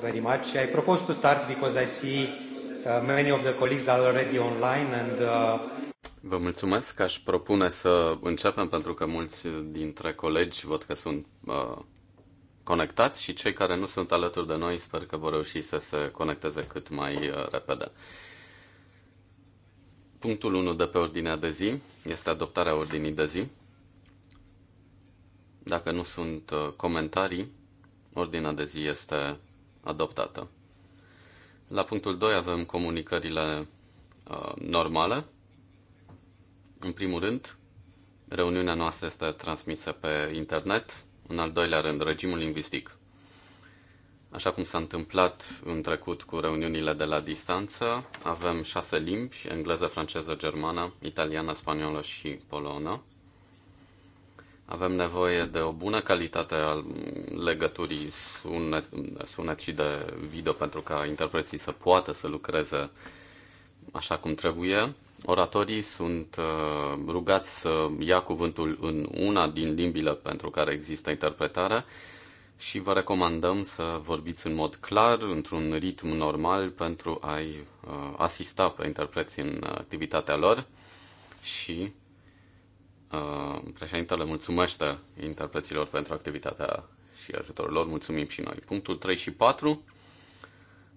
very much. I propose to start because I see uh, many of the colleagues are already online and uh... Vă mulțumesc, aș propune să începem pentru că mulți dintre colegi văd că sunt uh, conectați și cei care nu sunt alături de noi sper că vor reuși să se conecteze cât mai uh, repede. Punctul 1 de pe ordinea de zi este adoptarea ordinii de zi. Dacă nu sunt uh, comentarii, ordinea de zi este adoptată. La punctul 2 avem comunicările uh, normale. În primul rând, reuniunea noastră este transmisă pe internet. În al doilea rând, regimul lingvistic. Așa cum s-a întâmplat în trecut cu reuniunile de la distanță, avem șase limbi, engleză, franceză, germană, italiană, spaniolă și polonă. Avem nevoie de o bună calitate a legăturii sunet, sunet și de video pentru ca interpreții să poată să lucreze așa cum trebuie. Oratorii sunt uh, rugați să ia cuvântul în una din limbile pentru care există interpretare și vă recomandăm să vorbiți în mod clar, într-un ritm normal, pentru a-i uh, asista pe interpreți în activitatea lor și Uh, președintele mulțumește interpreților pentru activitatea și ajutorul lor. Mulțumim și noi. Punctul 3 și 4.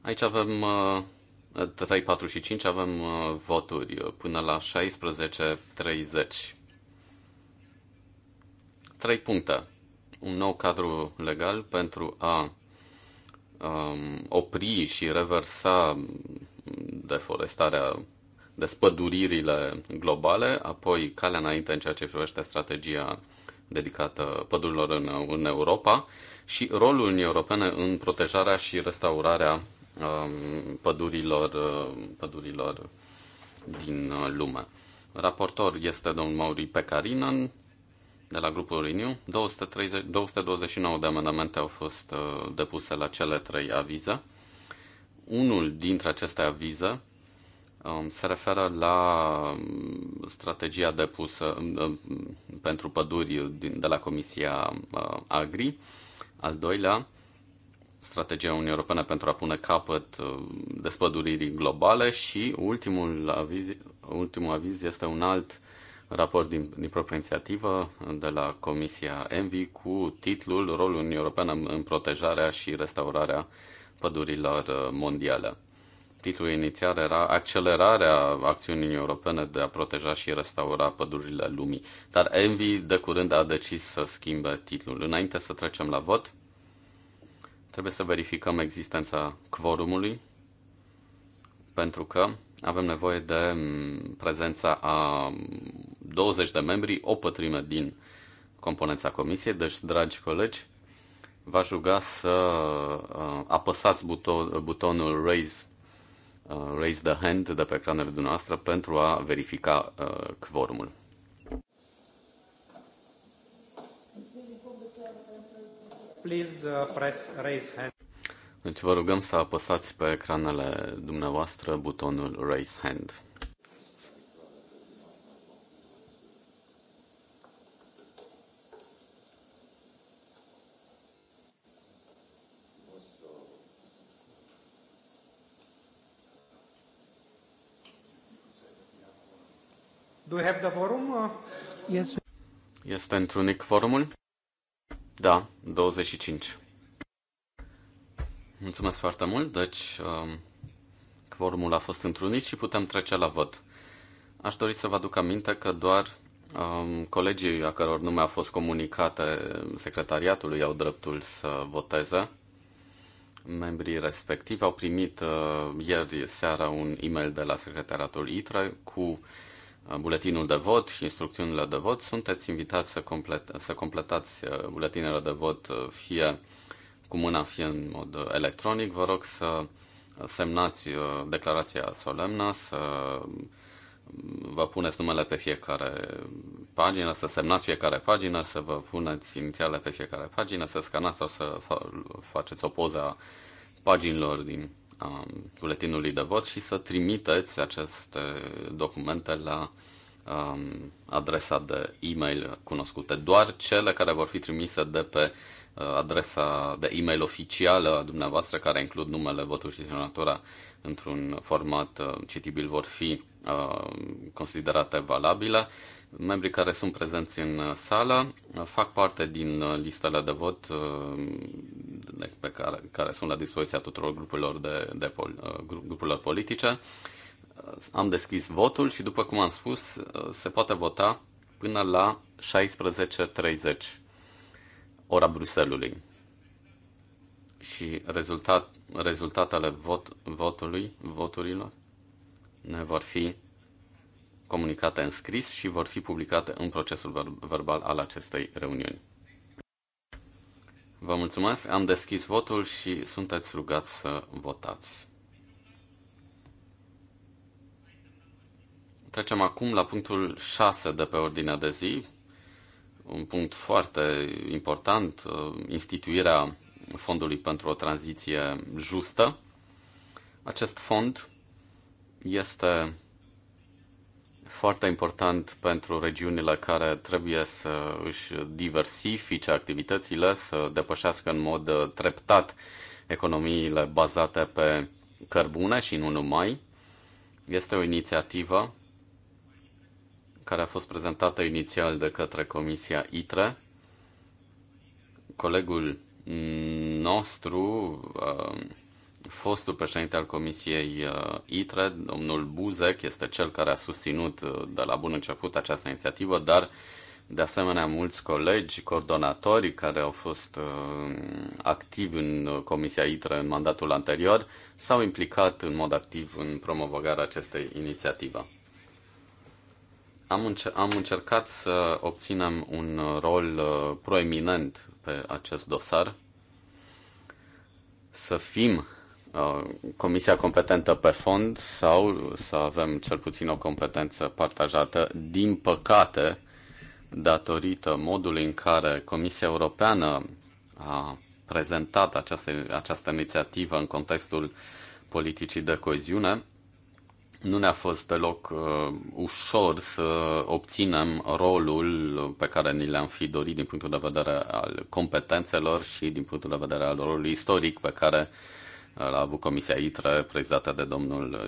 Aici avem 3, uh, 4 și 5 avem uh, voturi până la 16.30. 3 puncte. Un nou cadru legal pentru a um, opri și reversa deforestarea despăduririle globale, apoi calea înainte în ceea ce privește strategia dedicată pădurilor în, în Europa și rolul Uniunii Europene în protejarea și restaurarea um, pădurilor, uh, pădurilor din uh, lume. Raportor este domnul Mauri Pekarinan de la grupul Renew. 230, 229 de amendamente au fost uh, depuse la cele trei avize. Unul dintre aceste avize Um, se referă la um, strategia depusă um, pentru păduri de la Comisia uh, Agri. Al doilea, strategia Uniunii Europene pentru a pune capăt despăduririi globale și ultimul aviz, ultimul aviz este un alt raport din, din propria inițiativă de la Comisia Envi cu titlul Rolul Uniunii Europene în protejarea și restaurarea pădurilor uh, mondiale titlul inițial era accelerarea acțiunii europene de a proteja și restaura pădurile lumii. Dar Envy de curând a decis să schimbe titlul. Înainte să trecem la vot, trebuie să verificăm existența quorumului, pentru că avem nevoie de prezența a 20 de membri, o pătrime din componența comisiei. Deci, dragi colegi, v-aș ruga să uh, apăsați buton, butonul Raise Uh, raise the hand de pe ecranele dumneavoastră pentru a verifica uh, quorumul. Please uh, press raise hand. Deci vă rugăm să apăsați pe ecranele dumneavoastră butonul raise hand. Do we have the forum? Yes. Este întrunic forumul? Da, 25. Mulțumesc foarte mult. Deci, um, forumul a fost întrunit și putem trece la vot. Aș dori să vă aduc aminte că doar um, colegii a căror nume a fost comunicate secretariatului au dreptul să voteze. Membrii respectivi au primit uh, ieri seara un e-mail de la secretariatul ITRE cu uh, buletinul de vot și instrucțiunile de vot, sunteți invitați să, complet, să completați uh, buletinele de vot uh, fie cu mâna, fie în mod electronic. Vă rog să semnați uh, declarația solemnă, să mm, vă puneți numele pe fiecare pagină, să semnați fiecare pagină, să vă puneți inițiale pe fiecare pagină, să scanați sau să faceți o poză a paginilor din Um, buletinului de vot și să trimiteți aceste documente la um, adresa de e-mail cunoscute. Doar cele care vor fi trimise de pe uh, adresa de e-mail oficială a dumneavoastră, care includ numele, votul și semnătura într-un format uh, citibil, vor fi uh, considerate valabile. Membrii care sunt prezenți în uh, sală uh, fac parte din uh, listele de vot pe care, care sunt la dispoziția tuturor grupurilor, de, de, grupurilor politice. Am deschis votul și, după cum am spus, se poate vota până la 16.30, ora Bruselului. Și rezultat, rezultatele vot, votului, voturilor ne vor fi comunicate în scris și vor fi publicate în procesul verbal al acestei reuniuni. Vă mulțumesc, am deschis votul și sunteți rugați să votați. Trecem acum la punctul 6 de pe ordinea de zi, un punct foarte important, uh, instituirea Fondului pentru o tranziție justă. Acest fond este foarte important pentru regiunile care trebuie să își diversifice activitățile, să depășească în mod uh, treptat economiile bazate pe cărbune și nu numai. Este o inițiativă care a fost prezentată inițial de către Comisia ITRE. Colegul nostru, uh, fostul președinte al Comisiei uh, ITRE, domnul Buzek, este cel care a susținut uh, de la bun început această inițiativă, dar de asemenea mulți colegi, coordonatori care au fost uh, activi în Comisia ITRE în mandatul anterior, s-au implicat în mod activ în promovarea acestei inițiative. Am, înce- am încercat să obținem un rol proeminent pe acest dosar, să fim Uh, comisia competentă pe fond sau să avem cel puțin o competență partajată. Din păcate, datorită modului în care Comisia Europeană a prezentat această, această inițiativă în contextul politicii de coeziune, nu ne-a fost deloc uh, ușor să obținem rolul pe care ni l-am fi dorit din punctul de vedere al competențelor și din punctul de vedere al rolului istoric pe care uh, a avut Comisia ITRE, prezidată de domnul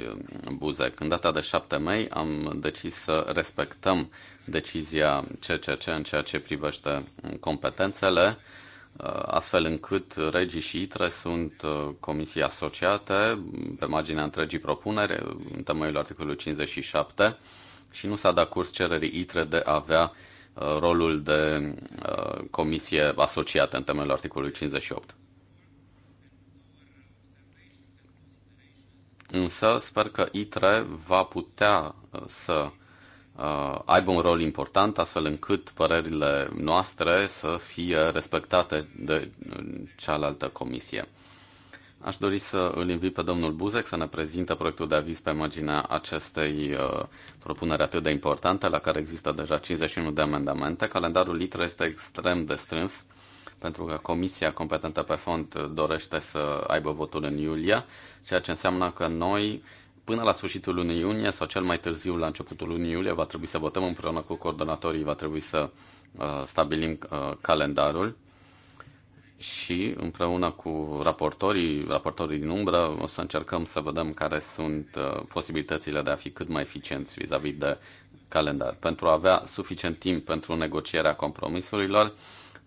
um, Buzek. În data de 7 mai am decis să respectăm decizia CCC în ceea ce privește competențele, uh, astfel încât regii și ITRE sunt uh, comisii asociate pe marginea întregii propuneri, în temeiul articolului 57, și nu s-a dat curs cererii ITRE de a avea uh, rolul de comisie asociată în temeiul articolului 58. însă sper că I3 va putea uh, să uh, aibă un rol important, astfel încât părerile noastre să fie respectate de cealaltă comisie. Aș dori să îl invit pe domnul Buzek să ne prezinte proiectul de aviz pe marginea acestei uh, propuneri atât de importante, la care există deja 51 de amendamente. Calendarul ITRE este extrem de strâns pentru că Comisia competentă pe fond dorește să aibă votul în iulie, ceea ce înseamnă că noi până la sfârșitul lunii iunie sau cel mai târziu la începutul lunii iulie va trebui să votăm împreună cu coordonatorii, va trebui să uh, stabilim uh, calendarul și împreună cu raportorii, raportorii din umbră, o să încercăm să vedem care sunt uh, posibilitățile de a fi cât mai eficienți vis-a-vis de calendar, pentru a avea suficient timp pentru negocierea compromisurilor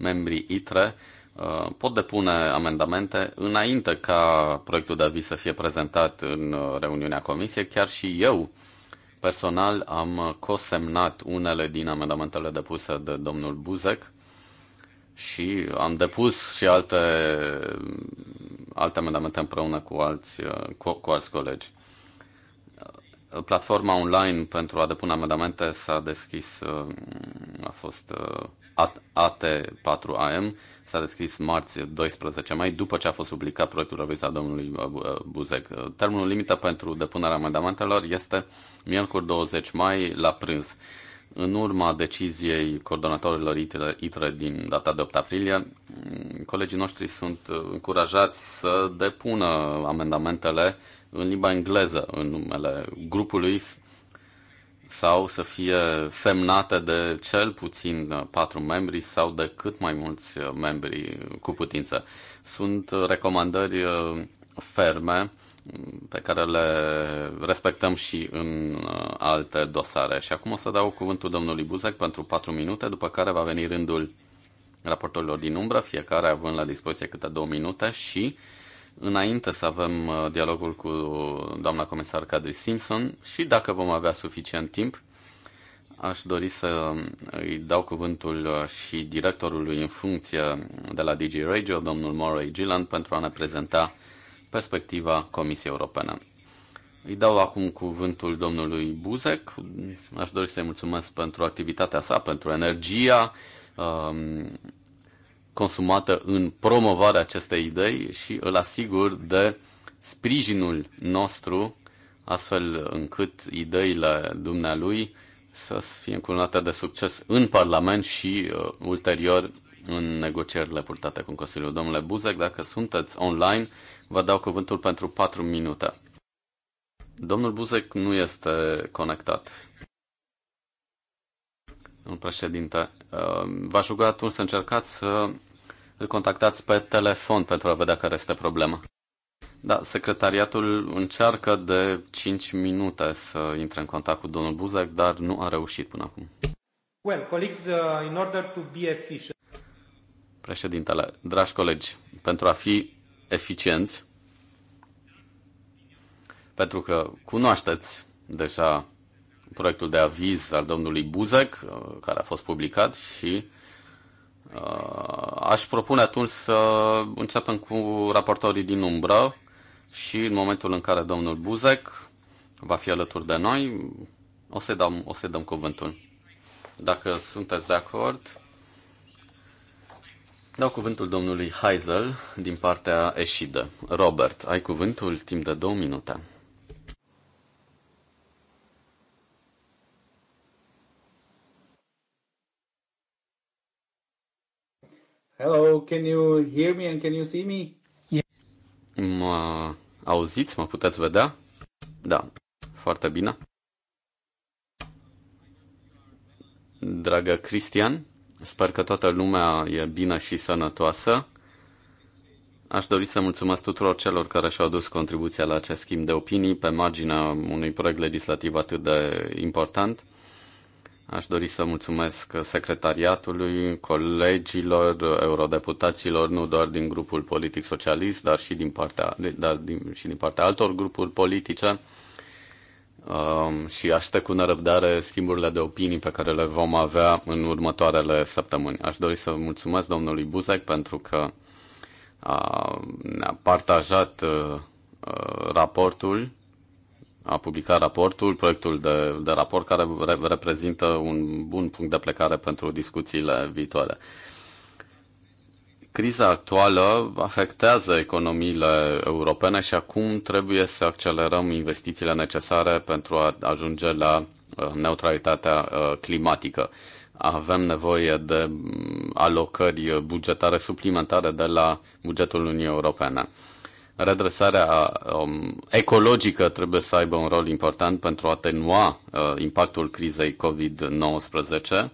membrii ITRE uh, pot depune amendamente înainte ca proiectul de aviz să fie prezentat în uh, reuniunea comisiei. Chiar și eu personal am cosemnat unele din amendamentele depuse de domnul Buzek și am depus și alte, alte amendamente împreună cu alți, uh, cu, cu alți colegi. Platforma online pentru a depune amendamente s-a deschis, a fost AT4AM s-a deschis marți 12 mai, după ce a fost publicat proiectul revizit a domnului uh, Buzek. Uh, termenul limită pentru depunerea amendamentelor este miercuri 20 mai la prânz. În urma deciziei coordonatorilor ITRE din data de 8 aprilie, mm, colegii noștri sunt uh, încurajați să depună amendamentele în limba engleză, în numele grupului sau să fie semnate de cel puțin uh, patru membri sau de cât mai mulți uh, membri uh, cu putință. Sunt recomandări ferme mm, pe care le respectăm și în alte dosare. Și acum o să dau cuvântul domnului Buzek pentru 4 minute, după care va veni rândul raportorilor din umbră, fiecare având la dispoziție câte 2 minute și înainte să avem uh, dialogul cu doamna comisar Kadri Simpson și dacă vom avea suficient timp, aș dori să um, îi dau cuvântul uh, și directorului în funcție de la DG Radio, domnul Murray Gilland, pentru a ne prezenta perspectiva Comisiei Europene. Îi dau acum cuvântul domnului Buzek. Aș dori să-i mulțumesc pentru activitatea sa, pentru energia um, consumată în promovarea acestei idei și îl asigur de sprijinul nostru, astfel încât ideile dumnealui să fie încununate de succes în Parlament și uh, ulterior în negocierile purtate cu Consiliul. Domnule Buzek, dacă sunteți online, vă dau cuvântul pentru 4 minute. Domnul Buzek nu este conectat. Domnul președinte, uh, v-aș ruga atunci să încercați să îl contactați pe telefon pentru a vedea care este problema. Da, secretariatul încearcă de 5 minute să intre în contact cu domnul Buzek, dar nu a reușit până acum. Well, colleagues, uh, in order to be efficient. Președintele, dragi colegi, pentru a fi eficienți, pentru că cunoașteți deja proiectul de aviz al domnului Buzek, uh, care a fost publicat și Aș propune atunci să începem cu raportorii din umbră și în momentul în care domnul Buzek va fi alături de noi, o să dăm, o să dăm cuvântul. Dacă sunteți de acord, dau cuvântul domnului Heisel din partea eșidă. Robert, ai cuvântul timp de două minute. Hello, can you hear me and can you see me? Mă auziți? Mă puteți vedea? Da, foarte bine. Dragă Cristian, sper că toată lumea e bine și sănătoasă. Aș dori să mulțumesc tuturor celor care și-au adus contribuția la acest schimb de opinii pe marginea unui proiect legislativ atât de important. Aș dori să mulțumesc secretariatului, colegilor, eurodeputaților, nu doar din grupul politic socialist, dar și din partea, dar din, și din partea altor grupuri politice. Um, și aștept cu nerăbdare schimburile de opinii pe care le vom avea în următoarele săptămâni. Aș dori să mulțumesc domnului Buzek pentru că a, uh, ne-a partajat uh, uh raportul a publicat raportul, proiectul de, de raport care re, reprezintă un bun punct de plecare pentru discuțiile viitoare. Criza actuală afectează economiile europene și acum trebuie să accelerăm investițiile necesare pentru a ajunge la uh, neutralitatea uh, climatică. Avem nevoie de mm, alocări bugetare suplimentare de la bugetul Uniunii Europene redresarea um, ecologică trebuie să aibă un rol important pentru a atenua uh, impactul crizei COVID-19,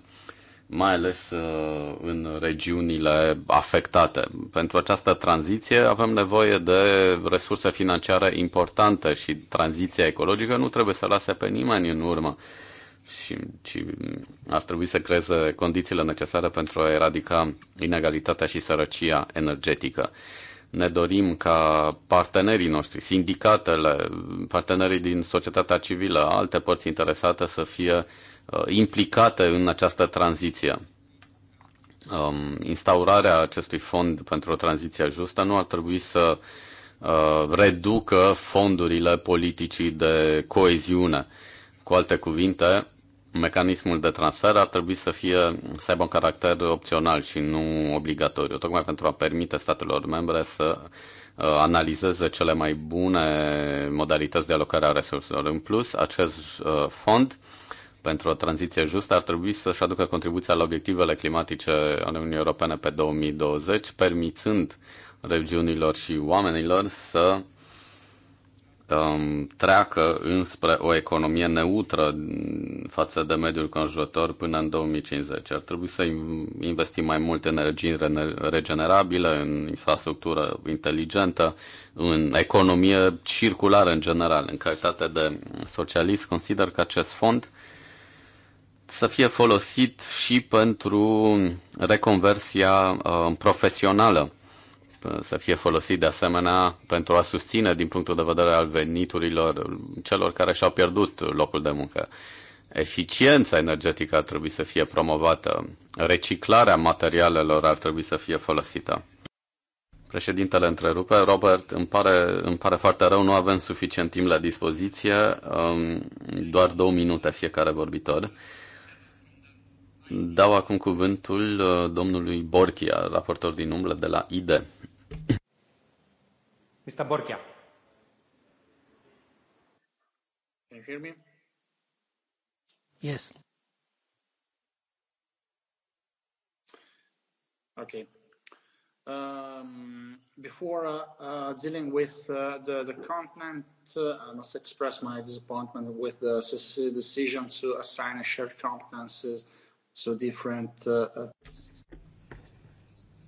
mai ales uh, în regiunile afectate. Pentru această tranziție avem nevoie de resurse financiare importante și tranziția ecologică nu trebuie să lase pe nimeni în urmă. Și, ci ar trebui să creeze condițiile necesare pentru a eradica inegalitatea și sărăcia energetică. Ne dorim ca partenerii noștri, sindicatele, partenerii din societatea civilă, alte părți interesate să fie uh, implicate în această tranziție. Um, instaurarea acestui fond pentru o tranziție justă nu ar trebui să uh, reducă fondurile politicii de coeziune. Cu alte cuvinte, mecanismul de transfer ar trebui să fie să aibă un caracter opțional și nu obligatoriu, tocmai pentru a permite statelor membre să uh, analizeze cele mai bune modalități de alocare a resurselor. În plus, acest uh, fond pentru o tranziție justă ar trebui să-și aducă contribuția la obiectivele climatice ale Uniunii Europene pe 2020, permițând regiunilor și oamenilor să um, treacă înspre o economie neutră față de mediul conjurător până în 2050. Ar trebui să investim mai mult în energii regenerabile, în infrastructură inteligentă, în economie circulară în general. În calitate de socialist, consider că acest fond să fie folosit și pentru reconversia uh, profesională să fie folosit de asemenea pentru a susține din punctul de vedere al veniturilor celor care și-au pierdut locul de muncă. Eficiența energetică ar trebui să fie promovată, reciclarea materialelor ar trebui să fie folosită. Președintele întrerupe. Robert, îmi pare, îmi pare foarte rău, nu avem suficient timp la dispoziție, um, doar două minute fiecare vorbitor. Dau acum cuvântul uh, domnului Borchia, raportor din umblă de la IDE. Mr. Borchia. Can you hear me? Yes. Okay. Um, before uh, uh, dealing with uh, the, the content, uh, I must express my disappointment with the decision to assign shared competences to different uh, uh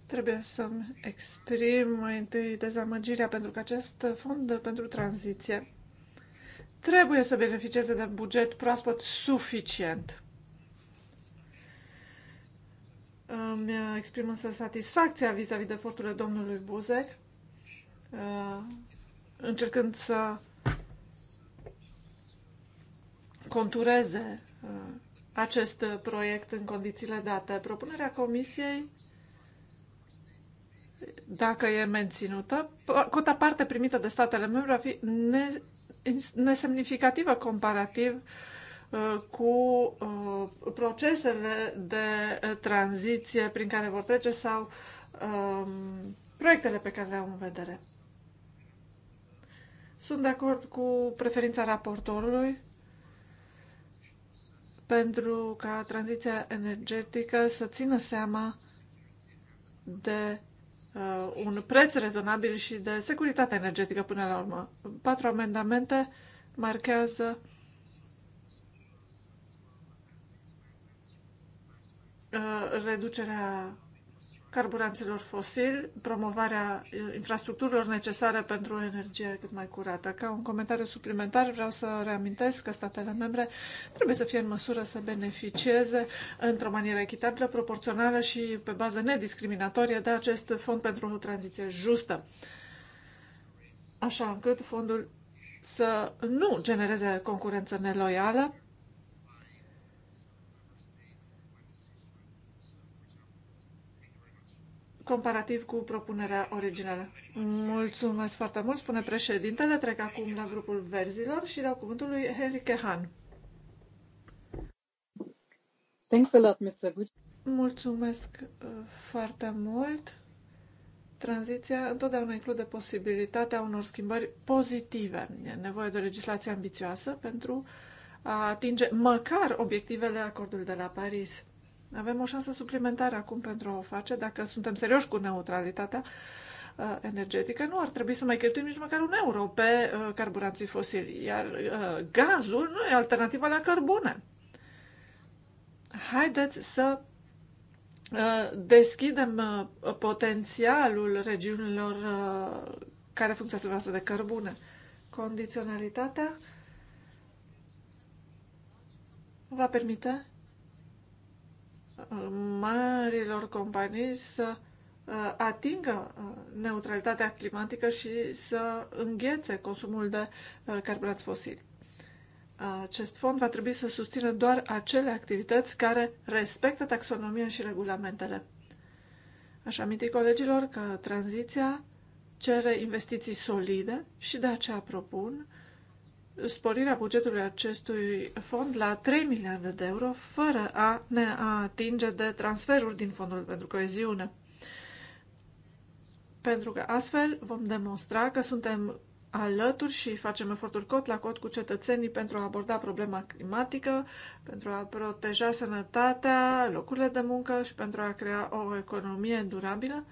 Trebuie să-mi exprim mai întâi dezamăgirea pentru că acest fond pentru tranziție trebuie să beneficieze de un buget proaspăt suficient. Îmi exprim însă satisfacția vis-a-vis -vis de eforturile domnului Buzek, uh, încercând să contureze uh, acest proiect în condițiile date. Propunerea Comisiei dacă e menținută, cota parte primită de statele membre va fi nesemnificativă comparativ uh, cu uh, procesele de uh, tranziție prin care vor trece sau um, proiectele pe care le au în vedere. Sunt de acord cu preferința raportorului pentru ca tranziția energetică să țină seama de uh, un preț rezonabil și de securitate energetică până la urmă. Patru amendamente marchează uh, reducerea carburanților fosili, promovarea uh, infrastructurilor necesare pentru o energie cât mai curată. Ca un comentariu suplimentar, vreau să reamintesc că statele membre trebuie să fie în măsură să beneficieze într-o manieră echitabilă, proporțională și pe bază nediscriminatorie de acest fond pentru o tranziție justă, așa încât fondul să nu genereze concurență neloială comparativ cu propunerea originală. Mulțumesc foarte mult, spune președintele. Trec acum la grupul verzilor și dau cuvântul lui Henry Han. Thanks a lot, Mr. Good. Mulțumesc uh, foarte mult. Tranziția întotdeauna include posibilitatea unor schimbări pozitive. E nevoie de o legislație ambițioasă pentru a atinge măcar obiectivele acordului de la Paris. Avem o șansă suplimentară acum pentru a o face. Dacă suntem serioși cu neutralitatea uh, energetică, nu ar trebui să mai cheltuim nici măcar un euro pe uh, carburanții fosili. Iar uh, gazul nu e alternativa la cărbune. Haideți să deschidem potențialul regiunilor care funcționează de cărbune. Condiționalitatea va permite marilor companii să uh, atingă uh, neutralitatea climatică și să înghețe consumul de uh, carburanți fosili. Acest fond va trebui să susțină doar acele activități care respectă taxonomia și regulamentele. Aș aminti colegilor că tranziția cere investiții solide și de aceea propun sporirea bugetului acestui fond la 3 miliarde de euro fără a ne atinge de transferuri din fondul pentru coeziune. Pentru că astfel vom demonstra că suntem alături și facem eforturi cot la cot cu cetățenii pentru a aborda problema climatică, pentru a proteja sănătatea, locurile de muncă și pentru a crea o economie durabilă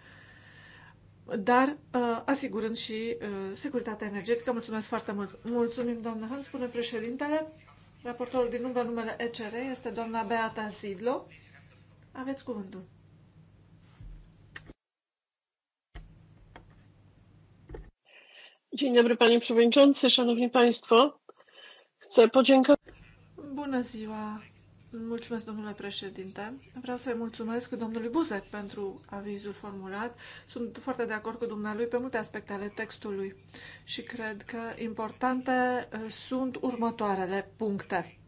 dar uh, asigurând și uh, securitatea energetică. Mulțumesc foarte mult! Mulțumim, doamnă Hans, spune președintele. Raportorul din umbră numele ECR este doamna Beata Zidlo. Aveți cuvântul. Dzień dobry, panie przewodniczący, szanowni państwo. Chcę podziękować. Bună ziua, Mulțumesc, domnule președinte. Vreau să-i mulțumesc domnului Buzek pentru avizul formulat. Sunt foarte de acord cu dumnealui pe multe aspecte ale textului și cred că importante uh, sunt următoarele puncte.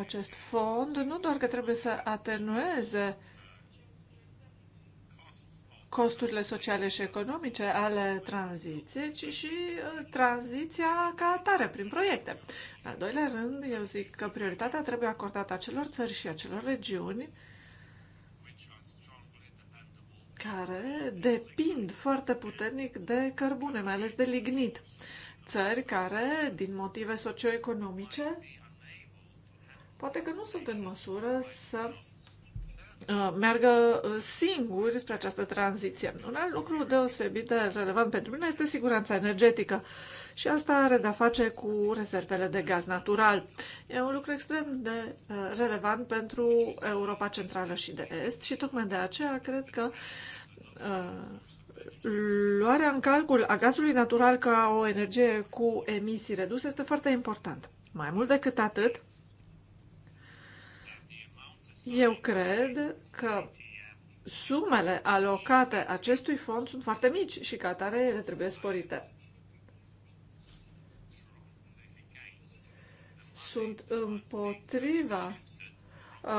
Acest fond nu doar că trebuie să atenueze uh, costurile sociale și economice ale tranziției, ci și uh, tranziția ca atare, prin proiecte. În al doilea rând, eu zic că prioritatea trebuie acordată acelor țări și acelor regiuni care depind foarte puternic de cărbune, mai ales de lignit. Țări care, din motive socioeconomice, poate că nu sunt în măsură să Uh, meargă uh, singuri spre această tranziție. Un alt lucru deosebit de relevant pentru mine este siguranța energetică și asta are de-a face cu rezervele de gaz natural. E un lucru extrem de uh, relevant pentru Europa Centrală și de Est și tocmai de aceea cred că luarea în calcul a gazului natural ca o energie cu emisii reduse este foarte important. Mai mult decât atât, eu cred că sumele alocate acestui fond sunt foarte mici și ca atare ele trebuie sporite. Sunt împotriva uh,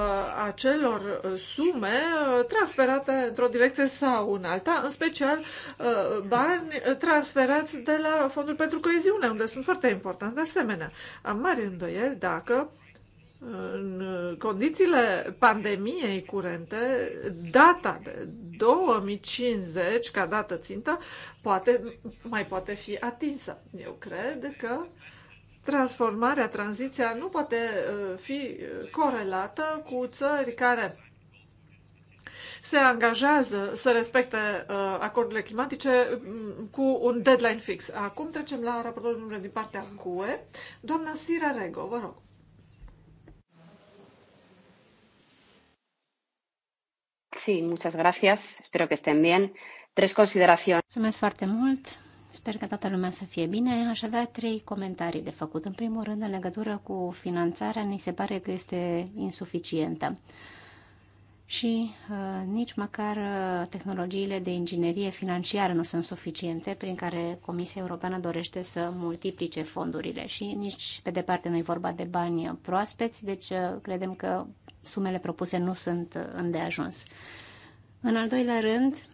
acelor uh, sume uh, transferate într-o direcție sau în alta, în special uh, bani uh, transferați de la Fondul pentru Coeziune, unde sunt foarte importanți de asemenea. Am mari îndoieli dacă în condițiile pandemiei curente, data de 2050 ca dată țintă poate, mai poate fi atinsă. Eu cred că transformarea, tranziția nu poate uh, fi corelată cu țări care se angajează să respecte uh, acordurile climatice mm, cu un deadline fix. Acum trecem la raportul din partea CUE. Doamna Sira Rego, vă rog. Sí, muchas gracias. Espero que estén bien. Tres consideraciones. Mulțumesc foarte mult. Sper că toată lumea să fie bine. Aș avea trei comentarii de făcut. În primul rând, în legătură cu finanțarea, ni se pare că este insuficientă. Și uh, nici măcar uh, tehnologiile de inginerie financiară nu sunt suficiente, prin care Comisia Europeană dorește să multiplice fondurile. Și nici pe departe nu e vorba de bani proaspeți, deci uh, credem că sumele propuse nu sunt uh, îndeajuns. În al doilea rând,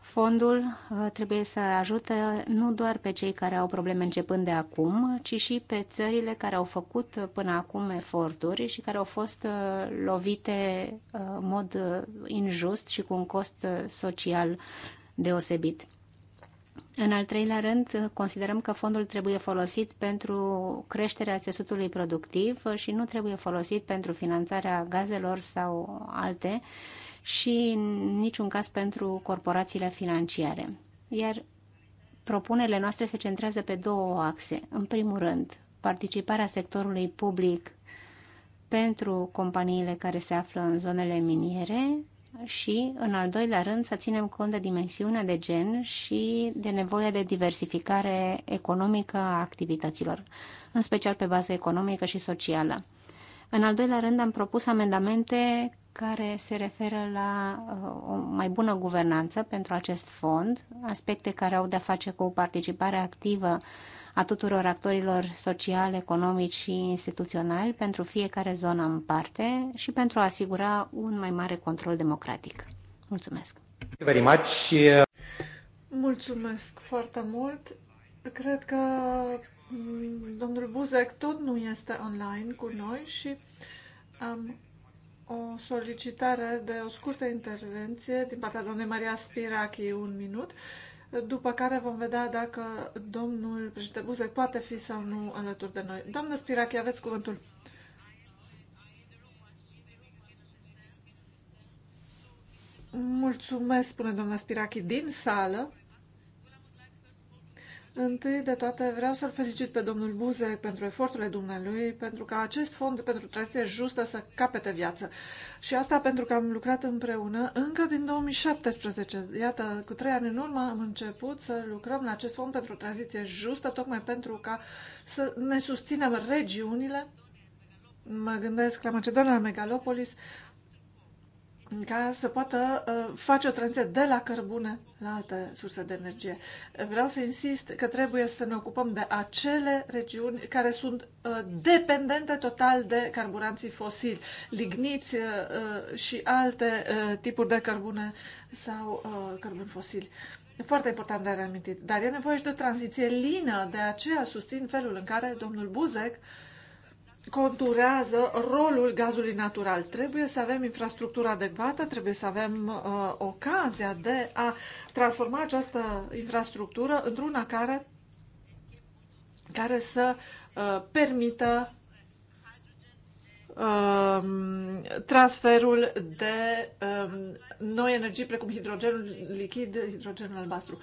fondul uh, trebuie să ajute nu doar pe cei care au probleme începând de acum, ci și pe țările care au făcut uh, până acum eforturi și care au fost lovite în mod injust și cu un cost social deosebit. În al treilea rând, considerăm că fondul trebuie folosit pentru creșterea țesutului productiv și nu trebuie folosit pentru finanțarea gazelor sau alte și în niciun caz pentru corporațiile financiare. Iar propunerile noastre se centrează pe două axe. În primul rând, participarea sectorului public pentru companiile care se află în zonele miniere și, în al doilea rând, să ținem cont de dimensiunea de gen și de nevoia de diversificare economică a activităților, în special pe bază economică și socială. În al doilea rând, am propus amendamente care se referă la uh, o mai bună guvernanță pentru acest fond, aspecte care au de-a face cu o participare activă a tuturor actorilor sociali, economici și instituționali pentru fiecare zonă în parte și pentru a asigura un mai mare control democratic. Mulțumesc! Very much. Mulțumesc foarte mult! Cred că mm, domnul Buzek tot nu este online cu noi și am o solicitare de o scurtă intervenție din partea domnului Maria Spirachi, un minut, după care vom vedea dacă domnul președinte Buzek poate fi sau nu alături de noi. Doamnă Spirachi, aveți cuvântul. Mulțumesc, spune doamna Spirachi, din sală. Întâi de toate vreau să-l felicit pe domnul Buzek pentru eforturile dumnealui, pentru ca acest fond pentru tranziție justă să capete viață. Și asta pentru că am lucrat împreună încă din 2017. Iată, cu trei ani în urmă am început să lucrăm la acest fond pentru tranziție justă, tocmai pentru ca să ne susținem regiunile. Mă gândesc la Macedonia, la Megalopolis, ca să poată uh, face o tranziție de la cărbune la alte surse de energie. Vreau să insist că trebuie să ne ocupăm de acele regiuni care sunt uh, dependente total de carburanții fosili, ligniți uh, și alte tipuri de cărbune sau cărbuni fosili. E foarte important de reamintit, dar e nevoie și de o tranziție lină, de aceea susțin felul în care domnul Buzek uh, conturează rolul gazului natural. Trebuie să avem infrastructura adecvată, trebuie să avem uh, ocazia de a transforma această infrastructură într-una care, care să uh, permită uh, transferul de uh, noi energii precum hidrogenul lichid, hidrogenul albastru. Uh,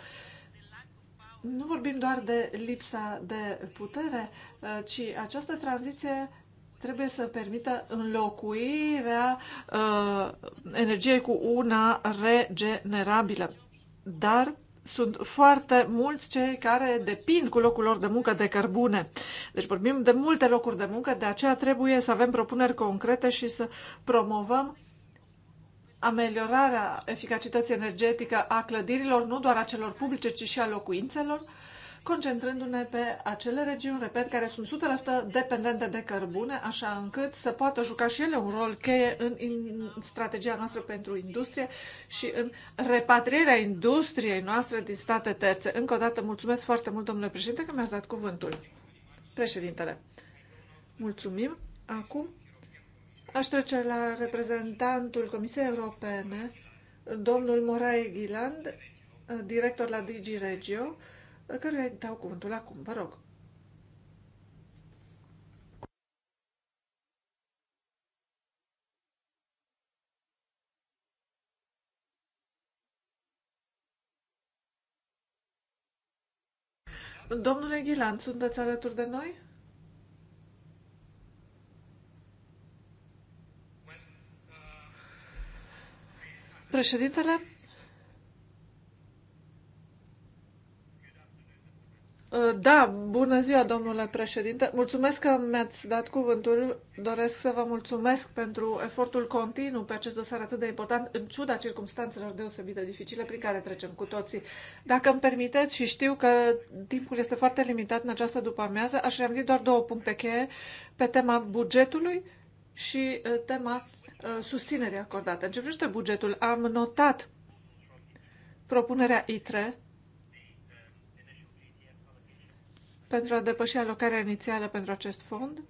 nu vorbim doar de lipsa de putere, uh, ci această tranziție trebuie să permită înlocuirea uh, energiei cu una regenerabilă. Dar sunt foarte mulți cei care depind cu locul lor de muncă de cărbune. Deci vorbim de multe locuri de muncă, de aceea trebuie să avem propuneri concrete și să promovăm ameliorarea eficacității energetică a clădirilor, nu doar a celor publice, ci și a locuințelor, concentrându-ne pe acele regiuni, repet, care sunt 100% dependente de cărbune, așa încât să poată juca și ele un rol cheie în, în strategia noastră pentru industrie și în repatrierea industriei noastre din state terțe. Încă o dată mulțumesc foarte mult, domnule președinte, că mi-ați dat cuvântul. Președintele, mulțumim. Acum Aș trece la reprezentantul Comisiei Europene, domnul Morae Ghiland, director la Digi Regio, căruia îi dau cuvântul acum. Vă rog. Domnule Ghiland, sunteți alături de noi? Președintele, uh, Da, bună ziua, domnule președinte. Mulțumesc că mi-ați dat cuvântul. Doresc să vă mulțumesc pentru efortul continuu pe acest dosar atât de important, în ciuda circumstanțelor deosebit de dificile prin care trecem cu toții. Dacă îmi permiteți și știu că timpul este foarte limitat în această după-amiază, aș reamintit doar două puncte cheie pe tema bugetului și uh, tema Uh, susținere, acordate. În ce privește bugetul, am notat propunerea ITRE pentru a depăși alocarea inițială pentru acest fond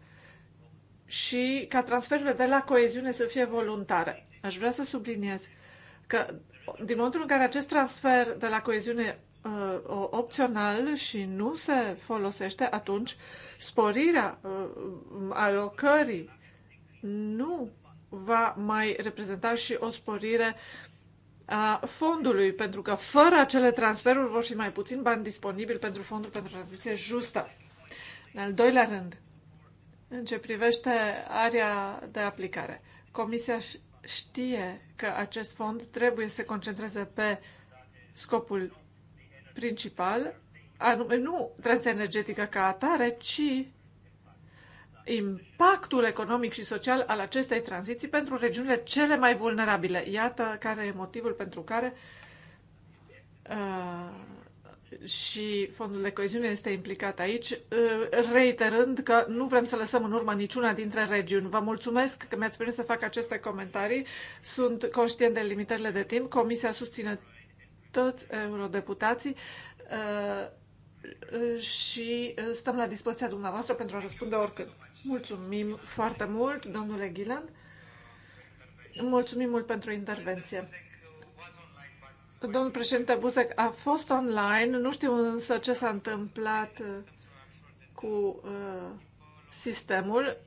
și ca transferurile de la coeziune să fie voluntare. Aș vrea să subliniez că din momentul în care acest transfer de la coeziune uh, opțional și nu se folosește, atunci sporirea uh, alocării nu va mai reprezenta și o sporire a fondului, pentru că fără acele transferuri vor fi mai puțin bani disponibili pentru fondul pentru tranziție justă. În al doilea rând, în ce privește area de aplicare, Comisia știe că acest fond trebuie să se concentreze pe scopul principal, anume nu tranziția energetică ca atare, ci impactul economic și social al acestei tranziții pentru regiunile cele mai vulnerabile. Iată care e motivul pentru care uh, și fondul de coeziune este implicat aici, uh, reiterând că nu vrem să lăsăm în urmă niciuna dintre regiuni. Vă mulțumesc că mi-ați permis să fac aceste comentarii. Sunt conștient de limitările de timp. Comisia susține toți eurodeputații. Uh, și stăm la dispoziția dumneavoastră pentru a răspunde oricând. Mulțumim foarte mult, domnule Ghilan. Mulțumim mult pentru intervenție. Domnul președinte Buzek a fost online, nu știu însă ce s-a întâmplat uh, cu uh, sistemul.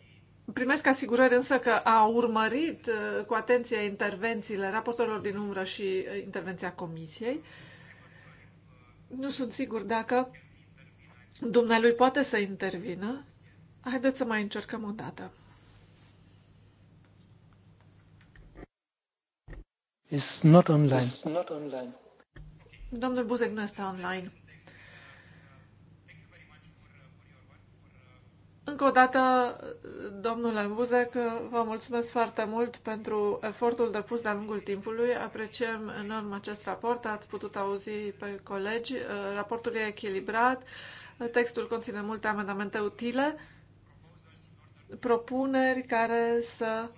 Primesc asigurări însă că a urmărit uh, cu atenție intervențiile raportorilor din umbră și uh, intervenția comisiei. Nu sunt sigur dacă dumnealui poate să intervină Haideți să mai încercăm o dată. It's not online. It's not online. Domnul Buzek nu este online. Încă o dată, domnule Buzek, vă mulțumesc foarte mult pentru efortul depus de-a lungul timpului. Apreciem enorm acest raport, ați putut auzi pe colegi. Raportul e echilibrat, textul conține multe amendamente utile propuneri care să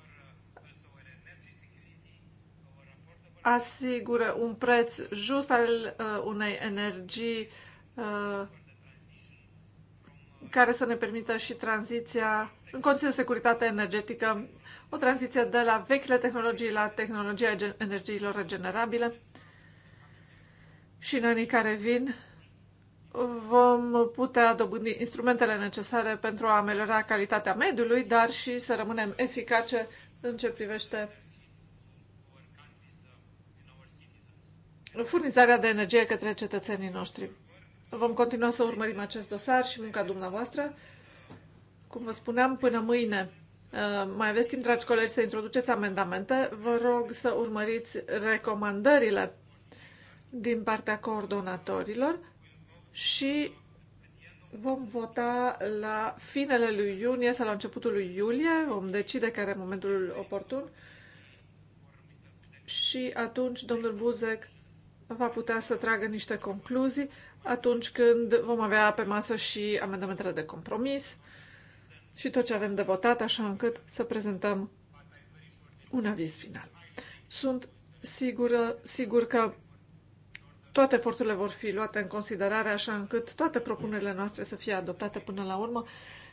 asigură un preț just al uh, unei energii uh, care să ne permită și tranziția în condiții de securitate energetică, o tranziție de la vechile tehnologii la tehnologia energiilor regenerabile și în anii care vin vom putea dobândi instrumentele necesare pentru a ameliora calitatea mediului, dar și să rămânem eficace în ce privește furnizarea de energie către cetățenii noștri. Vom continua să urmărim acest dosar și munca dumneavoastră. Cum vă spuneam, până mâine uh, mai aveți timp, dragi colegi, să introduceți amendamente. Vă rog să urmăriți recomandările din partea coordonatorilor și vom vota la finele lui iunie sau la începutul lui iulie, vom decide care e momentul oportun și atunci domnul Buzek va putea să tragă niște concluzii atunci când vom avea pe masă și amendamentele de compromis și tot ce avem de votat, așa încât să prezentăm un aviz final. Sunt sigură, sigur că toate eforturile vor fi luate în considerare așa încât toate propunerile noastre să fie adoptate până la urmă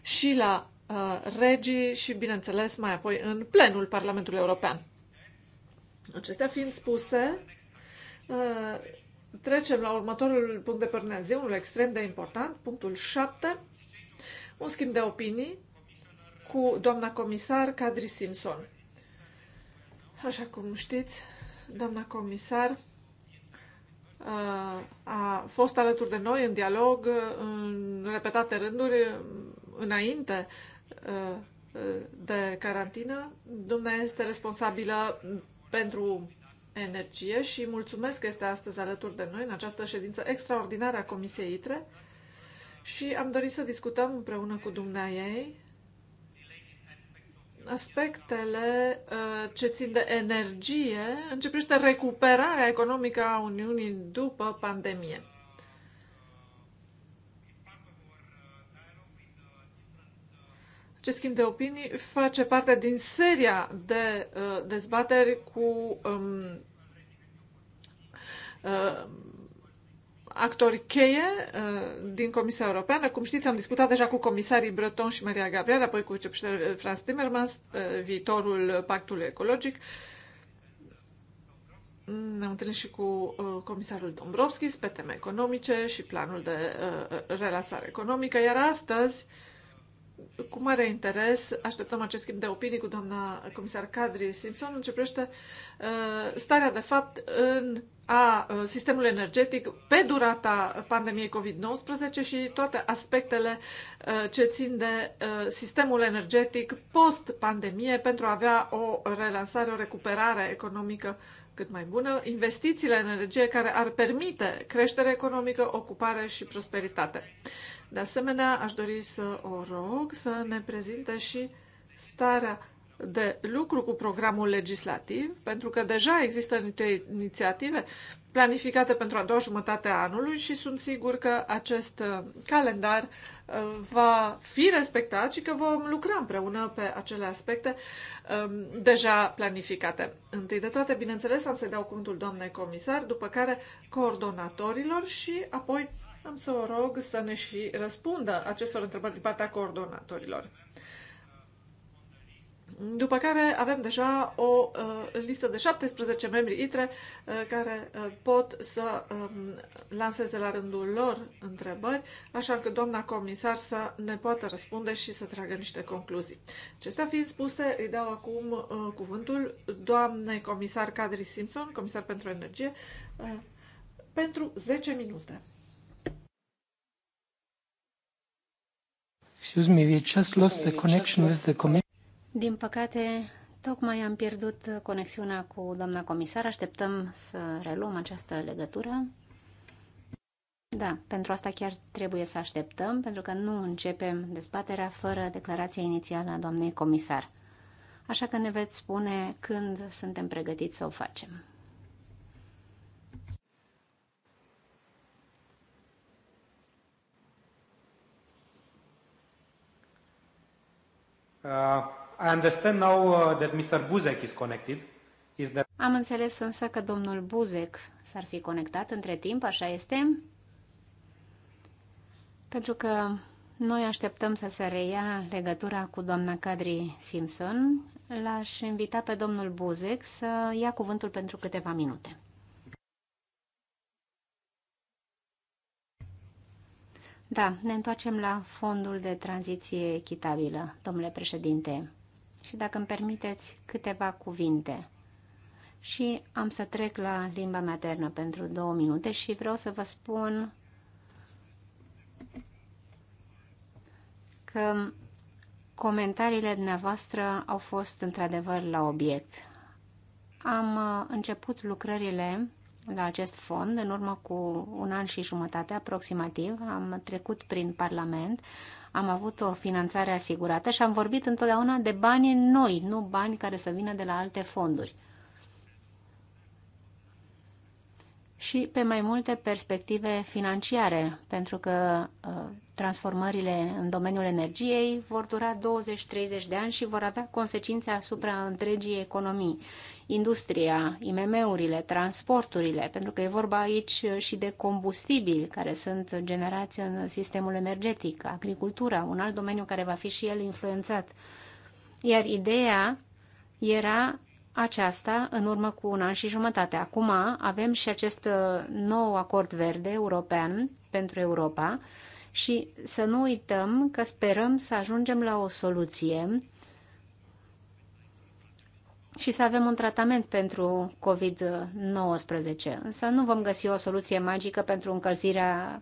și la uh, regii și, bineînțeles, mai apoi în plenul Parlamentului European. Acestea fiind spuse, uh, trecem la următorul punct de pernea unul extrem de important, punctul 7, un schimb de opinii cu doamna comisar Kadri Simpson. Așa cum știți, doamna comisar a fost alături de noi în dialog în repetate rânduri înainte uh, uh, de carantină. Dumnezeu este responsabilă pentru energie și mulțumesc că este astăzi alături de noi în această ședință extraordinară a Comisiei ITRE și am dorit să discutăm împreună cu dumneai aspectele uh, ce țin de energie privește recuperarea economică a Uniunii după pandemie. Acest schimb de opinii face parte din seria de uh, dezbateri cu um, uh, actori cheie uh, din Comisia Europeană. Cum știți, am discutat deja cu comisarii Breton și Maria Gabriel, apoi cu vicepreședintele Franz Timmermans, uh, viitorul pactului ecologic. Ne-am mm, întâlnit și cu uh, comisarul Dombrovskis pe teme economice și planul de relansare economică, iar astăzi uh, cu mare interes așteptăm acest schimb de opinii cu doamna comisar Kadri Simpson în ce uh, starea de fapt în a uh, sistemului energetic pe durata pandemiei COVID-19 și toate aspectele uh, ce țin de sistemul energetic post-pandemie pentru a avea o relansare, o recuperare economică cât mai bună, investițiile în energie care ar permite creștere economică, ocupare și prosperitate. De asemenea, aș dori să o rog să ne prezinte și starea de lucru cu programul legislativ, pentru că deja există niște inițiative planificate pentru a doua jumătate a anului și sunt sigur că acest uh, calendar uh, va fi respectat și că vom lucra împreună pe acele aspecte um, deja planificate. Întâi de toate, bineînțeles, am să-i dau cuvântul doamnei comisar, după care coordonatorilor și apoi am să o rog să ne și răspundă acestor întrebări din partea coordonatorilor. După care avem deja o uh, listă de 17 membri ITRE uh, care uh, pot să um, lanseze la rândul lor întrebări, așa că doamna comisar să ne poată răspunde și să tragă niște concluzii. Acestea fiind spuse, îi dau acum uh, cuvântul doamnei comisar Kadri Simpson, comisar pentru energie, uh, pentru 10 minute. Excuse me, we just lost the connection with the committee. Din păcate, tocmai am pierdut conexiunea cu doamna comisar. Așteptăm să reluăm această legătură. Da, pentru asta chiar trebuie să așteptăm, pentru că nu începem dezbaterea fără declarația inițială a doamnei comisar. Așa că ne veți spune când suntem pregătiți să o facem. Uh, I understand now uh, that Mr. Buzek is connected. Is that... Am înțeles însă că domnul Buzek s-ar fi conectat între timp, așa este? Pentru că noi așteptăm să se reia legătura cu doamna Cadri Simpson. L-aș invita pe domnul Buzek să ia cuvântul pentru câteva minute. Da, ne întoarcem la fondul de tranziție echitabilă, domnule președinte. Și dacă îmi permiteți câteva cuvinte. Și am să trec la limba maternă pentru două minute și vreau să vă spun că comentariile dumneavoastră au fost într-adevăr la obiect. Am uh, început lucrările la acest fond în urmă cu un an și jumătate aproximativ. Am trecut prin Parlament, am avut o finanțare asigurată și am vorbit întotdeauna de bani noi, nu bani care să vină de la alte fonduri. și pe mai multe perspective financiare, pentru că uh, transformările în domeniul energiei vor dura 20-30 de ani și vor avea consecințe asupra întregii economii. Industria, IMM-urile, transporturile, pentru că e vorba aici și de combustibili care sunt generați în sistemul energetic, agricultura, un alt domeniu care va fi și el influențat. Iar ideea era aceasta în urmă cu un an și jumătate. Acum avem și acest uh, nou acord verde european pentru Europa și să nu uităm că sperăm să ajungem la o soluție și să avem un tratament pentru COVID-19. Însă nu vom găsi o soluție magică pentru încălzirea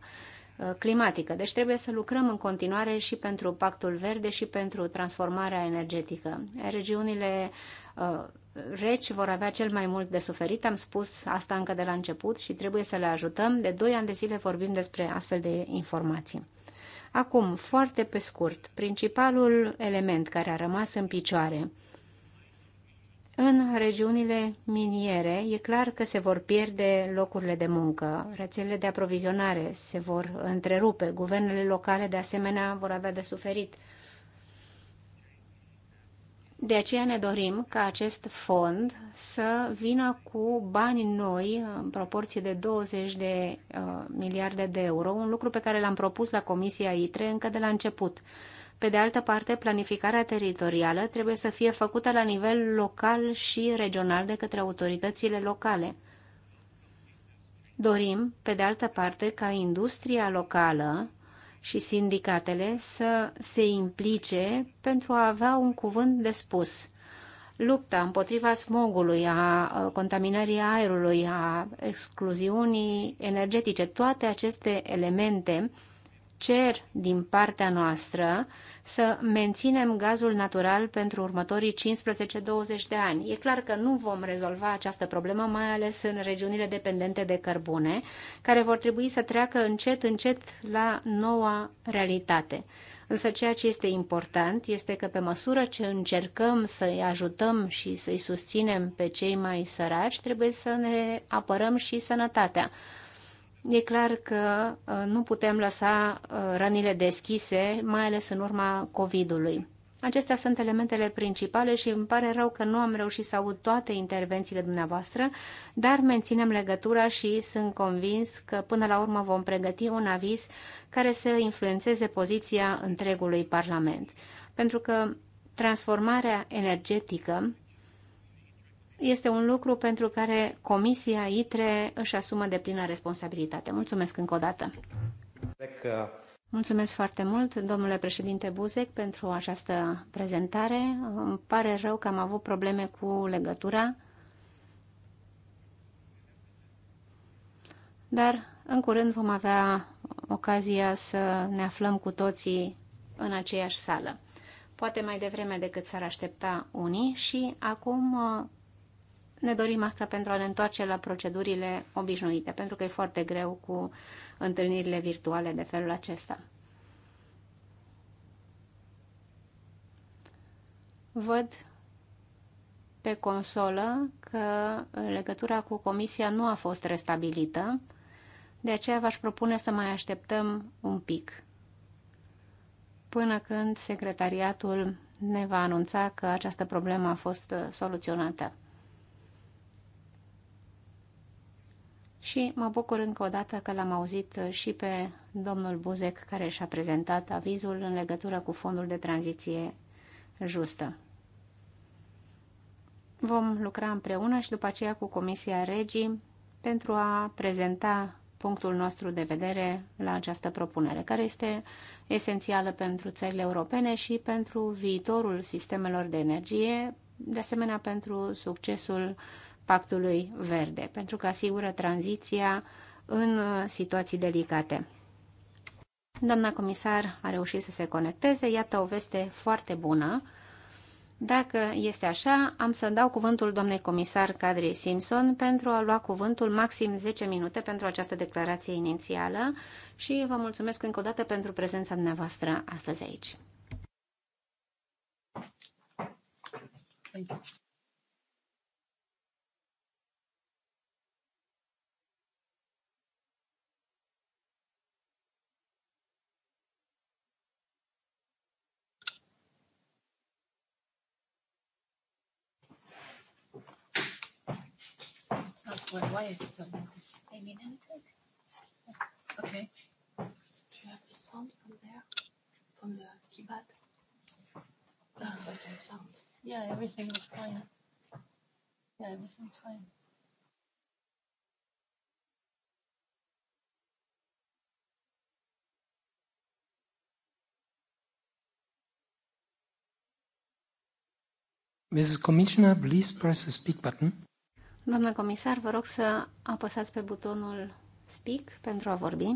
uh, climatică. Deci trebuie să lucrăm în continuare și pentru pactul verde și pentru transformarea energetică. Regiunile uh, reci vor avea cel mai mult de suferit. Am spus asta încă de la început și trebuie să le ajutăm. De 2 ani de zile vorbim despre astfel de informații. Acum, foarte pe scurt, principalul element care a rămas în picioare în regiunile miniere, e clar că se vor pierde locurile de muncă, rețelele de aprovizionare se vor întrerupe, guvernele locale de asemenea vor avea de suferit. De aceea ne dorim ca acest fond să vină cu bani noi, în proporție de 20 de uh, miliarde de euro, un lucru pe care l-am propus la Comisia ITRE încă de la început. Pe de altă parte, planificarea teritorială trebuie să fie făcută la nivel local și regional de către autoritățile locale. Dorim, pe de altă parte, ca industria locală și sindicatele să se implice pentru a avea un cuvânt de spus. Lupta împotriva smogului, a contaminării aerului, a excluziunii energetice, toate aceste elemente cer din partea noastră să menținem gazul natural pentru următorii 15-20 de ani. E clar că nu vom rezolva această problemă, mai ales în regiunile dependente de cărbune, care vor trebui să treacă încet, încet la noua realitate. Însă ceea ce este important este că pe măsură ce încercăm să-i ajutăm și să-i susținem pe cei mai săraci, trebuie să ne apărăm și sănătatea E clar că uh, nu putem lăsa uh, rănile deschise, mai ales în urma COVID-ului. Acestea sunt elementele principale și îmi pare rău că nu am reușit să aud toate intervențiile dumneavoastră, dar menținem legătura și sunt convins că până la urmă vom pregăti un aviz care să influențeze poziția întregului Parlament. Pentru că transformarea energetică este un lucru pentru care Comisia ITRE își asumă de plină responsabilitate. Mulțumesc încă o dată! Mulțumesc foarte mult, domnule președinte Buzec, pentru această prezentare. Îmi pare rău că am avut probleme cu legătura, dar în curând vom avea ocazia să ne aflăm cu toții în aceeași sală poate mai devreme decât s-ar aștepta unii și acum ne dorim asta pentru a ne întoarce la procedurile obișnuite, pentru că e foarte greu cu întâlnirile virtuale de felul acesta. Văd pe consolă că legătura cu comisia nu a fost restabilită, de aceea v-aș propune să mai așteptăm un pic, până când secretariatul ne va anunța că această problemă a fost soluționată. și mă bucur încă o dată că l-am auzit și pe domnul Buzec care și-a prezentat avizul în legătură cu fondul de tranziție justă. Vom lucra împreună și după aceea cu Comisia Regii pentru a prezenta punctul nostru de vedere la această propunere, care este esențială pentru țările europene și pentru viitorul sistemelor de energie, de asemenea pentru succesul uh, Pactului Verde, pentru că asigură tranziția în situații delicate. Doamna comisar a reușit să se conecteze, iată o veste foarte bună. Dacă este așa, am să dau cuvântul doamnei comisar Cadri Simpson pentru a lua cuvântul maxim 10 minute pentru această declarație inițială și vă mulțumesc încă o dată pentru prezența dumneavoastră astăzi aici. Thank you. why, why is it so Okay. Do you sound from there? From the keypad? Uh, the sound. Yeah, everything was fine. Yeah, everything's fine. Mrs. Commissioner, please press the speak button. Doamna comisar, vă rog să apăsați pe butonul Speak pentru a vorbi.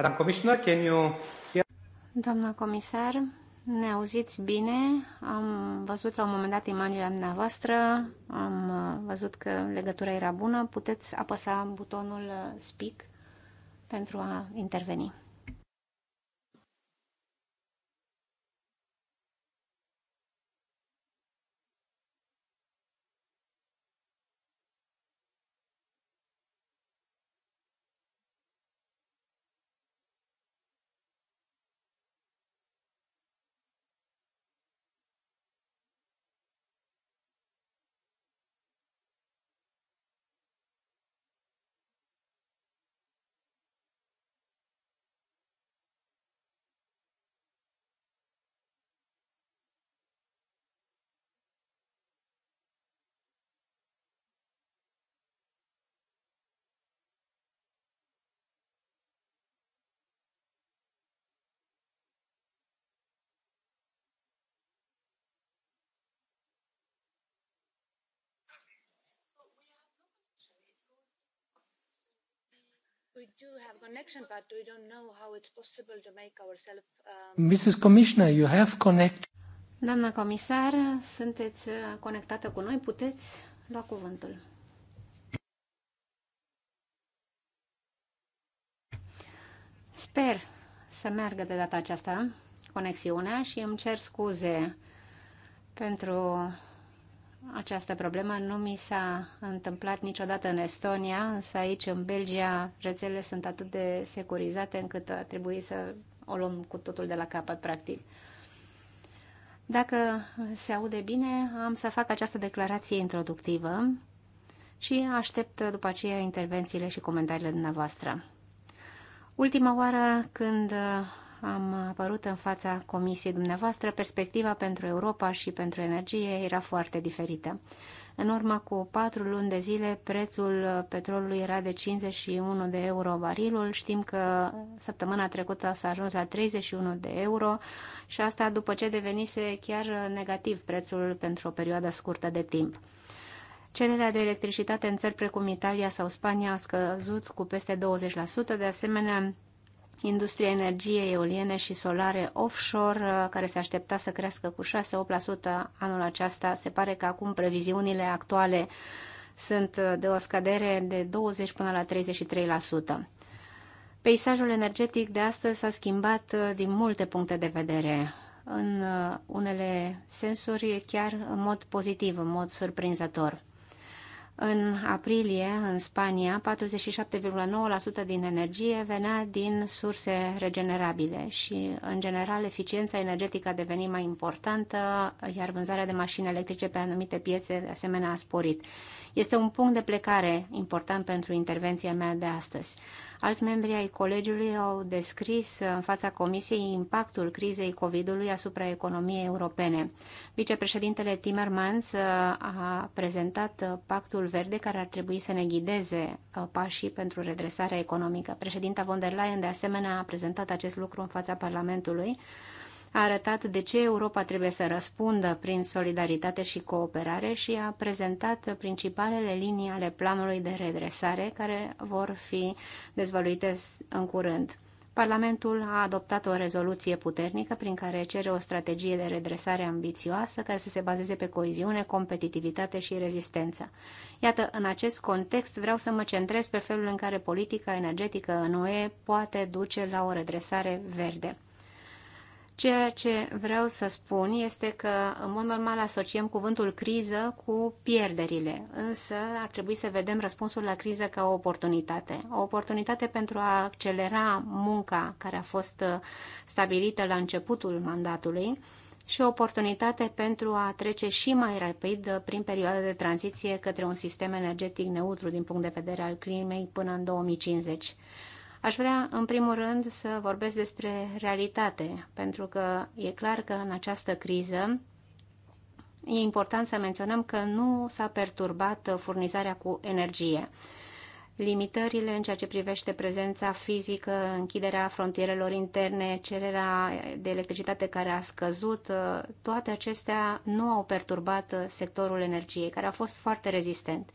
Madam Commissioner, can you hear? Doamna comisar, ne auziți bine? Am văzut la un moment dat imaginea dumneavoastră, am văzut că legătura era bună. Puteți apăsa butonul speak pentru a interveni. Mrs. Um, Commissioner, you have connect. Doamna comisar, sunteți uh, conectată cu noi, puteți lua cuvântul. Sper să meargă de data aceasta conexiunea și îmi cer scuze pentru această problemă. Nu mi s-a întâmplat niciodată în Estonia, însă aici, în Belgia, rețelele sunt atât de securizate încât a trebuit să o luăm cu totul de la capăt, practic. Dacă se aude bine, am să fac această declarație introductivă și aștept după aceea intervențiile și comentariile dumneavoastră. Ultima oară când am apărut în fața comisiei dumneavoastră, perspectiva pentru Europa și pentru energie era foarte diferită. În urmă cu patru luni de zile, prețul petrolului era de 51 de euro barilul. Știm că săptămâna trecută s-a ajuns la 31 de euro și asta după ce devenise chiar negativ prețul pentru o perioadă scurtă de timp. Cererea de electricitate în țări precum Italia sau Spania a scăzut cu peste 20%, de asemenea industria energiei eoliene și solare offshore, uh, care se aștepta să crească cu 6-8% anul acesta. Se pare că acum previziunile actuale sunt uh, de o scădere de 20 până la 33%. Peisajul energetic de astăzi s-a schimbat uh, din multe puncte de vedere. În unele sensuri, chiar în mod pozitiv, în mod surprinzător. În aprilie, în Spania, 47,9% din energie venea din surse regenerabile și, în general, eficiența energetică a devenit mai importantă, iar vânzarea de mașini electrice pe anumite piețe, de asemenea, a sporit. Este un punct de plecare important pentru intervenția mea de astăzi. Alți membri ai colegiului au descris în fața Comisiei impactul crizei COVID-ului asupra economiei europene. Vicepreședintele Timmermans uh, a prezentat uh, pactul verde care ar trebui să ne ghideze uh, pașii pentru redresarea economică. Președinta von der Leyen de asemenea a prezentat acest lucru în fața Parlamentului a arătat de ce Europa trebuie să răspundă prin solidaritate și cooperare și a prezentat principalele linii ale planului de redresare care vor fi dezvăluite în curând. Parlamentul a adoptat o rezoluție puternică prin care cere o strategie de redresare ambițioasă care să se bazeze pe coeziune, competitivitate și rezistență. Iată, în acest context vreau să mă centrez pe felul în care politica energetică în UE poate duce la o redresare verde. Ceea ce vreau să spun este că, în mod normal, asociem cuvântul criză cu pierderile, însă ar trebui să vedem răspunsul la criză ca o oportunitate. O oportunitate pentru a accelera munca care a fost uh, stabilită la începutul mandatului și o oportunitate pentru a trece și mai rapid uh, prin perioada de tranziție către un sistem energetic neutru din punct de vedere al climei până în 2050. Aș vrea, în primul rând, să vorbesc despre realitate, pentru că e clar că în această criză e important să menționăm că nu s-a perturbat furnizarea cu energie. Limitările în ceea ce privește prezența fizică, închiderea frontierelor interne, cererea de electricitate care a scăzut, toate acestea nu au perturbat sectorul energiei, care a fost foarte rezistent.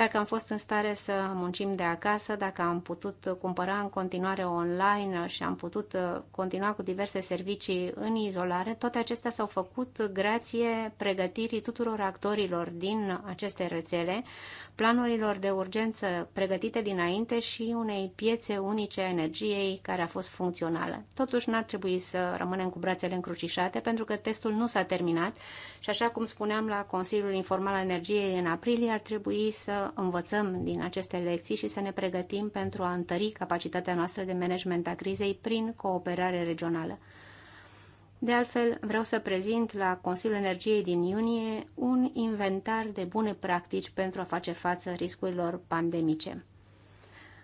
Dacă am fost în stare să muncim de acasă, dacă am putut cumpăra în continuare online și am putut uh, continua cu diverse servicii în izolare, toate acestea s-au făcut grație pregătirii tuturor actorilor din aceste rețele, planurilor de urgență pregătite dinainte și unei piețe unice a energiei care a fost funcțională. Totuși, n-ar trebui să rămânem cu brațele încrucișate pentru că testul nu s-a terminat și, așa cum spuneam la Consiliul Informal al Energiei în aprilie, ar trebui să învățăm din aceste lecții și să ne pregătim pentru a întări capacitatea noastră de management a crizei prin cooperare regională. De altfel, vreau să prezint la Consiliul Energiei din iunie un inventar de bune practici pentru a face față riscurilor pandemice.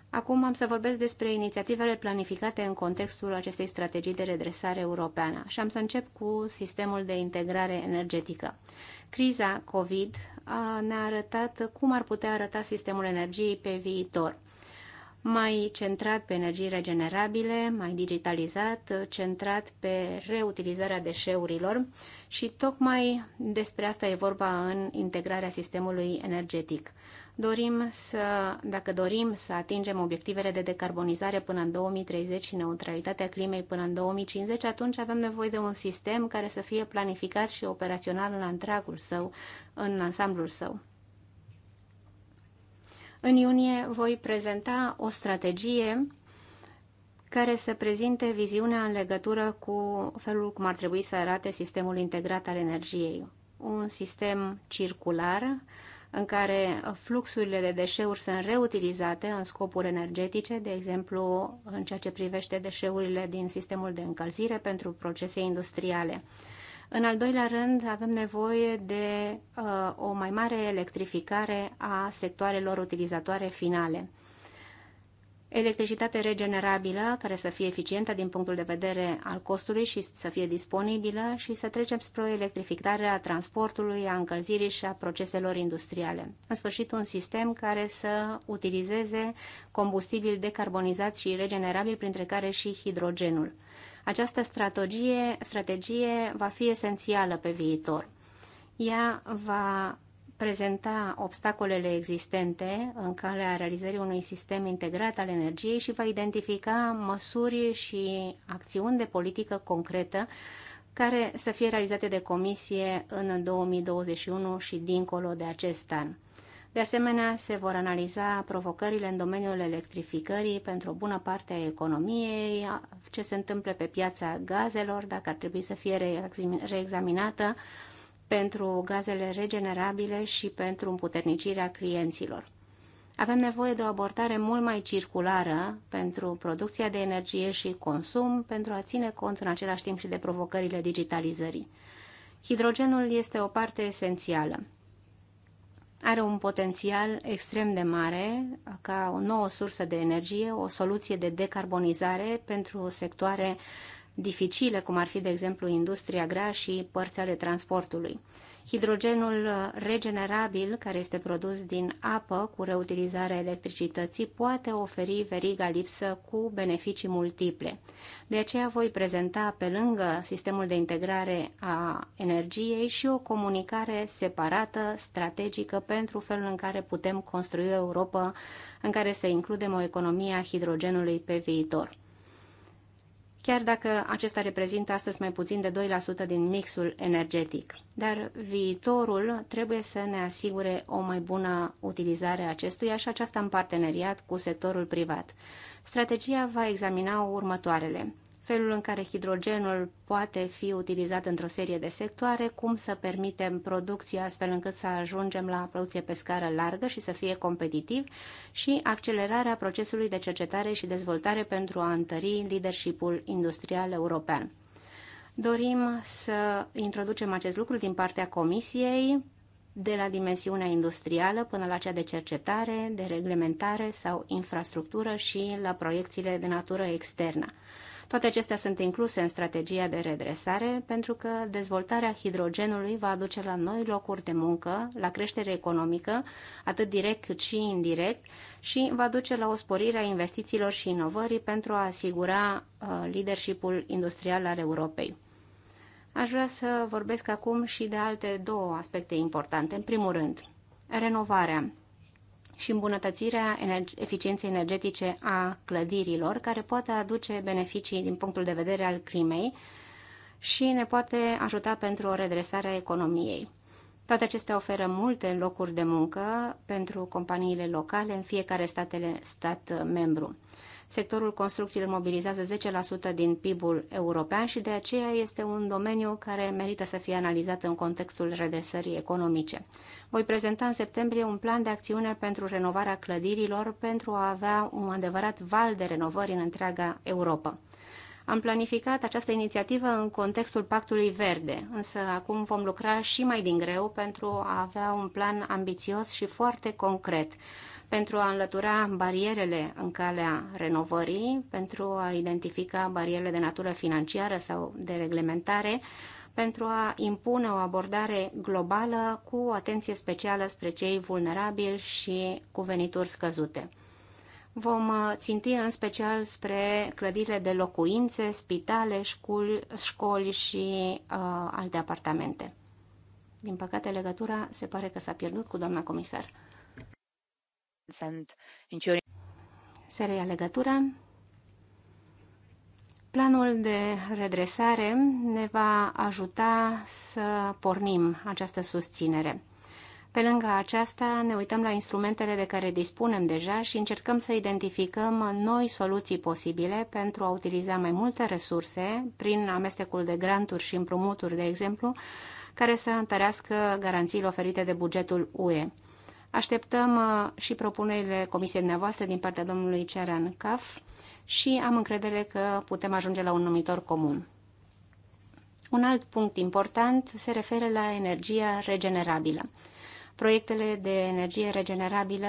Acum am să vorbesc despre inițiativele planificate în contextul acestei strategii de redresare europeană și am să încep cu sistemul de integrare energetică. Criza COVID ne-a arătat cum ar putea arăta sistemul energiei pe viitor. Mai centrat pe energii regenerabile, mai digitalizat, centrat pe reutilizarea deșeurilor și tocmai despre asta e vorba în integrarea sistemului energetic dorim să, dacă dorim să atingem obiectivele de decarbonizare până în 2030 și neutralitatea climei până în 2050, atunci avem nevoie de un sistem care să fie planificat și operațional în întregul său, în ansamblul său. În iunie voi prezenta o strategie care să prezinte viziunea în legătură cu felul cum ar trebui să arate sistemul integrat al energiei. Un sistem circular, uh, în care fluxurile de deșeuri sunt reutilizate în scopuri energetice, de exemplu în ceea ce privește deșeurile din sistemul de încălzire pentru procese industriale. În al doilea rând, avem nevoie de uh, o mai mare electrificare a sectoarelor utilizatoare finale electricitate regenerabilă care să fie eficientă din punctul de vedere al costului și să fie disponibilă și să trecem spre o electrificare a transportului, a încălzirii și a proceselor industriale. În sfârșit, un sistem care să utilizeze combustibil decarbonizați și regenerabil, printre care și hidrogenul. Această strategie, strategie va fi esențială pe viitor. Ea va prezenta obstacolele existente în calea realizării unui sistem integrat al energiei și va identifica măsuri și acțiuni de politică concretă care să fie realizate de comisie în 2021 și dincolo de acest an. De asemenea, se vor analiza provocările în domeniul electrificării pentru o bună parte a economiei, ce se întâmplă pe piața gazelor, dacă ar trebui să fie reexaminată pentru gazele regenerabile și pentru împuternicirea clienților. Avem nevoie de o abordare mult mai circulară pentru producția de energie și consum, pentru a ține cont în același timp și de provocările digitalizării. Hidrogenul este o parte esențială. Are un potențial extrem de mare ca o nouă sursă de energie, o soluție de decarbonizare pentru sectoare uh, dificile, cum ar fi, de exemplu, industria grea și părți ale transportului. Hidrogenul regenerabil, care este produs din apă cu reutilizarea electricității, poate oferi veriga lipsă cu beneficii multiple. De aceea voi prezenta, pe lângă sistemul de integrare a energiei, și o comunicare separată, strategică, pentru felul în care putem construi o Europa în care să includem o economie a hidrogenului pe viitor chiar dacă acesta reprezintă astăzi mai puțin de 2% din mixul energetic. Dar viitorul trebuie să ne asigure o mai bună utilizare a acestuia și aceasta în parteneriat cu sectorul privat. Strategia va examina următoarele felul în care hidrogenul poate fi utilizat într-o serie de sectoare, cum să permitem producția astfel încât să ajungem la producție pe scară largă și să fie competitiv și accelerarea procesului de cercetare și dezvoltare pentru a întări leadership-ul industrial european. Dorim să introducem acest lucru din partea Comisiei de la dimensiunea industrială până la cea de cercetare, de reglementare sau infrastructură și la proiecțiile de natură externă. Toate acestea sunt incluse în strategia de redresare pentru că dezvoltarea hidrogenului va aduce la noi locuri de muncă, la creștere economică, atât direct cât și indirect, și va duce la o sporire a investițiilor și inovării pentru a asigura uh, leadershipul industrial al Europei. Aș vrea să vorbesc acum și de alte două aspecte importante. În primul rând, renovarea și îmbunătățirea eficienței energetice a clădirilor, care poate aduce beneficii din punctul de vedere al climei și ne poate ajuta pentru o redresare a economiei. Toate acestea oferă multe locuri de muncă pentru companiile locale în fiecare statele, stat membru. Sectorul construcțiilor mobilizează 10% din PIB-ul european și de aceea este un domeniu care merită să fie analizat în contextul redresării economice. Voi prezenta în septembrie un plan de acțiune pentru renovarea clădirilor pentru a avea un adevărat val de renovări în întreaga Europa. Am planificat această inițiativă în contextul Pactului Verde, însă acum vom lucra și mai din greu pentru a avea un plan ambițios și foarte concret pentru a înlătura barierele în calea renovării, pentru a identifica barierele de natură financiară sau de reglementare, pentru a impune o abordare globală cu atenție specială spre cei vulnerabili și cu venituri scăzute. Vom uh, ținti în special spre clădirile de locuințe, spitale, școli, școli și uh, alte apartamente. Din păcate, legătura se pare că s-a pierdut cu doamna comisar. Se reia legătura. Planul de redresare ne va ajuta să pornim această susținere. Pe lângă aceasta, ne uităm la instrumentele de care dispunem deja și încercăm să identificăm noi soluții posibile pentru a utiliza mai multe resurse prin amestecul de granturi și împrumuturi, de exemplu, care să întărească garanțiile oferite de bugetul UE. Așteptăm uh, și propunerile comisiei dumneavoastră din partea domnului Cearan Caf și am încredere că putem ajunge la un numitor comun. Un alt punct important se referă la energia regenerabilă. Proiectele de energie regenerabilă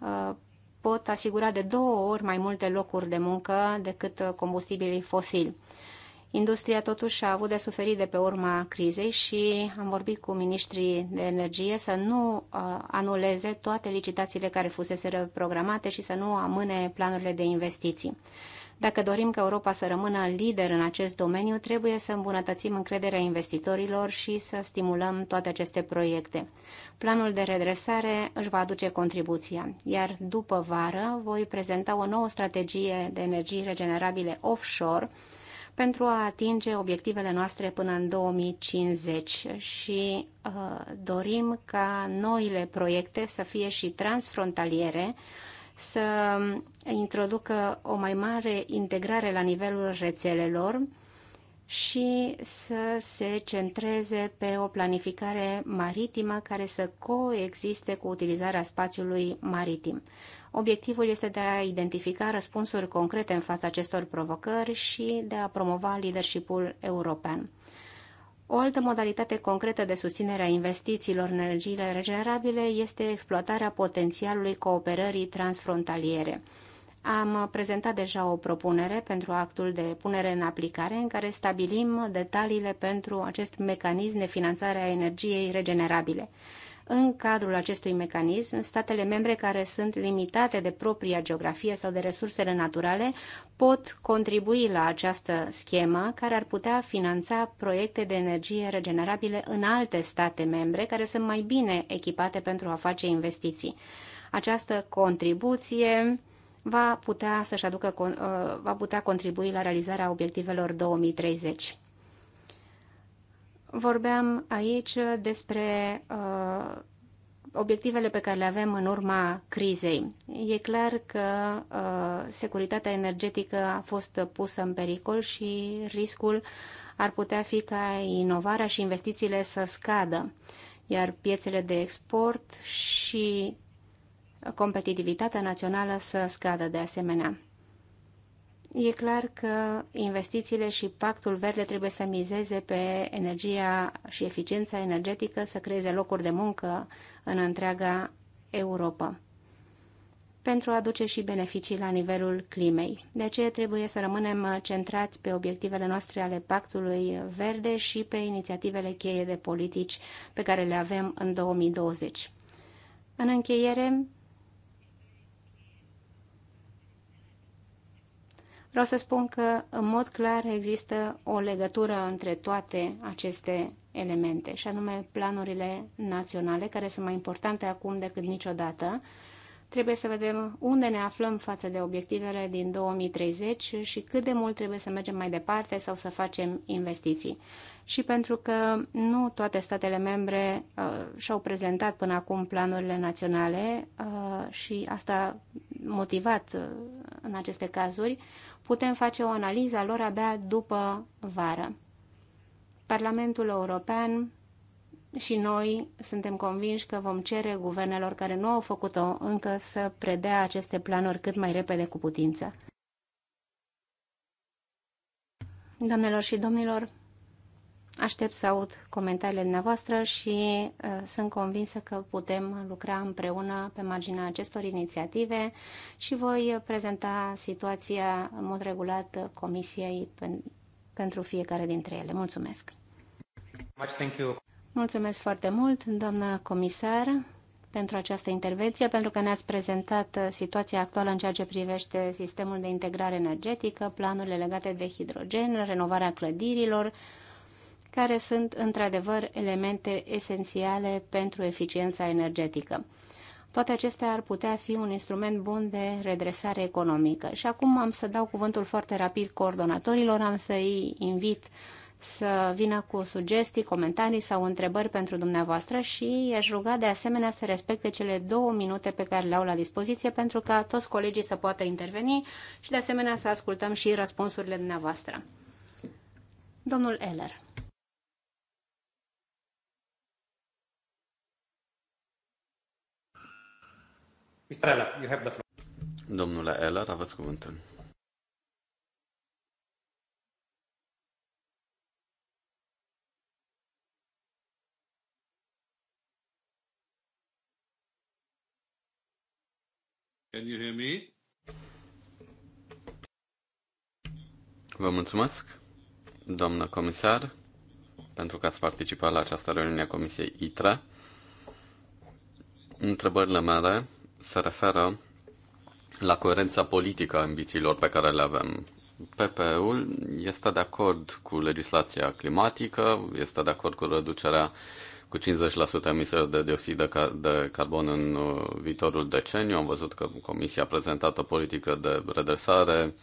uh, pot asigura de două ori mai multe locuri de muncă decât combustibilii fosili. Industria totuși a avut de suferit de pe urma crizei și am vorbit cu ministrii de energie să nu uh, anuleze toate licitațiile care fusese programate și să nu amâne planurile de investiții. Dacă dorim ca Europa să rămână lider în acest domeniu, trebuie să îmbunătățim încrederea investitorilor și să stimulăm toate aceste proiecte. Planul de redresare își va aduce contribuția, iar după vară voi prezenta o nouă strategie de energii regenerabile offshore, pentru a atinge obiectivele noastre până în 2050 și uh, dorim ca noile proiecte să fie și transfrontaliere, să introducă o mai mare integrare la nivelul rețelelor, și să se centreze pe o planificare maritimă care să coexiste cu utilizarea spațiului maritim. Obiectivul este de a identifica răspunsuri concrete în fața acestor provocări și de a promova leadership-ul european. O altă modalitate concretă de susținere a investițiilor în energiile regenerabile este exploatarea potențialului cooperării transfrontaliere. Am prezentat deja o propunere pentru actul de punere în aplicare în care stabilim detaliile pentru acest mecanism de finanțare a energiei regenerabile. În cadrul acestui mecanism, statele membre care sunt limitate de propria geografie sau de resursele naturale pot contribui la această schemă care ar putea finanța proiecte de energie regenerabile în alte state membre care sunt mai bine echipate pentru a face investiții. Această contribuție va putea să-și aducă, uh, va putea contribui la realizarea obiectivelor 2030. Vorbeam aici despre uh, obiectivele pe care le avem în urma crizei. E clar că uh, securitatea energetică a fost pusă în pericol și riscul ar putea fi ca inovarea și investițiile să scadă, iar piețele de export și competitivitatea națională să scadă de asemenea. E clar că investițiile și pactul verde trebuie să mizeze pe energia și eficiența energetică, să creeze locuri de muncă în întreaga Europa pentru a aduce și beneficii la nivelul climei. De aceea trebuie să rămânem centrați pe obiectivele noastre ale Pactului Verde și pe inițiativele cheie de politici pe care le avem în 2020. În încheiere, Vreau să spun că, în mod clar, există o legătură între toate aceste elemente, și anume planurile naționale, care sunt mai importante acum decât niciodată. Trebuie să vedem unde ne aflăm față de obiectivele din 2030 și cât de mult trebuie să mergem mai departe sau să facem investiții. Și pentru că nu toate statele membre uh, și-au prezentat până acum planurile naționale uh, și asta motivat uh, în aceste cazuri, putem face o analiză a lor abia după vară. Parlamentul European și noi suntem convinși că vom cere guvernelor care nu au făcut-o încă să predea aceste planuri cât mai repede cu putință. Doamnelor și domnilor, Aștept să aud comentariile dumneavoastră și uh, sunt convinsă că putem lucra împreună pe marginea acestor inițiative și voi prezenta situația în mod regulat Comisiei pen pentru fiecare dintre ele. Mulțumesc! Mulțumesc foarte mult, doamnă comisar, pentru această intervenție, pentru că ne-ați prezentat uh, situația actuală în ceea ce privește sistemul de integrare energetică, planurile legate de hidrogen, renovarea clădirilor, care sunt într-adevăr elemente esențiale pentru eficiența energetică. Toate acestea ar putea fi un instrument bun de redresare economică. Și acum am să dau cuvântul foarte rapid coordonatorilor, am să-i invit să vină cu sugestii, comentarii sau întrebări pentru dumneavoastră și aș ruga de asemenea să respecte cele două minute pe care le au la dispoziție pentru ca toți colegii să poată interveni și de asemenea să ascultăm și răspunsurile dumneavoastră. Domnul Eller. Mr. Eller, you have the floor. Domnule Eller, aveți cuvântul. Can you hear me? Vă mulțumesc, doamnă comisar, pentru că ați participat la această reuniune a Comisiei ITRA. Întrebările mele se referă la coerența politică a ambițiilor pe care le avem. PPE-ul este de acord cu legislația climatică, este de acord cu reducerea cu 50% emisiilor de dioxid de, ca- de carbon în uh, viitorul deceniu. Am văzut că Comisia a prezentat o politică de redresare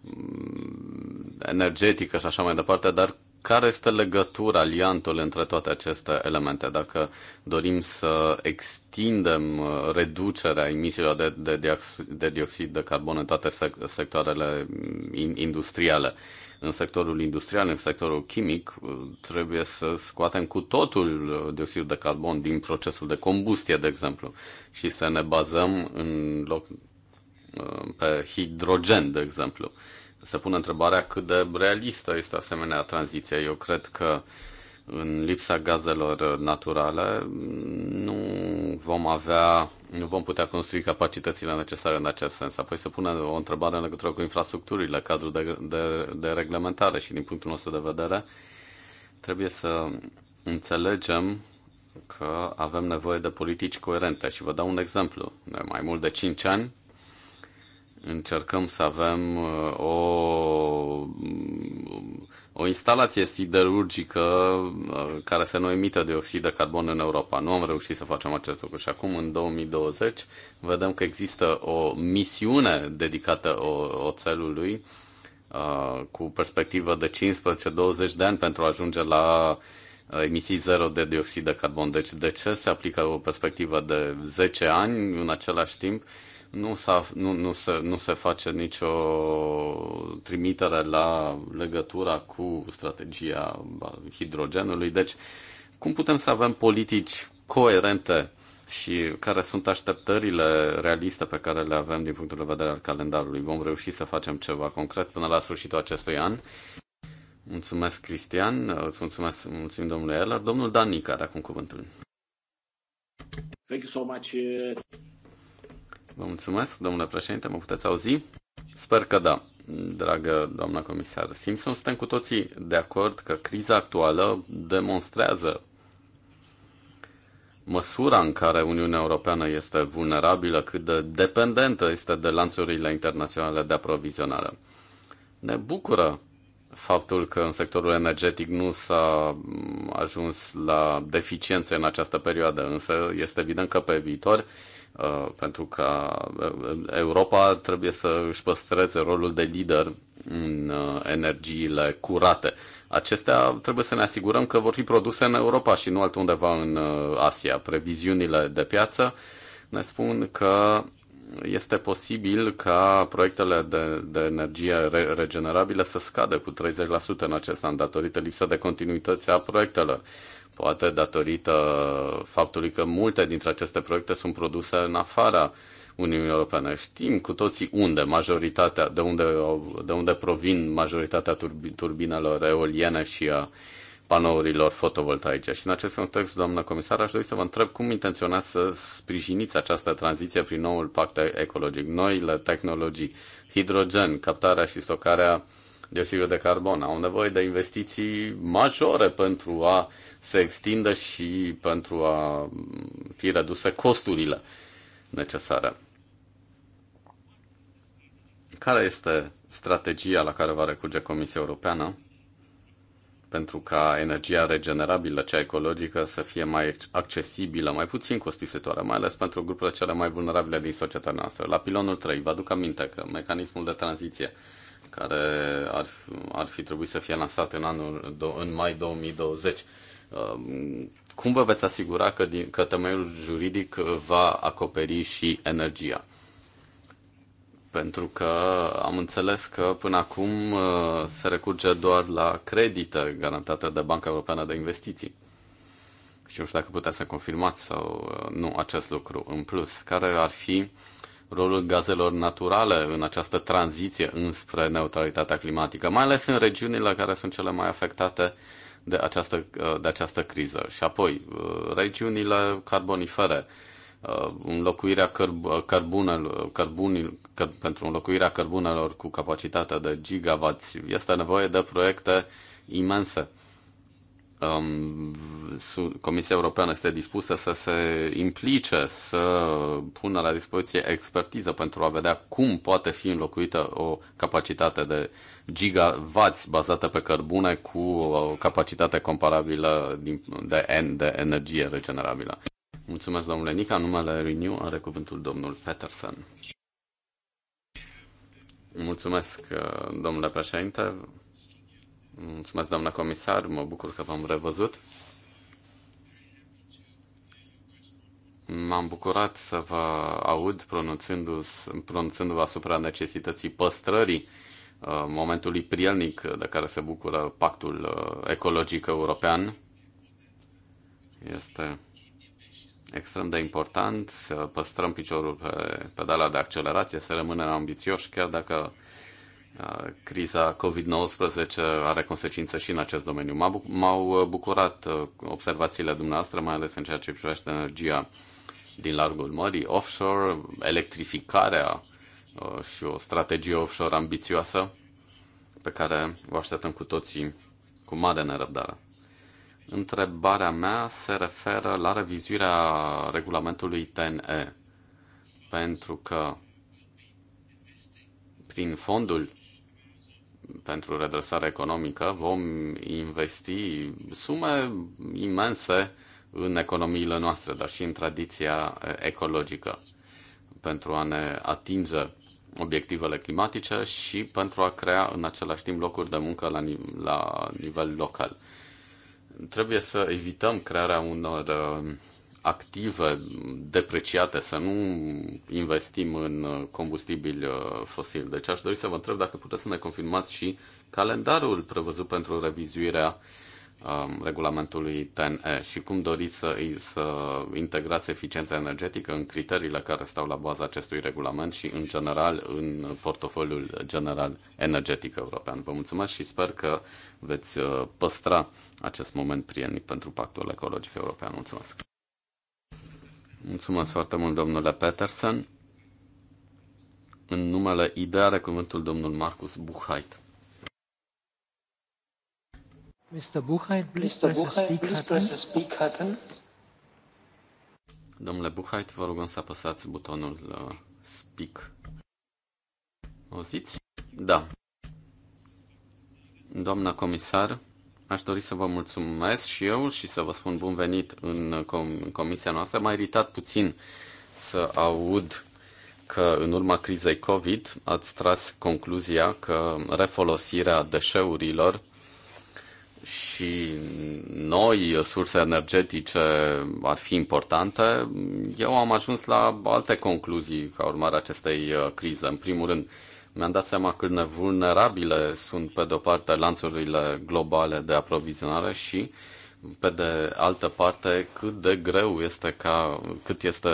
mm, energetică și așa mai departe, dar care este legătura, liantul între toate aceste elemente? Dacă dorim să extindem uh, reducerea emisiilor de, de, de dioxid de carbon în toate sectoarele mm, industriale, în sectorul industrial, în sectorul chimic, uh, trebuie să scoatem cu totul uh, dioxidul de carbon din procesul de combustie, de exemplu, și să ne bazăm în loc pe hidrogen, de exemplu se pune întrebarea cât de realistă este asemenea tranziție. Eu cred că în lipsa gazelor naturale nu vom avea, nu vom putea construi capacitățile necesare în acest sens. Apoi se pune o întrebare în legătură cu infrastructurile, cadrul de, de, de reglementare și din punctul nostru de vedere trebuie să înțelegem că avem nevoie de politici coerente și vă dau un exemplu. De mai mult de 5 ani încercăm să avem uh, o, mm, o instalație siderurgică uh, care să nu emită dioxid de carbon în Europa. Nu am reușit să facem acest lucru și acum, în 2020, vedem că există o misiune dedicată o, oțelului uh, cu perspectivă de 15-20 de ani pentru a ajunge la emisii zero de dioxid de carbon. Deci de ce se aplică o perspectivă de 10 ani în același timp? Uh, nu, s-a, nu, nu, se, nu se face nicio trimitere la legătura cu strategia hidrogenului. Deci, cum putem să avem politici coerente și care sunt așteptările realiste pe care le avem din punctul de vedere al calendarului? Vom reuși să facem ceva concret până la sfârșitul acestui an? Mulțumesc, Cristian. Îți mulțumesc, mulțumim, domnule Eller. Domnul Dani, care acum cuvântul. Thank you so much. Vă mulțumesc, domnule președinte, mă puteți auzi? Sper că da, dragă doamna comisar Simpson. Suntem cu toții de acord că criza actuală demonstrează măsura în care Uniunea Europeană este vulnerabilă, cât de dependentă este de lanțurile internaționale de aprovizionare. Ne bucură faptul că în sectorul energetic nu s-a ajuns la deficiențe în această perioadă, însă este evident că pe viitor Uh, pentru că uh, Europa trebuie să își păstreze rolul de lider în uh, energiile curate. Acestea trebuie să ne asigurăm că vor fi produse în Europa și nu altundeva în Asia. Previziunile de piață ne spun că este posibil ca proiectele de, de energie re- regenerabilă să scadă cu 30% în acest an datorită lipsa de continuități a proiectelor poate datorită faptului că multe dintre aceste proiecte sunt produse în afara Uniunii Europene. Știm cu toții unde majoritatea, de unde, de unde provin majoritatea turbinelor eoliene și a panourilor fotovoltaice. Și în acest context, doamnă comisar, aș dori să vă întreb cum intenționați să sprijiniți această tranziție prin noul pact ecologic, noile tehnologii, hidrogen, captarea și stocarea de de carbon. Au nevoie de investiții majore pentru a se extindă și pentru a fi reduse costurile necesare. Care este strategia la care va recurge Comisia Europeană pentru ca energia regenerabilă, cea ecologică, să fie mai accesibilă, mai puțin costisitoare, mai ales pentru grupurile cele mai vulnerabile din societatea noastră? La pilonul 3, vă aduc aminte că mecanismul de tranziție care ar, ar fi trebuit să fie lansat în, anul, în mai 2020 Um, cum vă veți asigura că, din, că temeiul juridic va acoperi și energia? Pentru că am înțeles că până acum uh, se recurge doar la credite garantate de Banca Europeană de Investiții. Și nu știu dacă puteți să confirmați sau uh, nu acest lucru. În plus, care ar fi rolul gazelor naturale în această tranziție înspre neutralitatea climatică, mai ales în regiunile care sunt cele mai afectate uh, de această, de această criză. Și apoi, uh, regiunile carbonifere, uh, înlocuirea uh, cărbunelor, pentru înlocuirea cărbunelor cu capacitate de gigawatts, este nevoie de proiecte imense. Um, Comisia Europeană este dispusă să se implice, să pună la dispoziție expertiză pentru a vedea cum poate fi înlocuită o capacitate de uh, gigawatts bazate pe cărbune cu o uh, capacitate comparabilă de, N, de energie regenerabilă. Mulțumesc, domnule Nica. Numele Renew are cuvântul domnul Peterson. Mulțumesc, uh, domnule președinte. Mulțumesc, doamna comisar. Mă bucur că v-am revăzut. M-am bucurat să vă aud pronunțându-vă pronunțându asupra necesității păstrării Uh, momentului prielnic uh, de care se bucură pactul uh, ecologic european. Este extrem de important să păstrăm piciorul pe pedala de accelerație, să rămânem ambițioși, chiar dacă criza COVID-19 are consecințe și în acest domeniu. M-au bucurat observațiile dumneavoastră, mai ales în ceea ce privește energia din largul mării, offshore, electrificarea Uh, și o strategie offshore ambițioasă pe care o așteptăm cu toții cu mare nerăbdare. Întrebarea mea se referă la revizuirea regulamentului TNE, pentru că prin fondul pentru redresare economică vom investi sume imense în economiile noastre, dar și în tradiția ecologică pentru a ne atinge obiectivele climatice și pentru a crea în același timp locuri de muncă la, la nivel local. Trebuie să evităm crearea unor uh, active depreciate, să nu investim în uh, combustibili uh, fosil. Deci aș dori să vă întreb dacă puteți să ne confirmați și calendarul prevăzut pentru revizuirea uh, um, regulamentului TNE și cum doriți să, să integrați eficiența energetică în criteriile care stau la baza acestui regulament și, în general, în portofoliul general energetic european. Vă mulțumesc și sper că veți uh, păstra acest moment prielnic pentru Pactul Ecologic European. Mulțumesc! Mulțumesc foarte mult, domnule Peterson. În numele IDE are cuvântul domnul Marcus Buchheit. Mr. Buchheit, please, Mr. Buchheit, please press the speak button. Domnule Buchheit, vă rugăm să apăsați butonul uh, speak. Auziți? Da. Doamna comisar, aș dori să vă mulțumesc și eu și să vă spun bun venit uh, în comisia noastră. M-a iritat puțin să aud că în urma crizei COVID ați tras concluzia că refolosirea deșeurilor și noi surse energetice ar fi importante, eu am ajuns la alte concluzii ca urmare a acestei uh, crize. În primul rând, mi-am dat seama cât de vulnerabile sunt, pe de-o parte, lanțurile globale de aprovizionare și, pe de altă parte, cât de greu este ca, cât este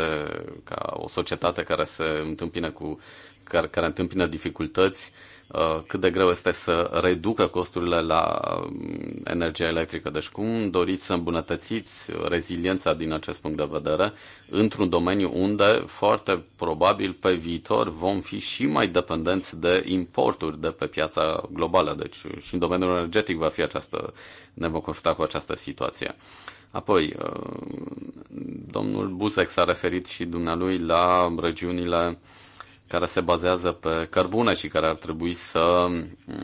ca o societate care se întâmpină cu, care, care întâmpină dificultăți, uh, Uh, cât de greu este să reducă costurile la um, energia electrică. Deci cum doriți să îmbunătățiți reziliența din acest punct de vedere într-un domeniu unde foarte probabil pe viitor vom fi și mai dependenți de importuri de pe piața globală. Deci și în domeniul energetic va fi această, ne vom confrunta cu această situație. Apoi, uh, domnul Busec s-a referit și dumnealui la regiunile care se bazează pe cărbune și care ar trebui să,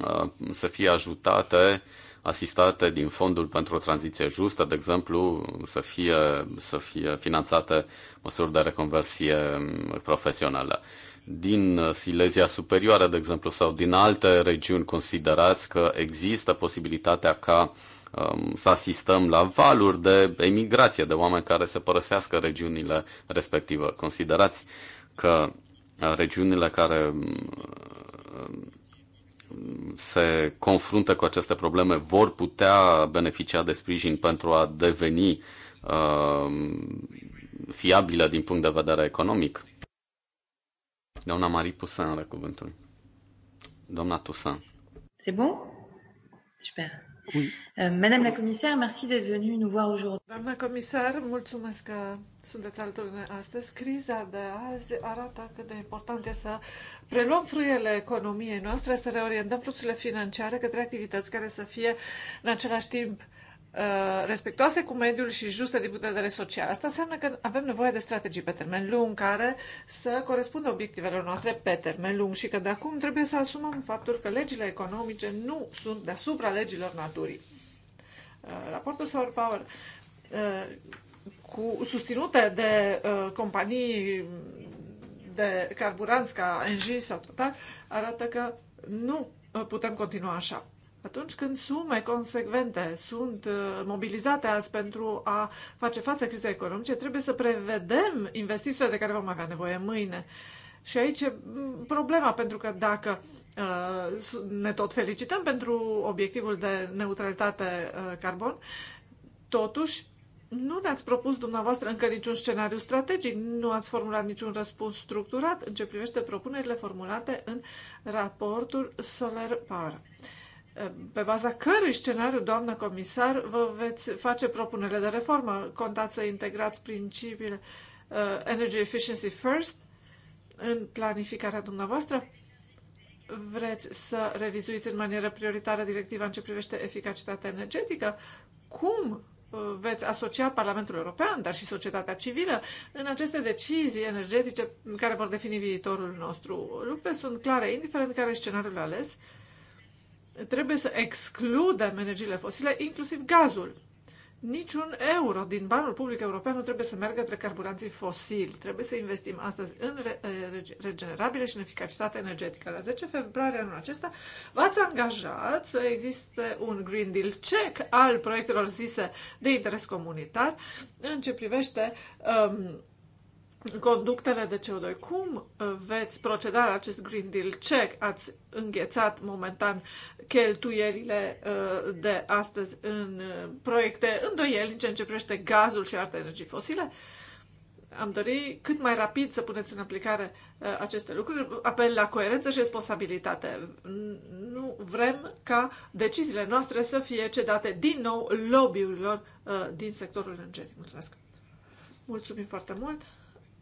uh, să fie ajutate, asistate din fondul pentru o tranziție justă, de exemplu, să fie, să fie finanțate măsuri de reconversie um, profesională. Din Silesia Superioară, de exemplu, sau din alte regiuni, considerați că există posibilitatea ca um, să asistăm la valuri de emigrație, de oameni care să părăsească regiunile respective. Considerați că regiunile care mm, mm, se confruntă cu aceste probleme vor putea beneficia de sprijin pentru a deveni uh, fiabile din punct de vedere economic? Doamna Marie Poussin are cuvântul. Doamna Toussaint. C'est bon? Super. Oui. Euh, Madame la comisar, merci d'être venue nous voir aujourd'hui. Doamna comisar, mulțumesc că sunteți alături de astăzi. Criza de azi arată cât de important este să preluăm frâiele economiei noastre, să reorientăm fluxurile financiare către activități care să fie în același timp Uh, respectoase cu mediul și juste din punct de vedere social. Asta înseamnă că avem nevoie de strategii pe termen lung care să corespundă obiectivelor noastre pe termen lung și că de acum trebuie să asumăm faptul că legile economice nu sunt deasupra legilor naturii. Uh, raportul Sour Power uh, cu, susținute de companii de carburanți ca Engie sau Total arată că nu putem continua așa. Atunci când sume consecvente sunt uh, mobilizate azi pentru a face față crizei economice, trebuie să prevedem investițiile de care vom avea nevoie mâine. Și aici e problema, pentru că dacă uh, ne tot felicităm pentru obiectivul de neutralitate uh, carbon, totuși nu ne-ați propus dumneavoastră încă niciun scenariu strategic, nu ați formulat niciun răspuns structurat în ce privește propunerile formulate în raportul Solar Power pe baza cărui scenariu, doamnă comisar, vă veți face propunerile de reformă? Contați să integrați principiile uh, Energy Efficiency First în planificarea dumneavoastră? Vreți să revizuiți în manieră prioritară directiva în ce privește eficacitatea energetică? Cum uh, veți asocia Parlamentul European, dar și societatea civilă în aceste decizii energetice care vor defini viitorul nostru? Lucrurile sunt clare, indiferent care e scenariul ales. Uh, Trebuie să excludem energiile fosile, inclusiv gazul. Niciun euro din banul public european nu trebuie să meargă către carburanții fosili. Trebuie să investim astăzi în regenerabile și în eficacitate energetică. La 10 februarie anul acesta v-ați angajat să existe un Green Deal check al proiectelor zise de interes comunitar în ce privește um, conductele de CO2. Cum uh, veți proceda la acest Green Deal? Ce ați înghețat momentan cheltuielile uh, de astăzi în uh, proiecte îndoieli în ce începește gazul și alte energii fosile? Am dori cât mai rapid să puneți în aplicare aceste lucruri. Apel la coerență și responsabilitate. Nu vrem ca deciziile noastre să fie cedate din nou lobby-urilor din sectorul energetic. Mulțumesc! Mulțumim foarte mult!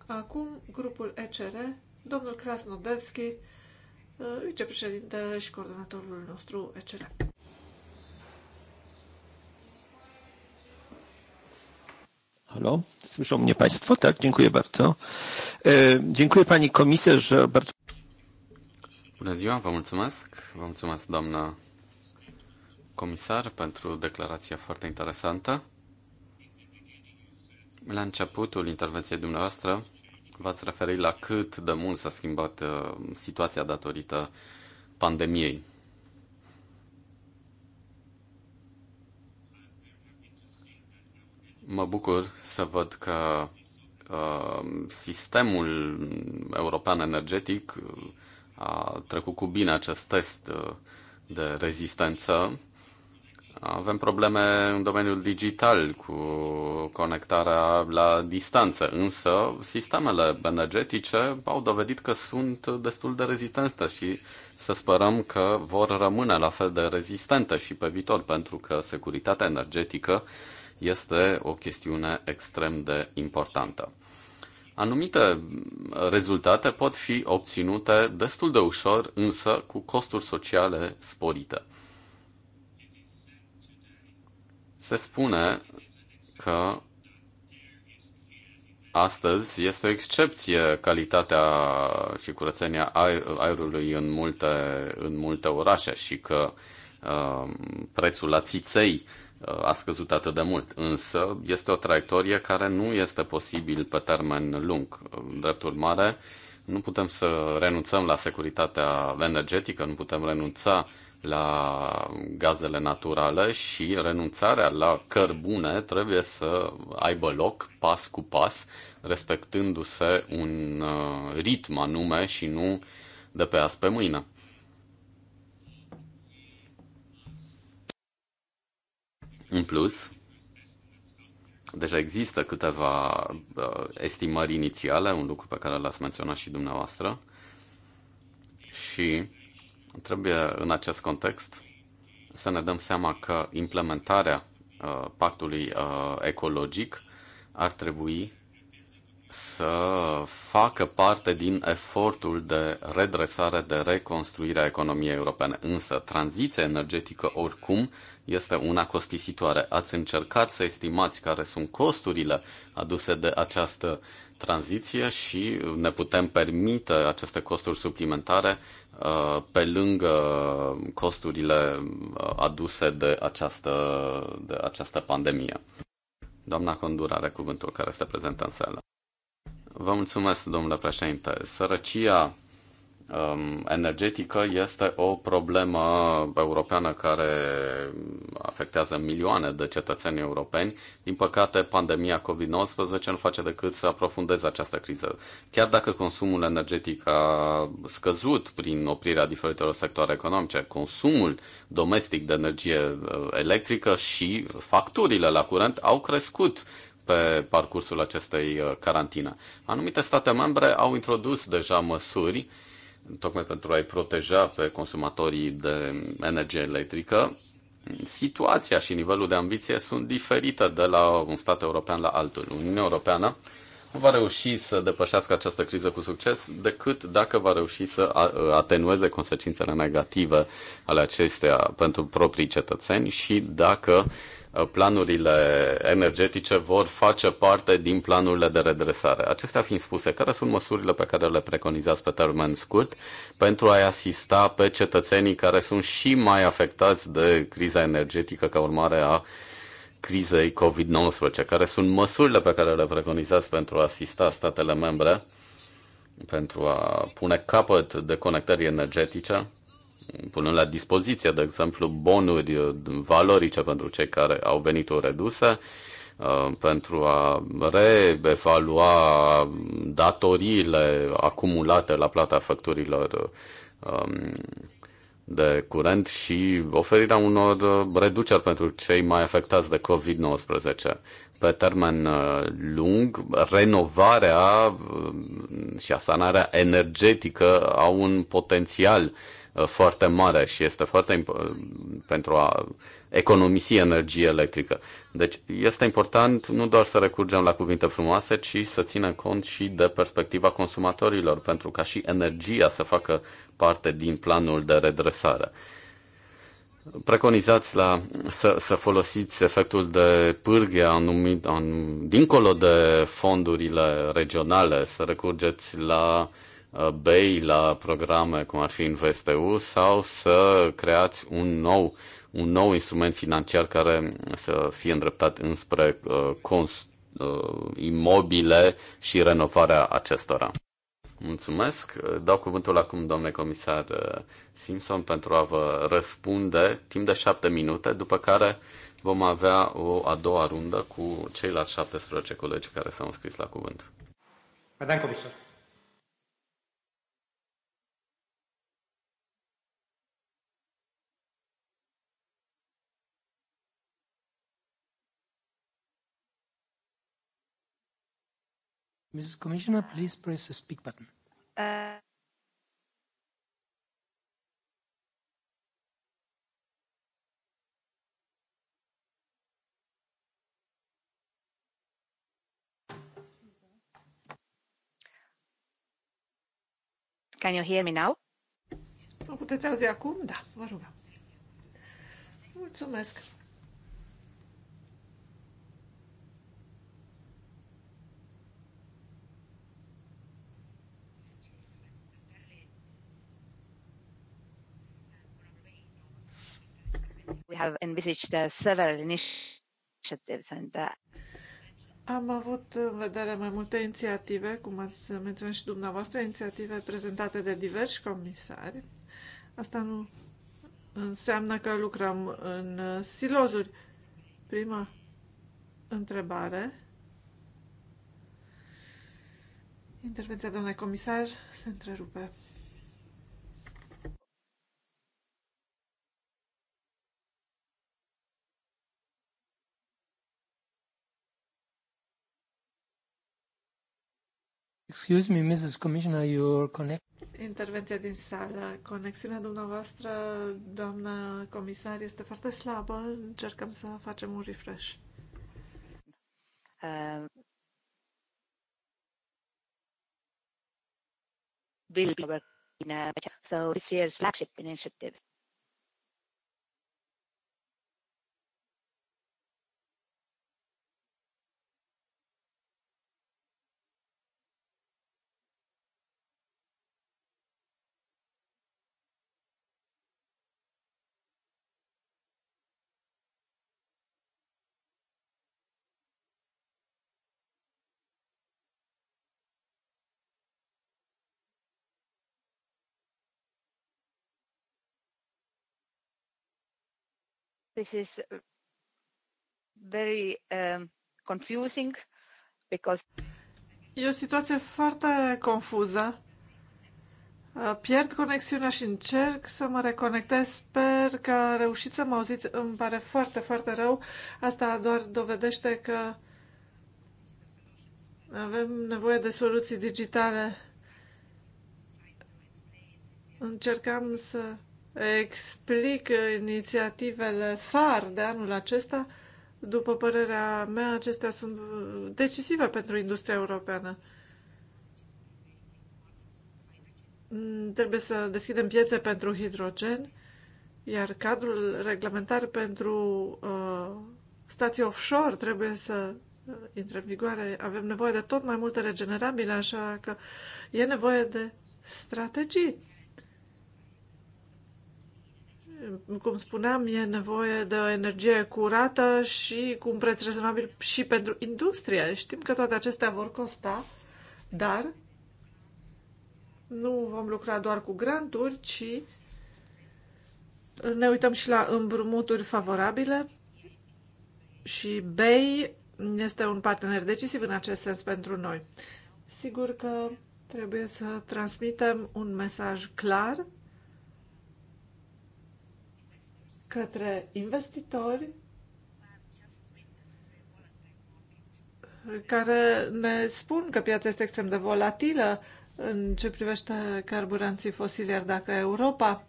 Acum, grupul ECR, domnul Krasnodebski, uh, vicepreședinte și coordonatorul nostru ECR. Halo, słyszą mnie Państwo? Tak, dziękuję bardzo. E, dziękuję Pani Komisarz że bardzo. Bună ziua, vă mulțumesc. Vă mulțumesc, doamnă comisar, pentru declarația foarte interesantă. La începutul intervenției dumneavoastră v-ați referit la cât de mult s-a schimbat uh, situația datorită pandemiei. Mă bucur să văd că uh, sistemul european energetic uh, a trecut cu bine acest test de rezistență avem probleme în domeniul digital cu conectarea la distanță, însă sistemele energetice au dovedit că sunt destul de rezistente și să sperăm că vor rămâne la fel de rezistente și pe viitor, pentru că securitatea energetică este o chestiune extrem de importantă. Anumite rezultate pot fi obținute destul de ușor, însă cu costuri sociale sporite. Se spune că astăzi este o excepție calitatea și curățenia aerului în multe, în multe orașe și că um, prețul la țiței uh, a scăzut atât de mult. Însă este o traiectorie care nu este posibil pe termen lung. Drept urmare, nu putem să renunțăm la securitatea energetică, nu putem renunța la gazele naturale și renunțarea la cărbune trebuie să aibă loc pas cu pas, respectându-se un uh, ritm anume și nu de pe azi pe mâine. În plus, deja există câteva uh, estimări inițiale, un lucru pe care l-ați menționat și dumneavoastră, și Trebuie în acest context să ne dăm seama că implementarea uh, pactului uh, ecologic ar trebui să facă parte din efortul de redresare, de reconstruire a economiei europene. Însă, tranziția energetică, oricum, este una costisitoare. Ați încercat să estimați care sunt costurile aduse de această tranziție și ne putem permite aceste costuri suplimentare Uh, pe lângă costurile uh, aduse de această, de această pandemie. Doamna Condur are cuvântul care se prezentă în sală. Vă mulțumesc, domnule președinte. Sărăcia Um, energetică este o problemă europeană care afectează milioane de cetățeni europeni. Din păcate, pandemia COVID-19 nu face decât să aprofundeze această criză. Chiar dacă consumul energetic a scăzut prin oprirea diferitelor sectoare economice, consumul domestic de energie uh, electrică și facturile la curent au crescut pe parcursul acestei uh, carantine. Anumite state membre au introdus deja măsuri tocmai pentru a-i proteja pe consumatorii de energie electrică, situația și nivelul de ambiție sunt diferite de la un stat european la altul. Uniunea Europeană nu va reuși să depășească această criză cu succes decât dacă va reuși să atenueze consecințele negative ale acesteia pentru proprii cetățeni și dacă Uh, planurile energetice vor face parte din planurile de redresare. Acestea fiind spuse, care sunt măsurile pe care le preconizați pe termen scurt pentru a-i asista pe cetățenii care sunt și mai afectați de criza energetică ca urmare a crizei COVID-19? Care sunt măsurile pe care le preconizați pentru a asista statele membre pentru a pune capăt de conectării energetice punând la dispoziție, de exemplu, bonuri uh, valorice pentru cei care au venit o reduse, uh, pentru a reevalua datoriile acumulate la plata facturilor um, de curent și oferirea unor uh, reduceri pentru cei mai afectați de COVID-19. Pe termen lung, renovarea și asanarea energetică au un potențial uh, Uh, foarte mare și este foarte uh, pentru a economisi energie electrică. Deci este important nu doar să recurgem la cuvinte frumoase, ci să ținem cont și de perspectiva consumatorilor, pentru ca și energia să facă parte din planul de redresare preconizați la, să, să folosiți efectul de pârghe anumit, anum, dincolo de fondurile regionale, să recurgeți la Uh, BEI la programe cum ar fi InvestEU sau să creați un nou, un nou instrument financiar care să fie îndreptat înspre uh, cons, uh, imobile și renovarea acestora. Mulțumesc. Dau cuvântul acum, domnule comisar Simpson, pentru a vă răspunde timp de șapte minute, după care vom avea o a doua rundă cu ceilalți 17 colegi care s-au înscris la cuvânt. Madame comisar. Mrs. Commissioner, please press the speak button. Uh... Can you hear me now? Mă puteți auzi acum? Da, vă rugăm. Mulțumesc. We have envisaged uh, several initiatives and uh, am avut în vedere mai multe inițiative, cum ați menționat și dumneavoastră, inițiative prezentate de diversi comisari. Asta nu înseamnă că lucrăm în uh, silozuri. Prima întrebare. Intervenția domnului comisar se întrerupe. Excuse me, Mrs. Commissioner, your connect... Intervenția din sală. Conexiunea dumneavoastră, doamna comisar, este foarte slabă. Încercăm să facem un refresh. Um, will be working, uh, so this year's flagship initiatives this is uh, very um, confusing because E o situație foarte confuză. Uh, pierd conexiunea și încerc să mă reconectez. Sper că reușiți să mă auziți. Îmi pare foarte, foarte rău. Asta doar dovedește că avem nevoie de soluții digitale. Încercam să explic inițiativele FAR de anul acesta. După părerea mea, acestea sunt decisive pentru industria europeană. Mm, trebuie să deschidem piețe pentru hidrogen, iar cadrul reglementar pentru uh, stații offshore trebuie să uh, intre în vigoare. Avem nevoie de tot mai multe regenerabile, așa că e nevoie de strategii cum spuneam, e nevoie de o energie curată și cu un preț rezonabil și pentru industrie. Știm că toate acestea vor costa, dar nu vom lucra doar cu granturi, ci ne uităm și la împrumuturi favorabile și BEI este un partener decisiv în acest sens pentru noi. Sigur că trebuie să transmitem un mesaj clar către investitori care ne spun că piața este extrem de volatilă în ce privește carburanții fosili, iar dacă Europa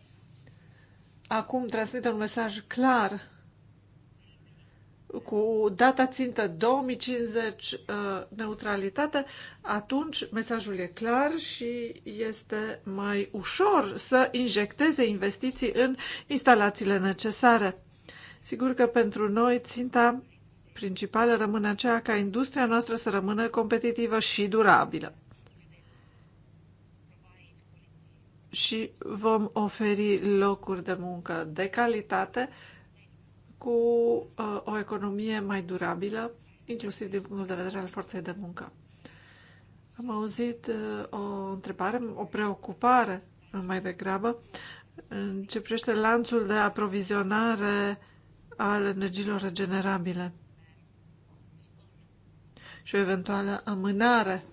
acum transmite un mesaj clar cu data țintă 2050 uh, neutralitate, atunci mesajul e clar și este mai ușor să injecteze investiții în instalațiile necesare. Sigur că pentru noi ținta principală rămâne aceea ca industria noastră să rămână competitivă și durabilă. Și vom oferi locuri de muncă de calitate, cu uh, o economie mai durabilă, inclusiv din punctul de vedere al forței de muncă. Am auzit uh, o întrebare, o preocupare mai degrabă, în ce privește lanțul de aprovizionare al energiilor regenerabile și o eventuală amânare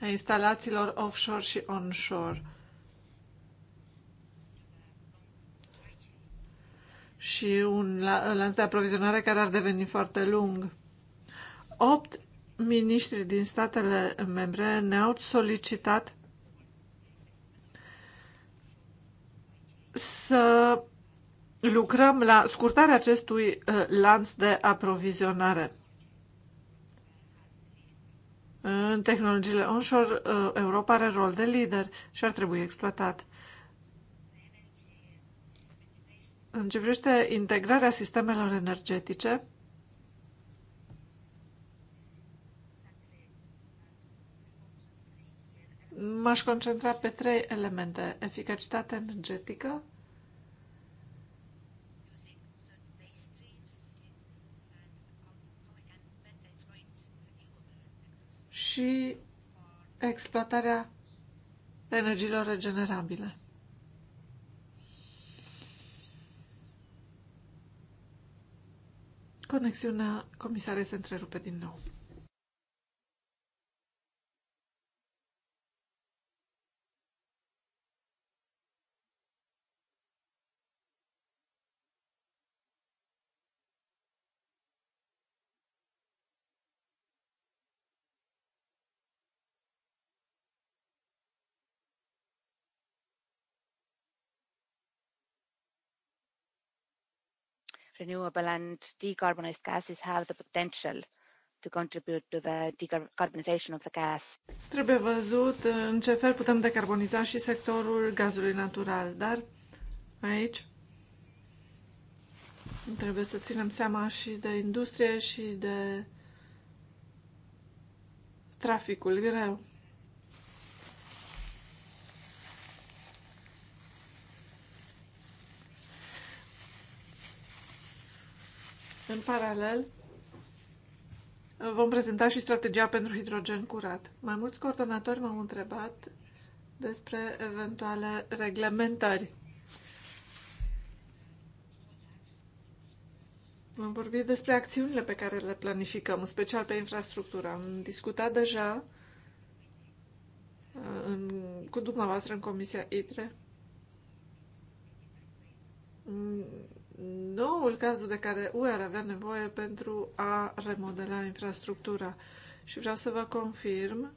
a instalațiilor offshore și onshore și un lanț de aprovizionare care ar deveni foarte lung. Opt miniștri din statele membre ne-au solicitat să lucrăm la scurtarea acestui uh, lanț de aprovizionare. În tehnologiile onshore, uh, Europa are rol de lider și ar trebui exploatat. În ce privește integrarea sistemelor energetice, m-aș concentra pe trei elemente. Eficacitate energetică, și exploatarea energiilor regenerabile. Conexiunea comisarei se întrerupe din nou. renewable and decarbonized gases have the potential to contribute to the decarbonization of the gas. Trebuie văzut uh, în ce fel putem decarboniza și sectorul gazului natural, dar aici trebuie să ținem seama și de industrie și de traficul greu. În paralel, vom prezenta și strategia pentru hidrogen curat. Mai mulți coordonatori m-au întrebat despre eventuale reglementări. Am vorbit despre acțiunile pe care le planificăm, în special pe infrastructură. Am discutat deja uh, în, cu dumneavoastră în Comisia ITRE noul cadru de care UE ar avea nevoie pentru a remodela infrastructura. Și vreau să vă confirm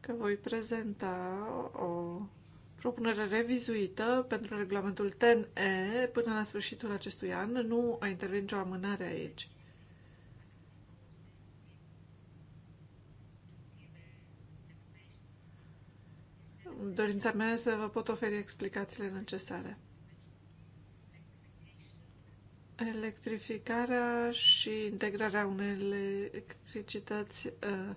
că voi prezenta o propunere revizuită pentru regulamentul TNE până la sfârșitul acestui an. Nu a intervenit nicio amânare aici. Dorința mea să vă pot oferi explicațiile necesare electrificarea și integrarea unei electricități uh,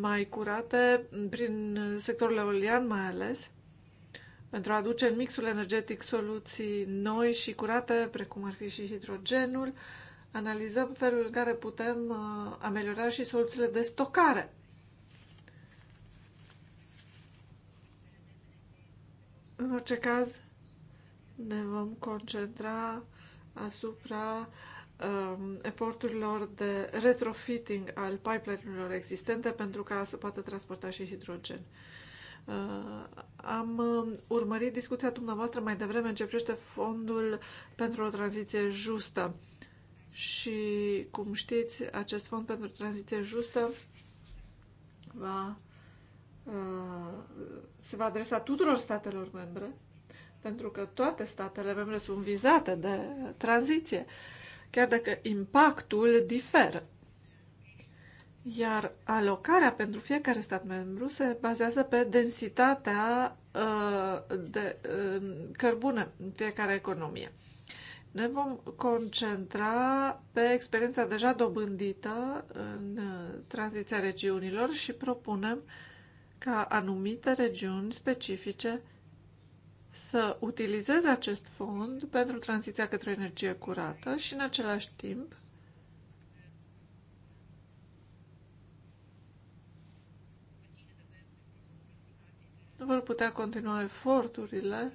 mai curate prin sectorul eolian mai ales, pentru a aduce în mixul energetic soluții noi și curate, precum ar fi și hidrogenul, analizăm felul în care putem uh, ameliora și soluțiile de stocare. În orice caz, ne vom concentra asupra um, eforturilor de retrofitting al pipeline-urilor existente pentru ca să poată transporta și hidrogen. Uh, am uh, urmărit discuția dumneavoastră mai devreme în ce privește fondul pentru o tranziție justă. Și, cum știți, acest fond pentru tranziție justă va, uh, se va adresa tuturor statelor membre pentru că toate statele membre sunt vizate de tranziție, chiar dacă impactul diferă. Iar alocarea pentru fiecare stat membru se bazează pe densitatea uh, de uh, cărbune în fiecare economie. Ne vom concentra pe experiența deja dobândită în uh, tranziția regiunilor și propunem ca anumite regiuni specifice să utilizeze acest fond pentru tranziția către o energie curată și în același timp vor putea continua eforturile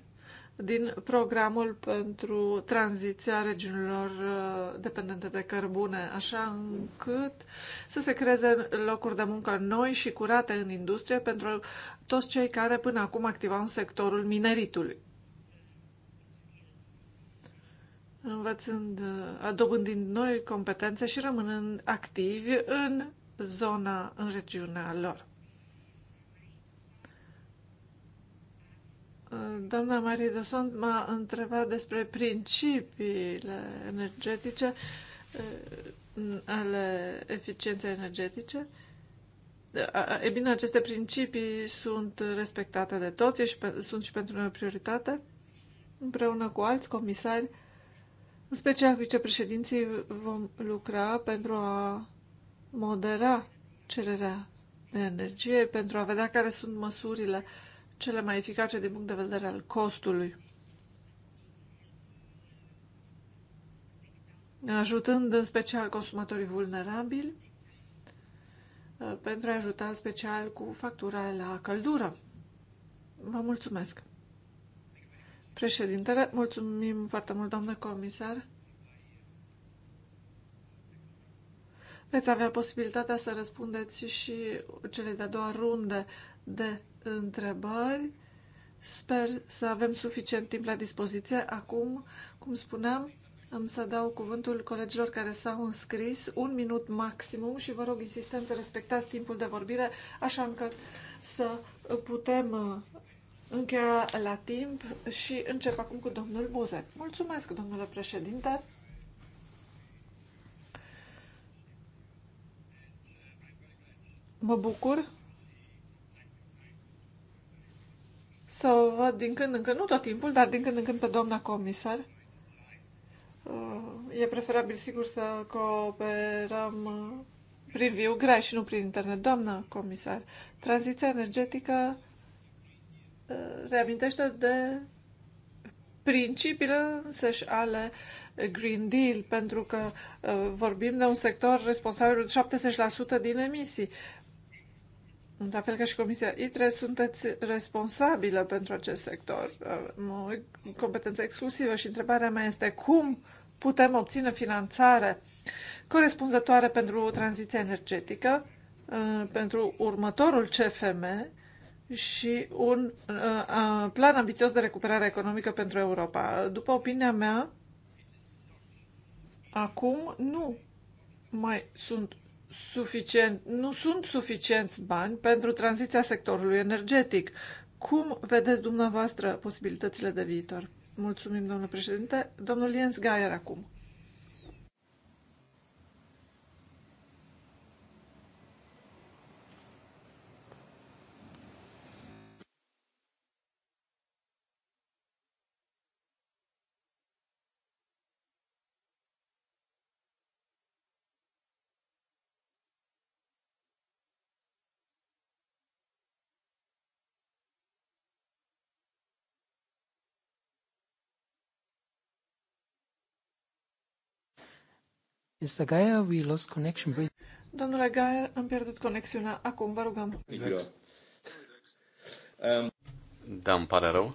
din programul pentru tranziția regiunilor uh, dependente de cărbune, așa încât să se creeze locuri de muncă noi și curate în industrie pentru toți cei care până acum activau în sectorul mineritului. învățând, uh, dobândind noi competențe și rămânând activi în zona, în regiunea lor. Doamna Marie Dosont m-a întrebat despre principiile energetice eh, ale eficienței energetice. Eh, e bine, aceste principii sunt respectate de toți și sunt și pentru noi o prioritate. Împreună cu alți comisari, în special vicepreședinții, vom lucra pentru a modera cererea de energie, pentru a vedea care sunt măsurile uh, cele mai eficace din punct de vedere al costului, ajutând în special consumatorii vulnerabili uh, pentru a ajuta în special cu factura la căldură. Vă mulțumesc! Președintele, mulțumim foarte mult, doamnă comisar. Veți avea posibilitatea să răspundeți și cele de-a doua runde de întrebări. Sper să avem suficient timp la dispoziție. Acum, cum spuneam, am să dau cuvântul colegilor care s-au înscris, un minut maximum și vă rog insistent să respectați timpul de vorbire, așa încât să putem uh, încheia la timp și încep acum cu domnul Buze. Mulțumesc, domnule președinte! Mă bucur să o văd din când în când, nu tot timpul, dar din când în când pe doamna comisar. Uh, e preferabil, sigur, să cooperăm uh, prin viu grea și nu prin internet. Doamna comisar, tranziția energetică uh, reamintește de principiile însăși ale Green Deal, pentru că vorbim de un sector responsabil de 70% din emisii la fel ca și Comisia ITRE, sunteți responsabilă pentru acest sector, competență exclusivă și întrebarea mea este cum putem obține finanțare corespunzătoare pentru tranziția energetică, uh, pentru următorul CFM și un uh, uh, plan ambițios de recuperare economică pentru Europa. După opinia mea, acum nu mai sunt suficient, nu sunt suficienți bani pentru tranziția sectorului energetic. Cum vedeți dumneavoastră posibilitățile de viitor? Mulțumim, domnule președinte. Domnul Jens Gaier acum. Mr. Gaia, we lost connection. Please. Domnule Gaia, am pierdut conexiunea. Acum vă rugăm. Um. Da, îmi pare rău.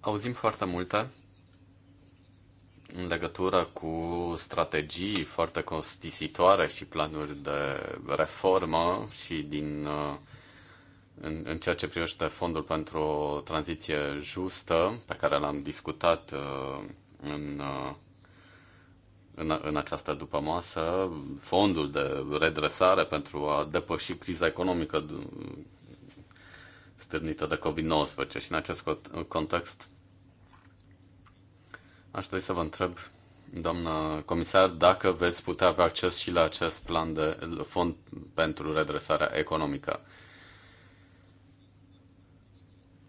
Auzim foarte multe în legătură cu strategii foarte costisitoare și planuri de reformă și din uh, în, în ceea ce privește fondul pentru o tranziție justă pe care l-am discutat uh, în uh, în, în această masă, fondul de redresare pentru a depăși criza economică stârnită de COVID-19 și în acest context aș dori să vă întreb, doamnă comisar, dacă veți putea avea acces și la acest plan de fond pentru redresarea economică.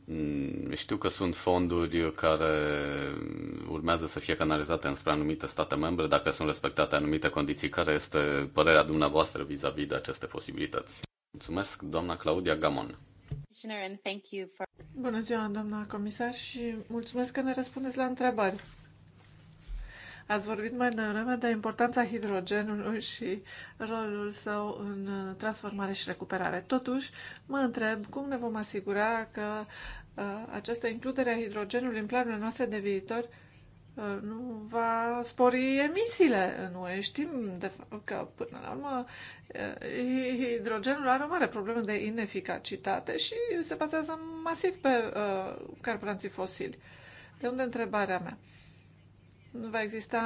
Mm, știu că sunt fonduri care urmează să fie canalizate înspre anumite state membre dacă sunt respectate anumite condiții. Care este părerea dumneavoastră vis-a-vis -vis de aceste posibilități? Mulțumesc, doamna Claudia Gamon. Bună ziua, doamna comisar, și mulțumesc că ne răspundeți la întrebări. Ați vorbit mai devreme de importanța hidrogenului și rolul său în transformare și recuperare. Totuși, mă întreb cum ne vom asigura că uh, această includere a hidrogenului în planurile noastre de viitor uh, nu va spori emisiile. UE. știm de că, până la urmă, uh, hidrogenul are o mare problemă de ineficacitate și se bazează masiv pe uh, carburanții fosili. De unde întrebarea mea? Nu va exista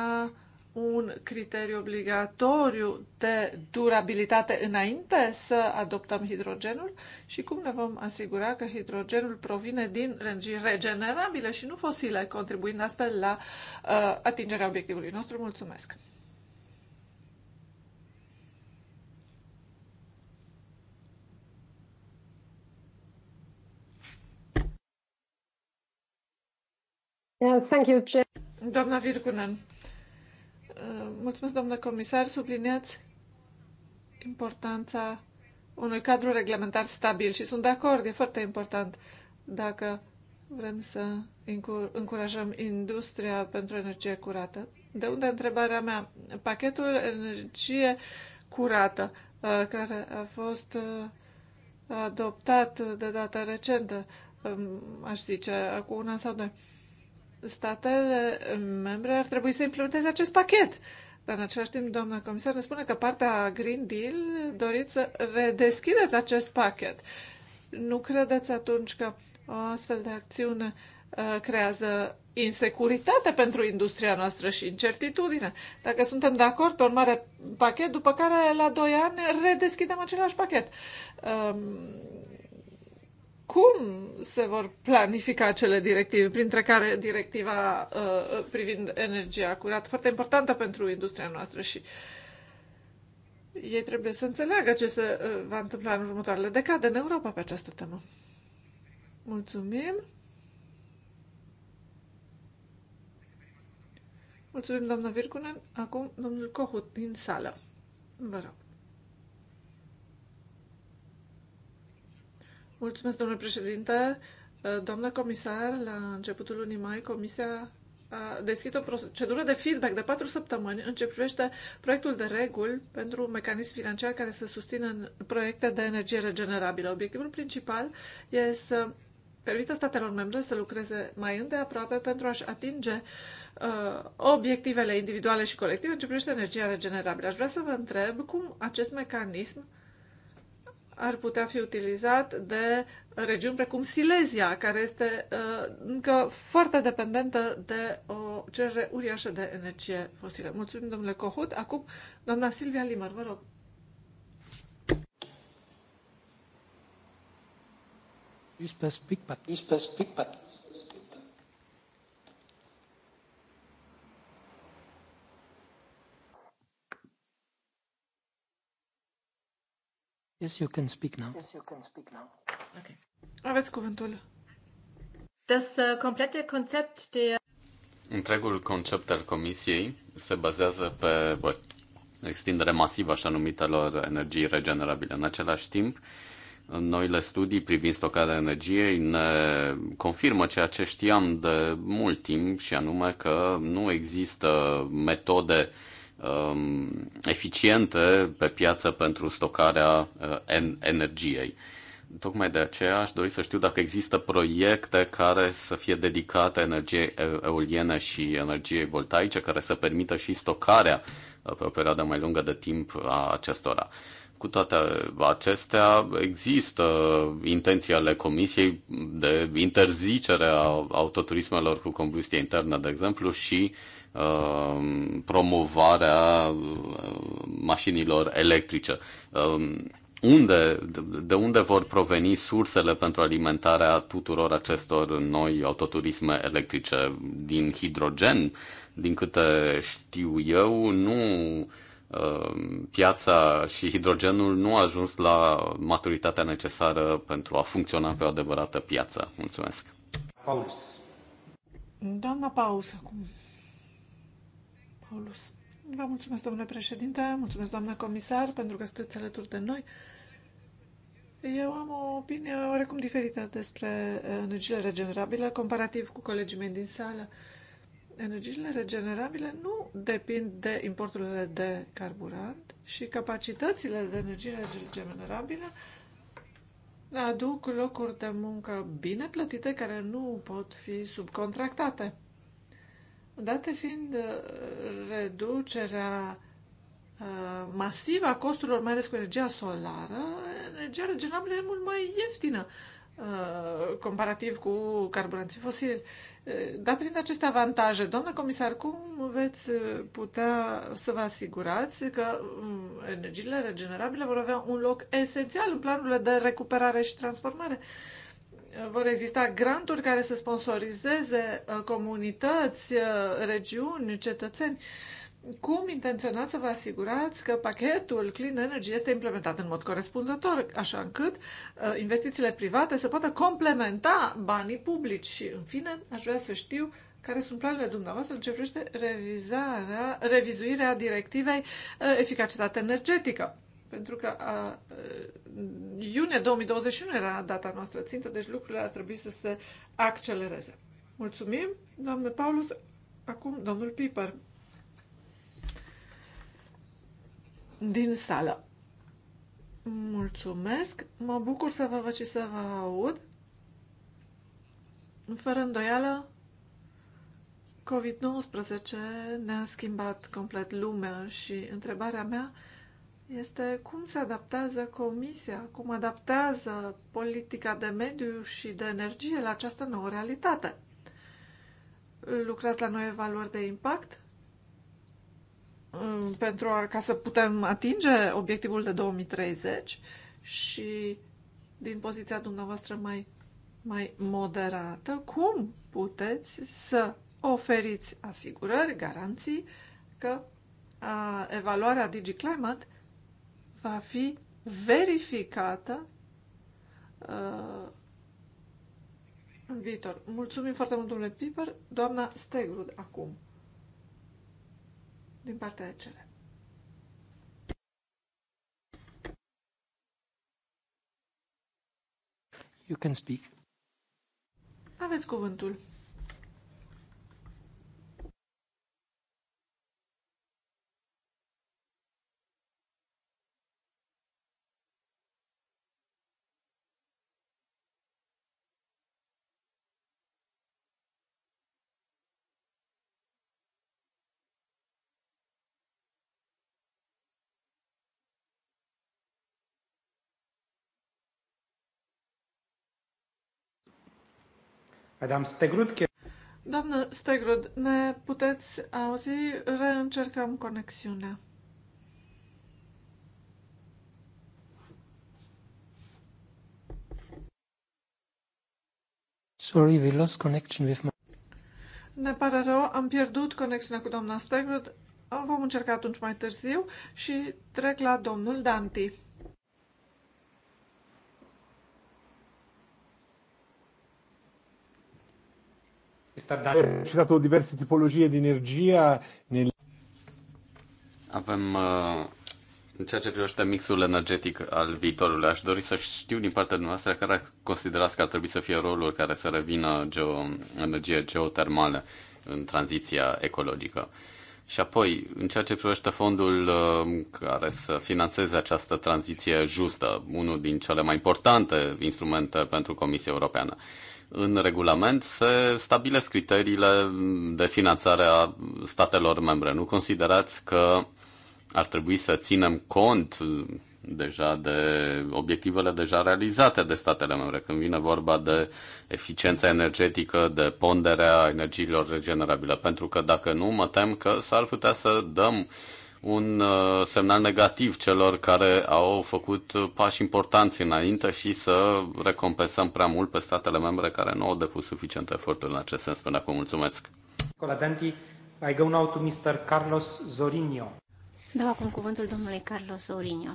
un criteriu obligatoriu de durabilitate înainte să adoptăm hidrogenul și cum ne vom asigura că hidrogenul provine din energii regenerabile și nu fosile, contribuind astfel la uh, atingerea obiectivului nostru. Mulțumesc! Yeah, uh, thank you, Chair. Doamna Virkunen, uh, mulțumesc, doamnă comisar, subliniați importanța unui cadru reglementar stabil și sunt de acord, e foarte important dacă vrem să încurajăm industria pentru energie curată. De unde întrebarea mea? Pachetul energie curată, uh, care a fost uh, adoptat de data recentă, um, aș zice, acum un an sau doi statele membre ar trebui să implementeze acest pachet. Dar în același timp, doamna comisar ne spune că partea Green Deal doriți să redeschideți acest pachet. Nu credeți atunci că o astfel de acțiune uh, creează insecuritate pentru industria noastră și incertitudine. Dacă suntem de acord pe un mare pachet, după care la doi ani redeschidem același pachet. Um, cum se vor planifica acele directive, printre care directiva uh, privind energia curată, foarte importantă pentru industria noastră și ei trebuie să înțeleagă ce se uh, va întâmpla în următoarele decade în Europa pe această temă. Mulțumim! Mulțumim, doamna Virkunen. Acum, domnul Cohut din sală. Vă rog. Mulțumesc, domnule președinte. Uh, Doamna comisar, la începutul lunii mai, Comisia a deschis o procedură de feedback de patru săptămâni în ce privește proiectul de reguli pentru un mecanism financiar care să susțină proiecte de energie regenerabilă. Obiectivul principal este să permită statelor membre să lucreze mai îndeaproape pentru a-și atinge uh, obiectivele individuale și colective în ce privește energia regenerabilă. Aș vrea să vă întreb cum acest mecanism uh, ar putea fi utilizat de regiuni precum Silesia, care este uh, încă foarte dependentă de o cerere uriașă de energie fosilă. Mulțumim, domnule Cohut. Acum, doamna Silvia Limar, vă rog. You speak, but... You speak, but... Yes, you can speak now. Yes, you can speak now. Okay. Aveți cuvântul. Das uh, komplette Konzept der uh, Întregul concept al Comisiei se bazează pe bă, extindere masivă așa numitelor energii regenerabile. În același timp, noile studii privind stocarea energiei ne confirmă ceea ce știam de mult timp și anume că nu există metode uh, Um, eficiente pe piață pentru stocarea uh, energiei. Tocmai de aceea aș dori să știu dacă există proiecte care să fie dedicate energiei eoliene și energiei voltaice, care să permită și stocarea uh, pe o perioadă mai lungă de timp a acestora. Cu toate acestea, există intenții ale Comisiei de interzicere a autoturismelor cu combustie internă, de exemplu, și Um, promovarea uh, mașinilor electrice. Um, unde, de unde vor proveni sursele pentru alimentarea tuturor acestor noi autoturisme electrice? Din hidrogen? Din câte știu eu, nu um, piața și hidrogenul nu a ajuns la maturitatea necesară pentru a funcționa pe o adevărată piață. Mulțumesc! Paus. Doamna Paus, acum. Paulus. Vă mulțumesc, domnule președinte, mulțumesc, doamnă comisar, pentru că sunteți alături de noi. Eu am o opinie oarecum diferită despre energiile regenerabile comparativ cu colegii mei din sală. Energiile regenerabile nu depind de importurile de carburant și capacitățile de energie regenerabile aduc locuri de muncă bine plătite care nu pot fi subcontractate date fiind uh, reducerea uh, masivă a costurilor, mai ales cu energia solară, energia regenerabilă e mult mai ieftină uh, comparativ cu carburanții fosili. Dat fiind aceste avantaje, doamnă comisar, cum veți putea să vă asigurați că um, energiile regenerabile vor avea un loc esențial în planurile de recuperare și transformare? Uh, vor exista granturi care să sponsorizeze uh, comunități, uh, regiuni, cetățeni. Cum intenționați să vă asigurați că pachetul Clean Energy este implementat în mod corespunzător, așa încât uh, investițiile private să poată complementa banii publici? Și, în fine, aș vrea să știu care sunt planurile dumneavoastră în ce privește revizuirea directivei eficacitate energetică. Pentru că a, eh, iunie 2021 era data noastră țintă, deci lucrurile ar trebui să se accelereze. Mulțumim, doamne Paulus. Acum, domnul Piper. Din sală. Mulțumesc, mă bucur să vă văd și să vă aud. Fără îndoială, COVID-19 ne-a schimbat complet lumea și întrebarea mea este cum se adaptează Comisia, cum adaptează politica de mediu și de energie la această nouă realitate. Lucrați la noi valori de impact mm, pentru a, ca să putem atinge obiectivul de 2030 și din poziția dumneavoastră mai, mai moderată, cum puteți să oferiți asigurări, garanții că a, evaluarea DigiClimate va fi verificată uh, în viitor. Mulțumim foarte mult, domnule Piper. Doamna Stegrud, acum, din partea cele. You can speak. Aveți cuvântul. Madame Stegrud, chiar... Doamnă Stegrud, ne puteți auzi? Reîncercăm conexiunea. Sorry, we lost connection with my... Ne pare rău, am pierdut conexiunea cu doamna Stegrud. Vom încerca atunci mai târziu și trec la domnul Danti. Da- Ho eh, citato diverse tipologie di energia. Nel... Avem, uh, în ceea ce privește mixul energetic al viitorului, aș dori să știu din partea noastră care considerați că ar trebui să fie rolul care să revină geo- energie geotermală în tranziția ecologică. Și apoi, în ceea ce privește fondul eh, care să financeze această tranziție justă, unul din cele mai importante instrumente pentru Comisia Europeană în regulament se stabilesc criteriile de finanțare a statelor membre. Nu considerați că ar trebui să ținem cont deja de obiectivele deja realizate de statele membre, când vine vorba de eficiența energetică, de ponderea energiilor regenerabile. Pentru că dacă nu, mă tem că s-ar putea să dăm uh, un uh, semnal negativ celor care au făcut uh, pași importanți înainte și să recompensăm prea mult pe statele membre care nu au depus suficient eforturi în acest sens până acum. Mulțumesc! Coladanti, I go now to Mr. Carlos Zorinio. Da, acum cuvântul domnului Carlos Zorinio.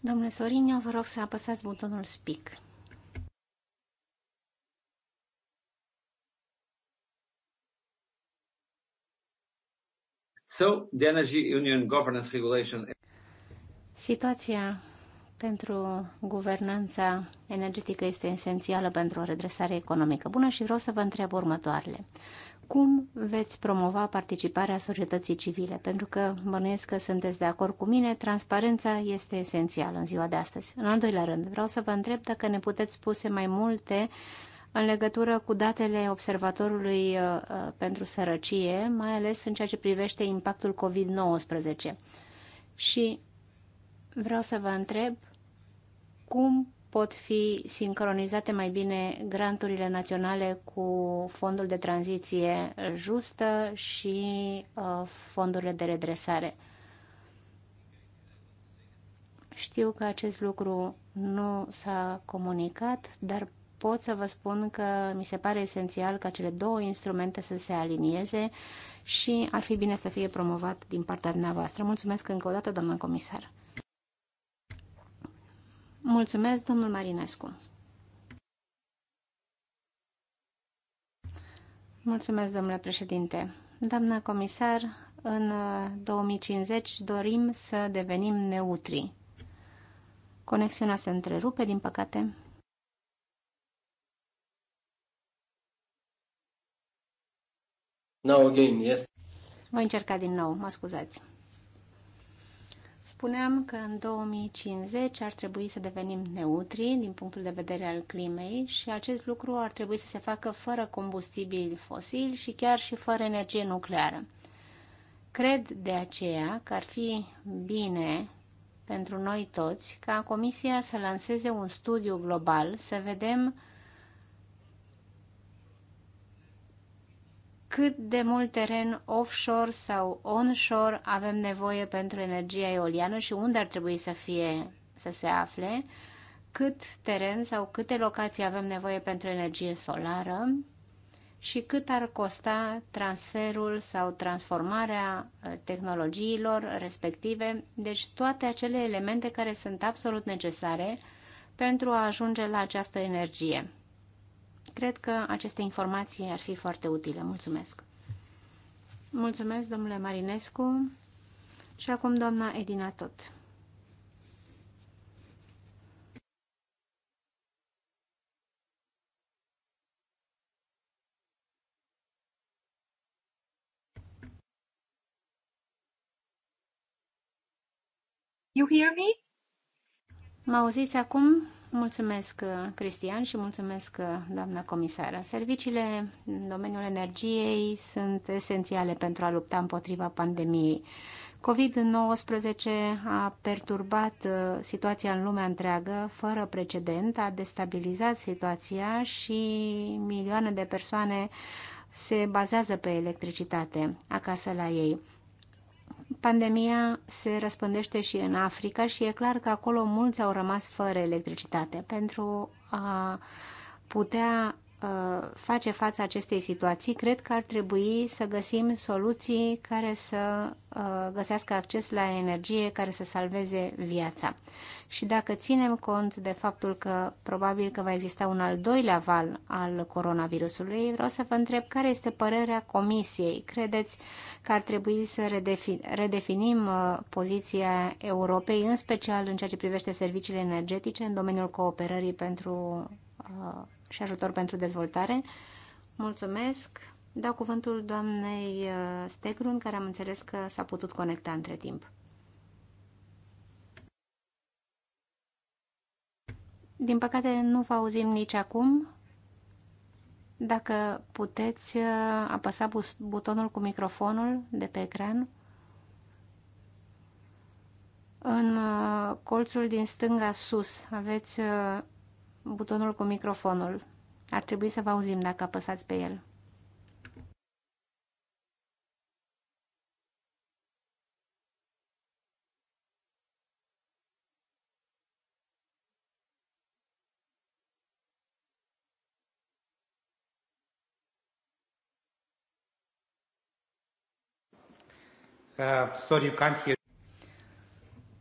Domnule Sorinio, vă rog să apăsați butonul Speak. So, the Energy Union Governance Regulation. Situația pentru guvernanța energetică este esențială pentru o redresare economică bună și vreau să vă întreb următoarele cum veți promova participarea societății civile? Pentru că bănuiesc că sunteți de acord cu mine, transparența este esențială în ziua de astăzi. În al doilea rând, vreau să vă întreb dacă ne puteți spuse mai multe în legătură cu datele observatorului uh, uh, pentru sărăcie, mai ales în ceea ce privește impactul COVID-19. Și vreau să vă întreb cum pot fi sincronizate mai bine granturile naționale cu fondul de tranziție justă și uh, fondurile de redresare. Știu că acest lucru nu s-a comunicat, dar pot să vă spun că mi se pare esențial ca cele două instrumente să se alinieze și ar fi bine să fie promovat din partea dumneavoastră. Mulțumesc încă o dată, doamnă comisar. Mulțumesc, domnul Marinescu. Mulțumesc, domnule președinte. Doamna comisar, în 2050 uh, dorim să devenim neutri. Conexiunea se întrerupe, din păcate. Now again, yes. Voi încerca din nou, mă scuzați. Spuneam că în 2050 ar trebui să devenim neutri din punctul de vedere al climei și acest lucru ar trebui să se facă fără combustibili fosili și chiar și fără energie nucleară. Cred de aceea că ar fi bine pentru noi toți ca Comisia să lanseze un studiu global să vedem cât de mult teren offshore sau onshore avem nevoie pentru energia eoliană și unde ar trebui să fie să se afle, cât teren sau câte locații avem nevoie pentru energie solară și cât ar costa transferul sau transformarea uh, tehnologiilor respective, deci toate acele elemente care sunt absolut necesare pentru a ajunge la această energie. Cred că aceste informații ar fi foarte utile. Mulțumesc! Mulțumesc, domnule Marinescu. Și acum doamna Edina Tot. You hear me? Mă auziți acum? Mulțumesc, uh, Cristian, și mulțumesc, uh, doamna comisară. Serviciile în domeniul energiei sunt esențiale pentru a lupta împotriva pandemiei. COVID-19 a perturbat uh, situația în lumea întreagă fără precedent, a destabilizat situația și milioane de persoane se bazează pe electricitate acasă la ei pandemia se răspândește și în Africa și e clar că acolo mulți au rămas fără electricitate pentru a putea Uh, face față acestei situații, cred că ar trebui să găsim soluții care să uh, găsească acces la energie, care să salveze viața. Și dacă ținem cont de faptul că probabil că va exista un al doilea val al coronavirusului, vreau să vă întreb care este părerea Comisiei. Credeți că ar trebui să redefinim uh, poziția Europei, în special în ceea ce privește serviciile energetice, în domeniul cooperării pentru și ajutor pentru dezvoltare. Mulțumesc! Dau cuvântul doamnei uh, Stegrun, care am înțeles că s-a putut conecta între timp. Din păcate nu vă auzim nici acum. Dacă puteți uh, apăsa butonul cu microfonul de pe ecran. În uh, colțul din stânga sus aveți butonul cu microfonul. Ar trebui să vă auzim dacă apăsați pe el. Uh, sorry, you can't hear.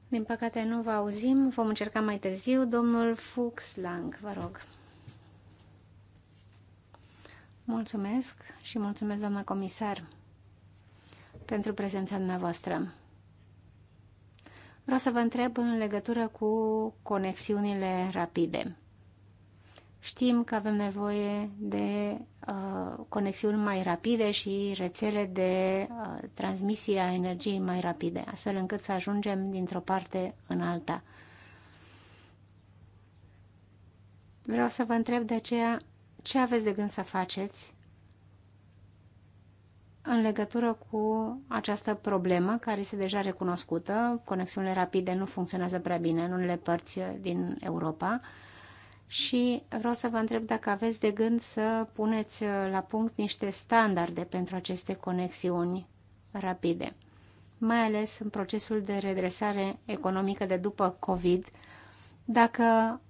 Din păcate nu vă auzim, vom încerca mai târziu. Domnul Fuchs Lang. vă rog. Mulțumesc și mulțumesc, doamna comisar, pentru prezența dumneavoastră. Vreau să vă întreb în legătură cu conexiunile rapide. Știm că avem nevoie de uh, conexiuni mai rapide și rețele de uh, transmisie a energiei mai rapide, astfel încât să ajungem dintr-o parte în alta. Vreau să vă întreb de aceea ce aveți de gând să faceți în legătură cu această problemă care este deja recunoscută. Conexiunile rapide nu funcționează prea bine în unele părți din Europa. Uh, și vreau să vă întreb dacă aveți de gând să puneți uh, la punct niște standarde pentru aceste conexiuni rapide, mai ales în procesul de redresare economică de după COVID, dacă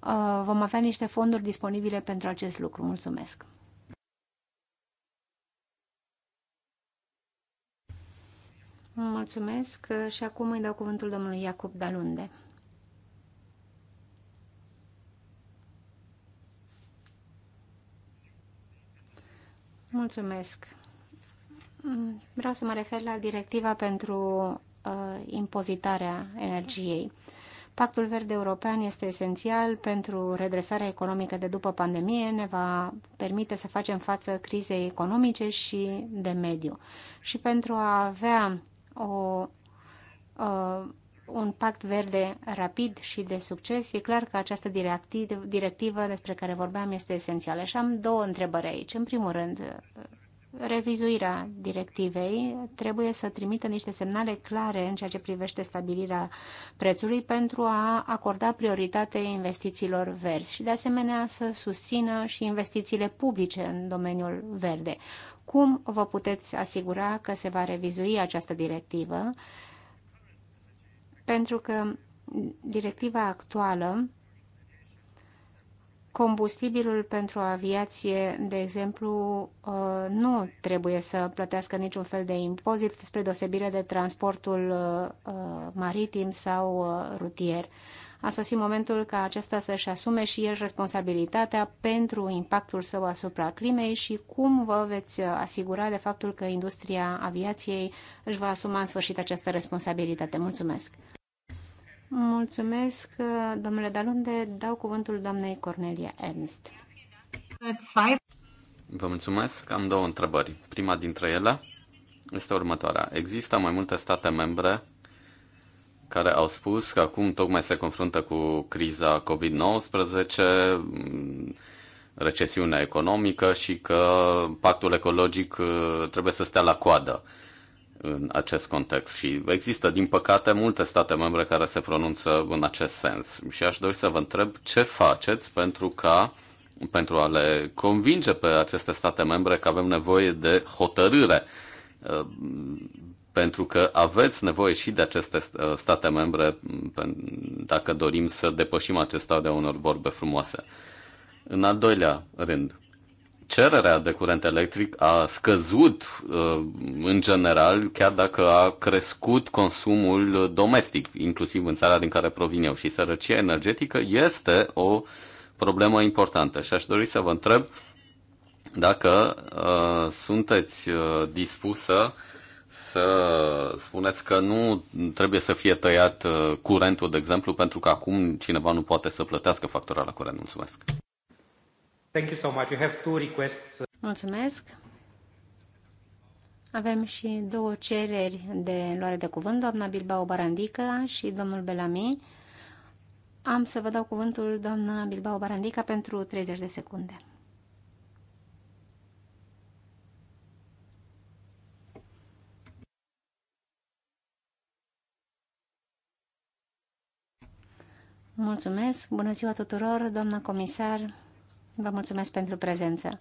uh, vom avea niște fonduri disponibile pentru acest lucru. Mulțumesc! Mulțumesc și acum îi dau cuvântul domnului Iacob Dalunde. Mulțumesc. Vreau să mă refer la directiva pentru uh, impozitarea energiei. Pactul verde european este esențial pentru redresarea economică de după pandemie, ne va permite să facem față crizei economice și de mediu. Și pentru a avea o uh, un pact verde rapid și de succes, e clar că această directivă, despre care vorbeam este esențială. Și am două întrebări aici. În primul rând, revizuirea directivei trebuie să trimită niște semnale clare în ceea ce privește stabilirea prețului pentru a acorda prioritate investițiilor verzi și de asemenea să susțină și investițiile publice în domeniul verde. Cum vă puteți asigura că se va revizui această directivă pentru că directiva actuală, combustibilul pentru aviație, de exemplu, uh, nu trebuie să plătească niciun fel de impozit, spre deosebire de transportul uh, uh, maritim sau rutier. A sosit momentul ca acesta să-și asume și el responsabilitatea pentru impactul său asupra climei și cum vă veți asigura de faptul că industria aviației își va asuma în sfârșit această responsabilitate. Mulțumesc! Mulțumesc, domnule Dalunde. Dau cuvântul doamnei Cornelia Ernst. Vă mulțumesc. Am două întrebări. Prima dintre ele este următoarea. Există mai multe state membre care au spus că acum tocmai se confruntă cu criza COVID-19, recesiunea economică și că pactul ecologic uh, trebuie să stea la coadă în acest context și există, din păcate, multe state membre care se pronunță în acest sens. Și aș dori să vă întreb ce faceți pentru ca pentru a le convinge pe aceste state membre că avem nevoie de hotărâre pentru că aveți nevoie și de aceste state membre dacă dorim să depășim acest stadiu de unor vorbe frumoase. În al doilea rând, cererea de curent electric a scăzut uh, în general, chiar dacă a crescut consumul domestic, inclusiv în țara din care provin eu. Și sărăcia energetică este o problemă importantă. Și aș dori să vă întreb dacă uh, sunteți uh, dispusă să spuneți că nu trebuie să fie tăiat curentul, de exemplu, pentru că acum cineva nu poate să plătească factura la curent. Mulțumesc! Thank you so much. You have two requests. Mulțumesc. Avem și două cereri de luare de cuvânt, doamna Bilbao Barandica și domnul Belami. Am să vă dau cuvântul doamna Bilbao Barandica pentru 30 de secunde. Mulțumesc, bună ziua tuturor, doamna comisar, Vă mulțumesc pentru prezență.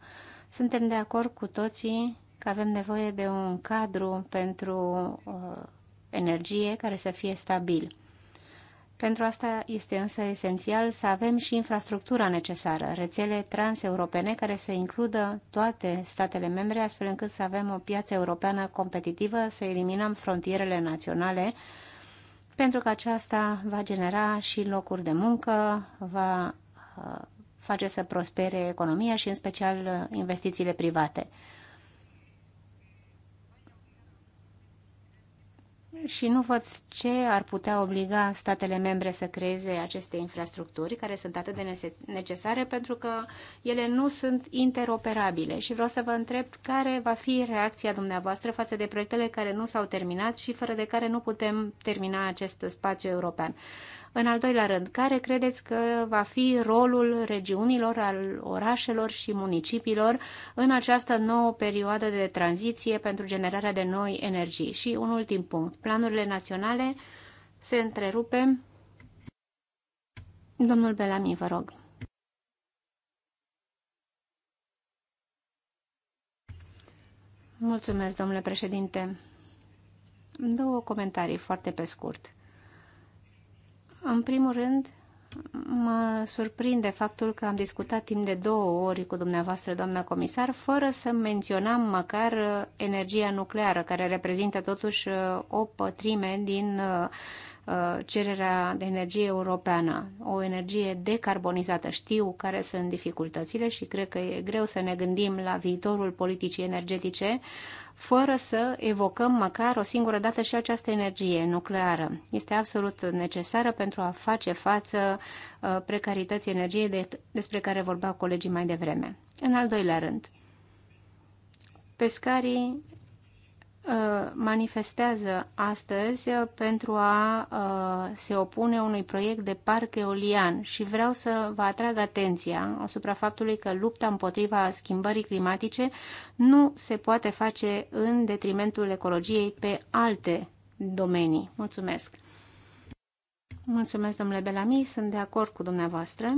Suntem de acord cu toții că avem nevoie de un cadru pentru uh, energie care să fie stabil. Pentru asta este însă esențial să avem și infrastructura necesară, rețele transeuropene care să includă toate statele membre, astfel încât să avem o piață europeană competitivă, să eliminăm frontierele naționale, pentru că aceasta va genera și locuri de muncă, va uh, face să prospere economia și în special investițiile private. și nu văd ce ar putea obliga statele membre să creeze aceste infrastructuri care sunt atât de necesare pentru că ele nu sunt interoperabile și vreau să vă întreb care va fi reacția dumneavoastră față de proiectele care nu s-au terminat și fără de care nu putem termina acest spațiu european. În al doilea rând, care credeți că va fi rolul regiunilor, al orașelor și municipiilor în această nouă perioadă de tranziție pentru generarea de noi energii? Și un ultim punct, planurile naționale se întrerupe. Domnul Belami, vă rog. Mulțumesc, domnule președinte. Două comentarii foarte pe scurt. În primul rând, mă surprinde faptul că am discutat timp de două ori cu dumneavoastră, doamna comisar, fără să menționam măcar uh, energia nucleară, care reprezintă totuși uh, o pătrime din uh, cererea de energie europeană, o energie decarbonizată. Știu care sunt dificultățile și cred că e greu să ne gândim la viitorul politicii energetice fără să evocăm măcar o singură dată și această energie nucleară. Este absolut necesară pentru a face față uh, precarității energiei de, despre care vorbeau colegii mai devreme. În al doilea rând, pescarii Uh, manifestează astăzi uh, pentru a uh, se opune unui proiect de parc eolian și vreau să vă atrag atenția asupra faptului că lupta împotriva schimbării climatice nu se poate face în detrimentul ecologiei pe alte domenii. Mulțumesc! Mulțumesc, domnule Belami, sunt de acord cu dumneavoastră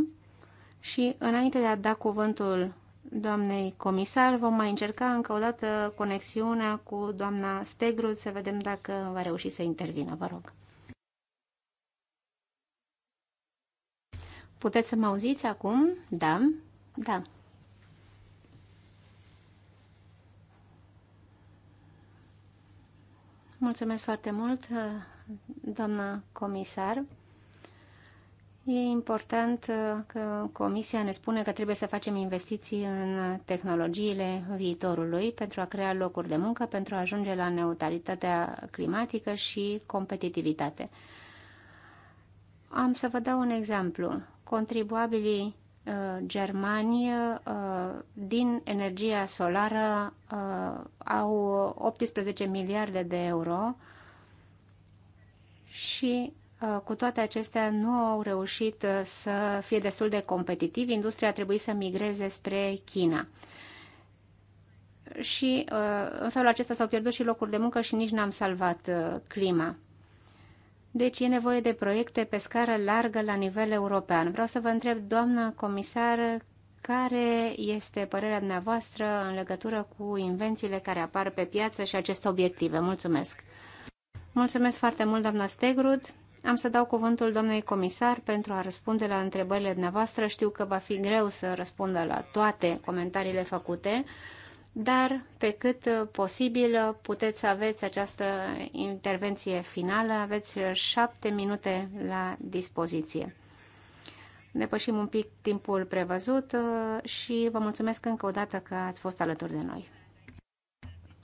și înainte de a da cuvântul doamnei comisar. Vom mai încerca încă o dată conexiunea cu doamna Stegrud să vedem dacă va reuși să intervină. Vă rog. Puteți să mă auziți acum? Da? Da. Mulțumesc foarte mult, doamna comisar. E important uh, că Comisia ne spune că trebuie să facem investiții în tehnologiile viitorului pentru a crea locuri de muncă, pentru a ajunge la neutralitatea climatică și competitivitate. Am să vă dau un exemplu. Contribuabilii uh, germani uh, din energia solară uh, au 18 miliarde de euro și Uh, cu toate acestea nu au reușit uh, să fie destul de competitivi. Industria a trebuit să migreze spre China. Și uh, în felul acesta s-au pierdut și locuri de muncă și nici n-am salvat clima. Deci e nevoie de proiecte pe scară largă la nivel european. Vreau să vă întreb, doamnă comisar, care este părerea dumneavoastră în legătură cu invențiile care apar pe piață și aceste obiective? Mulțumesc! Mulțumesc foarte mult, doamna Stegrud! Am să dau cuvântul domnului comisar pentru a răspunde la întrebările dumneavoastră. Știu că va fi greu să răspundă la toate comentariile făcute, dar pe cât posibil puteți să aveți această intervenție finală. Aveți șapte minute la dispoziție. Depășim un pic timpul prevăzut uh, și vă mulțumesc încă o dată că ați fost alături de noi.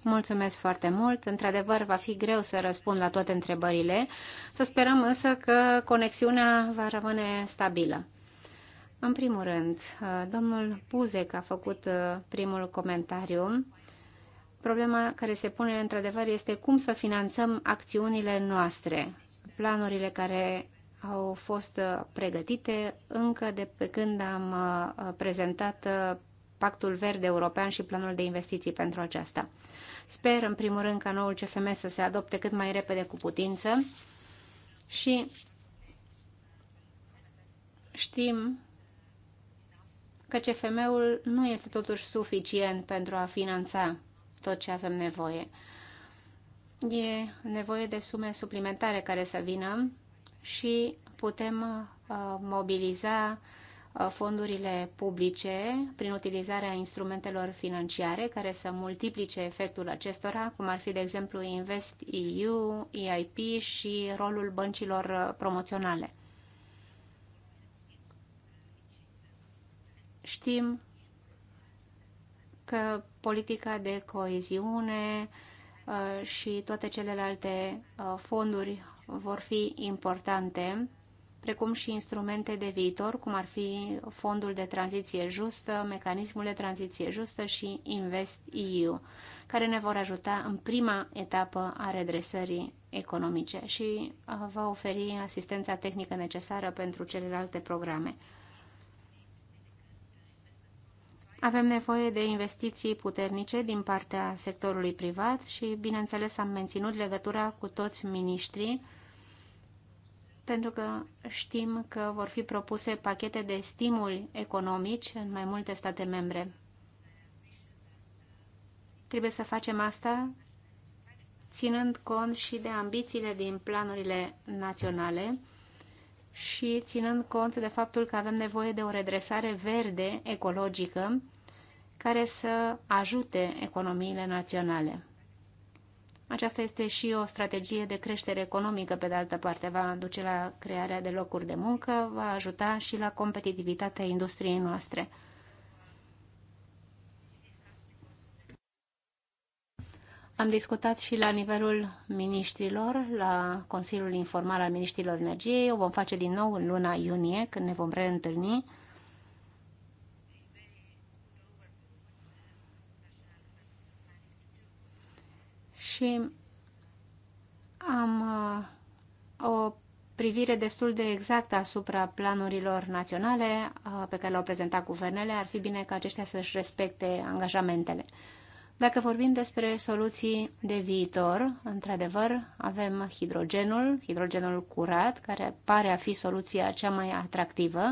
Mulțumesc foarte mult. Într-adevăr, va fi greu să răspund la toate întrebările. Să sperăm însă că conexiunea va rămâne stabilă. În primul rând, uh, domnul Buzek a făcut uh, primul comentariu. Problema care se pune într-adevăr este cum să finanțăm acțiunile noastre, planurile care au fost uh, pregătite încă de pe când am prezentat Pactul Verde European și planul de investiții pentru aceasta. Sper, în primul rând, ca noul CFM să se adopte cât mai repede cu putință și știm că CFM-ul nu este totuși suficient pentru a finanța tot ce avem nevoie. E nevoie de sume suplimentare care să vină și putem uh, mobiliza uh, Uh, fondurile publice prin utilizarea instrumentelor financiare care să multiplice efectul acestora, cum ar fi, de exemplu, Invest EU, EIP și rolul băncilor uh, promoționale. Știm că politica de coeziune uh, și toate celelalte fonduri vor fi importante precum și instrumente de viitor, cum ar fi fondul de tranziție justă, mecanismul de tranziție justă și Invest EU, care ne vor ajuta în prima etapă a redresării economice și uh, va oferi asistența tehnică necesară pentru celelalte programe. Avem nevoie de investiții puternice din partea sectorului privat și, bineînțeles, am menținut legătura cu toți miniștrii pentru că știm că vor fi propuse pachete de stimuli economici în mai multe state membre. Trebuie să facem asta ținând cont și de ambițiile din planurile naționale și ținând cont de faptul că avem nevoie de o redresare verde, ecologică, care să ajute economiile naționale. Aceasta este și o strategie de creștere economică, pe de altă parte, va duce la crearea de locuri de muncă, va ajuta și la competitivitatea industriei noastre. Am discutat și la nivelul ministrilor, la Consiliul Informal al Ministrilor Energiei. O vom face din nou în luna iunie, când ne vom reîntâlni și am uh, o privire destul de exactă asupra planurilor naționale uh, pe care le-au prezentat guvernele. Ar fi bine ca aceștia să-și respecte angajamentele. Dacă vorbim despre soluții de viitor, într-adevăr, avem hidrogenul, hidrogenul curat, care pare a fi soluția cea mai atractivă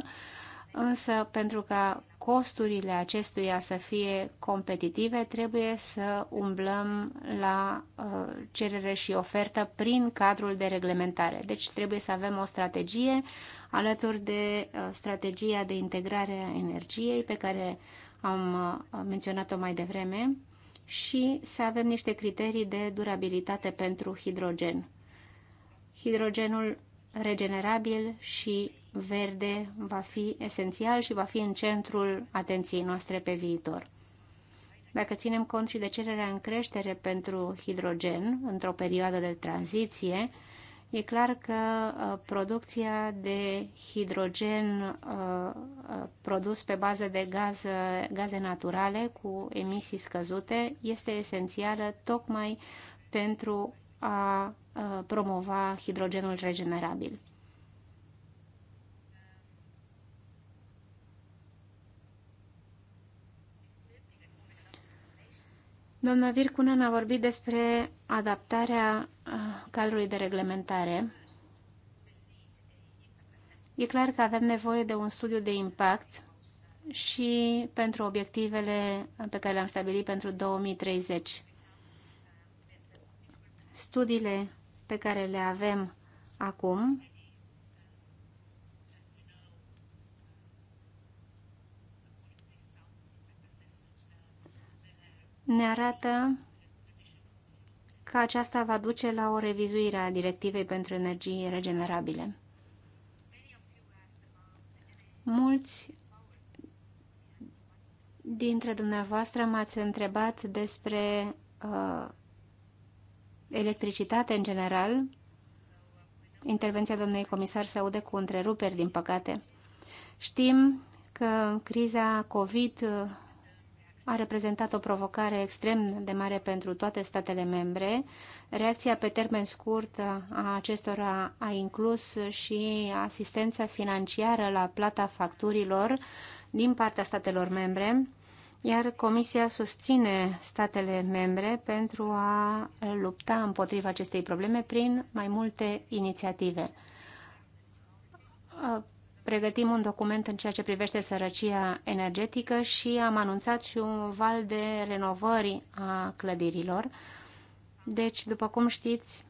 însă pentru ca costurile acestuia să fie competitive, trebuie să umblăm la uh, cerere și ofertă prin cadrul de reglementare. Deci trebuie să avem o strategie alături de uh, strategia de integrare a energiei pe care am uh, menționat-o mai devreme și să avem niște criterii de durabilitate pentru hidrogen. Hidrogenul regenerabil și verde va fi esențial și va fi în centrul atenției noastre pe viitor. Dacă ținem cont și de cererea în creștere pentru hidrogen într-o perioadă de tranziție, e clar că uh, producția de hidrogen uh, uh, produs pe bază de gaze gaze naturale cu emisii scăzute este esențială tocmai pentru a Uh, promova hidrogenul regenerabil. Doamna Vircunen a vorbit despre adaptarea uh, cadrului de reglementare. E clar că avem nevoie de un studiu de impact și pentru obiectivele pe care le-am stabilit pentru 2030. Studiile pe care le avem acum ne arată că aceasta va duce la o revizuire a directivei pentru energii regenerabile. Mulți dintre dumneavoastră m-ați întrebat despre uh, electricitate în general, intervenția domnului comisar se aude cu întreruperi, din păcate. Știm că criza COVID a reprezentat o provocare extrem de mare pentru toate statele membre. Reacția pe termen scurt a acestora a inclus și asistența financiară la plata facturilor din partea statelor membre, iar Comisia susține statele membre pentru a lupta împotriva acestei probleme prin mai multe inițiative. Uh, pregătim un document în ceea ce privește sărăcia energetică și am anunțat și un val de renovări a clădirilor. Deci, după cum știți,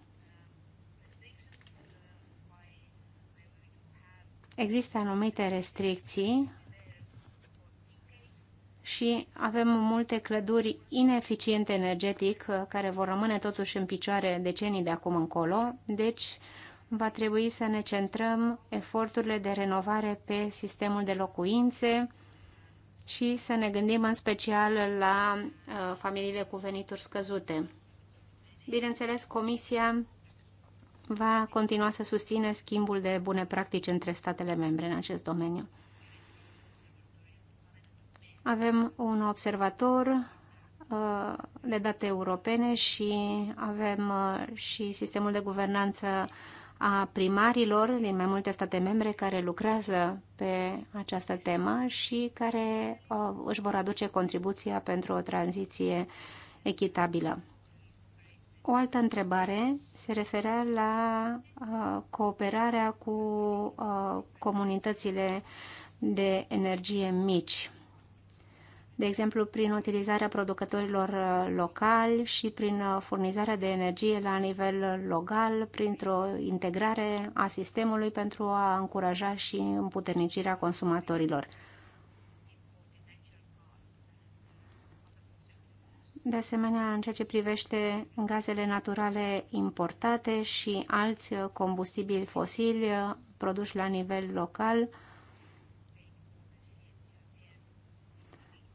există anumite restricții și avem multe clăduri ineficiente energetic uh, care vor rămâne totuși în picioare decenii de acum încolo, deci va trebui să ne centrăm eforturile de renovare pe sistemul de locuințe și să ne gândim în special la uh, familiile cu venituri scăzute. Bineînțeles, Comisia va continua să susține schimbul de bune practici între statele membre în acest domeniu. Avem un observator uh, de date europene și avem uh, și sistemul de guvernanță a primarilor din mai multe state membre care lucrează pe această temă și care uh, își vor aduce contribuția pentru o tranziție echitabilă. O altă întrebare se referea la cooperarea cu comunitățile de energie mici de exemplu prin utilizarea producătorilor uh, locali și prin uh, furnizarea de energie la nivel uh, local, printr-o integrare a sistemului pentru a încuraja și împuternicirea consumatorilor. De asemenea, în ceea ce privește gazele naturale importate și alți combustibili fosili produși la nivel local,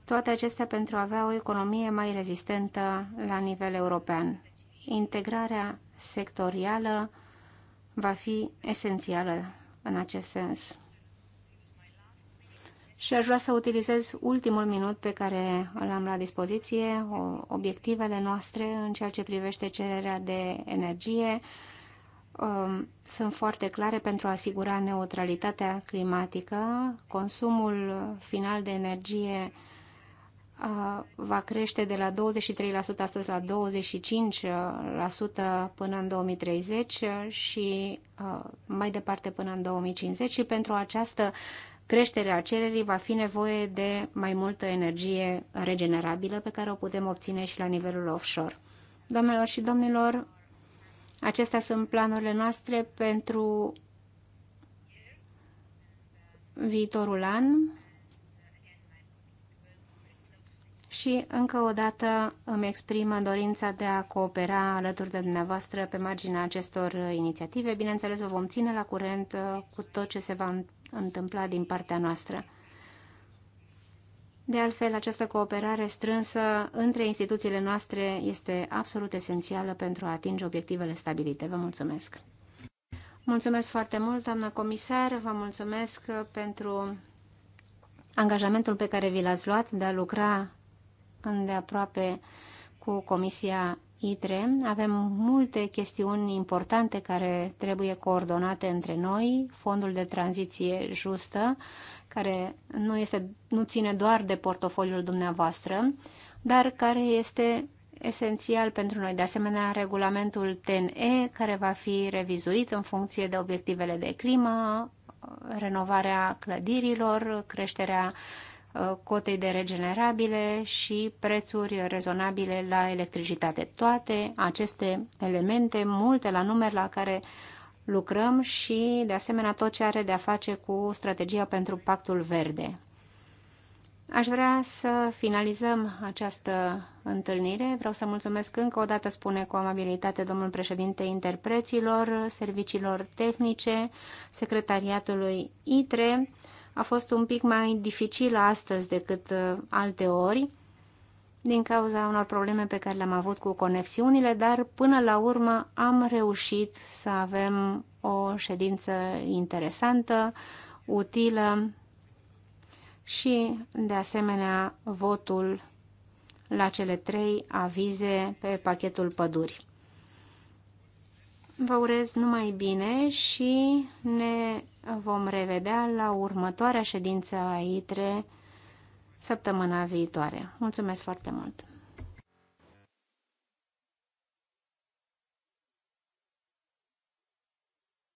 Toate acestea pentru a avea o economie mai rezistentă la nivel european. Integrarea sectorială va fi esențială în acest sens. Și aș vrea să utilizez ultimul minut pe care îl am la dispoziție, obiectivele noastre în ceea ce privește cererea de energie um, sunt foarte clare pentru a asigura neutralitatea climatică, consumul final de energie va crește de la 23% astăzi la 25% până în 2030 și mai departe până în 2050 și pentru această creștere a cererii va fi nevoie de mai multă energie regenerabilă pe care o putem obține și la nivelul offshore. Domnilor și domnilor, acestea sunt planurile noastre pentru viitorul an și încă o dată îmi exprim dorința de a coopera alături de dumneavoastră pe marginea acestor inițiative. Bineînțeles, vă vom ține la curent uh, cu tot ce se va întâmpla din partea noastră. De altfel, această cooperare strânsă între instituțiile noastre este absolut esențială pentru a atinge obiectivele stabilite. Vă mulțumesc! Mulțumesc foarte mult, doamnă comisar, vă mulțumesc uh, pentru angajamentul pe care vi l-ați luat de a lucra îndeaproape cu Comisia ITRE. Avem multe chestiuni importante care trebuie coordonate între noi, fondul de tranziție justă, care nu, este, nu ține doar de portofoliul dumneavoastră, dar care este esențial pentru noi. De asemenea, regulamentul TNE, care va fi revizuit în funcție de obiectivele de climă, renovarea clădirilor, creșterea Uh, cotei de regenerabile și prețuri rezonabile la electricitate. Toate aceste elemente, multe la număr la care lucrăm și, de asemenea, tot ce are de-a face cu strategia pentru Pactul Verde. Aș vrea să finalizăm această întâlnire. Vreau să mulțumesc încă o dată, spune cu amabilitate domnul președinte interpreților, serviciilor tehnice, secretariatului ITRE, a fost un pic mai dificil astăzi decât uh, alte ori din cauza unor probleme pe care le-am avut cu conexiunile, dar până la urmă am reușit să avem o ședință interesantă, utilă și, de asemenea, votul la cele trei avize pe pachetul păduri. Vă urez numai bine și ne vom revedea la următoarea ședință a ITRE săptămâna viitoare. Mulțumesc foarte mult!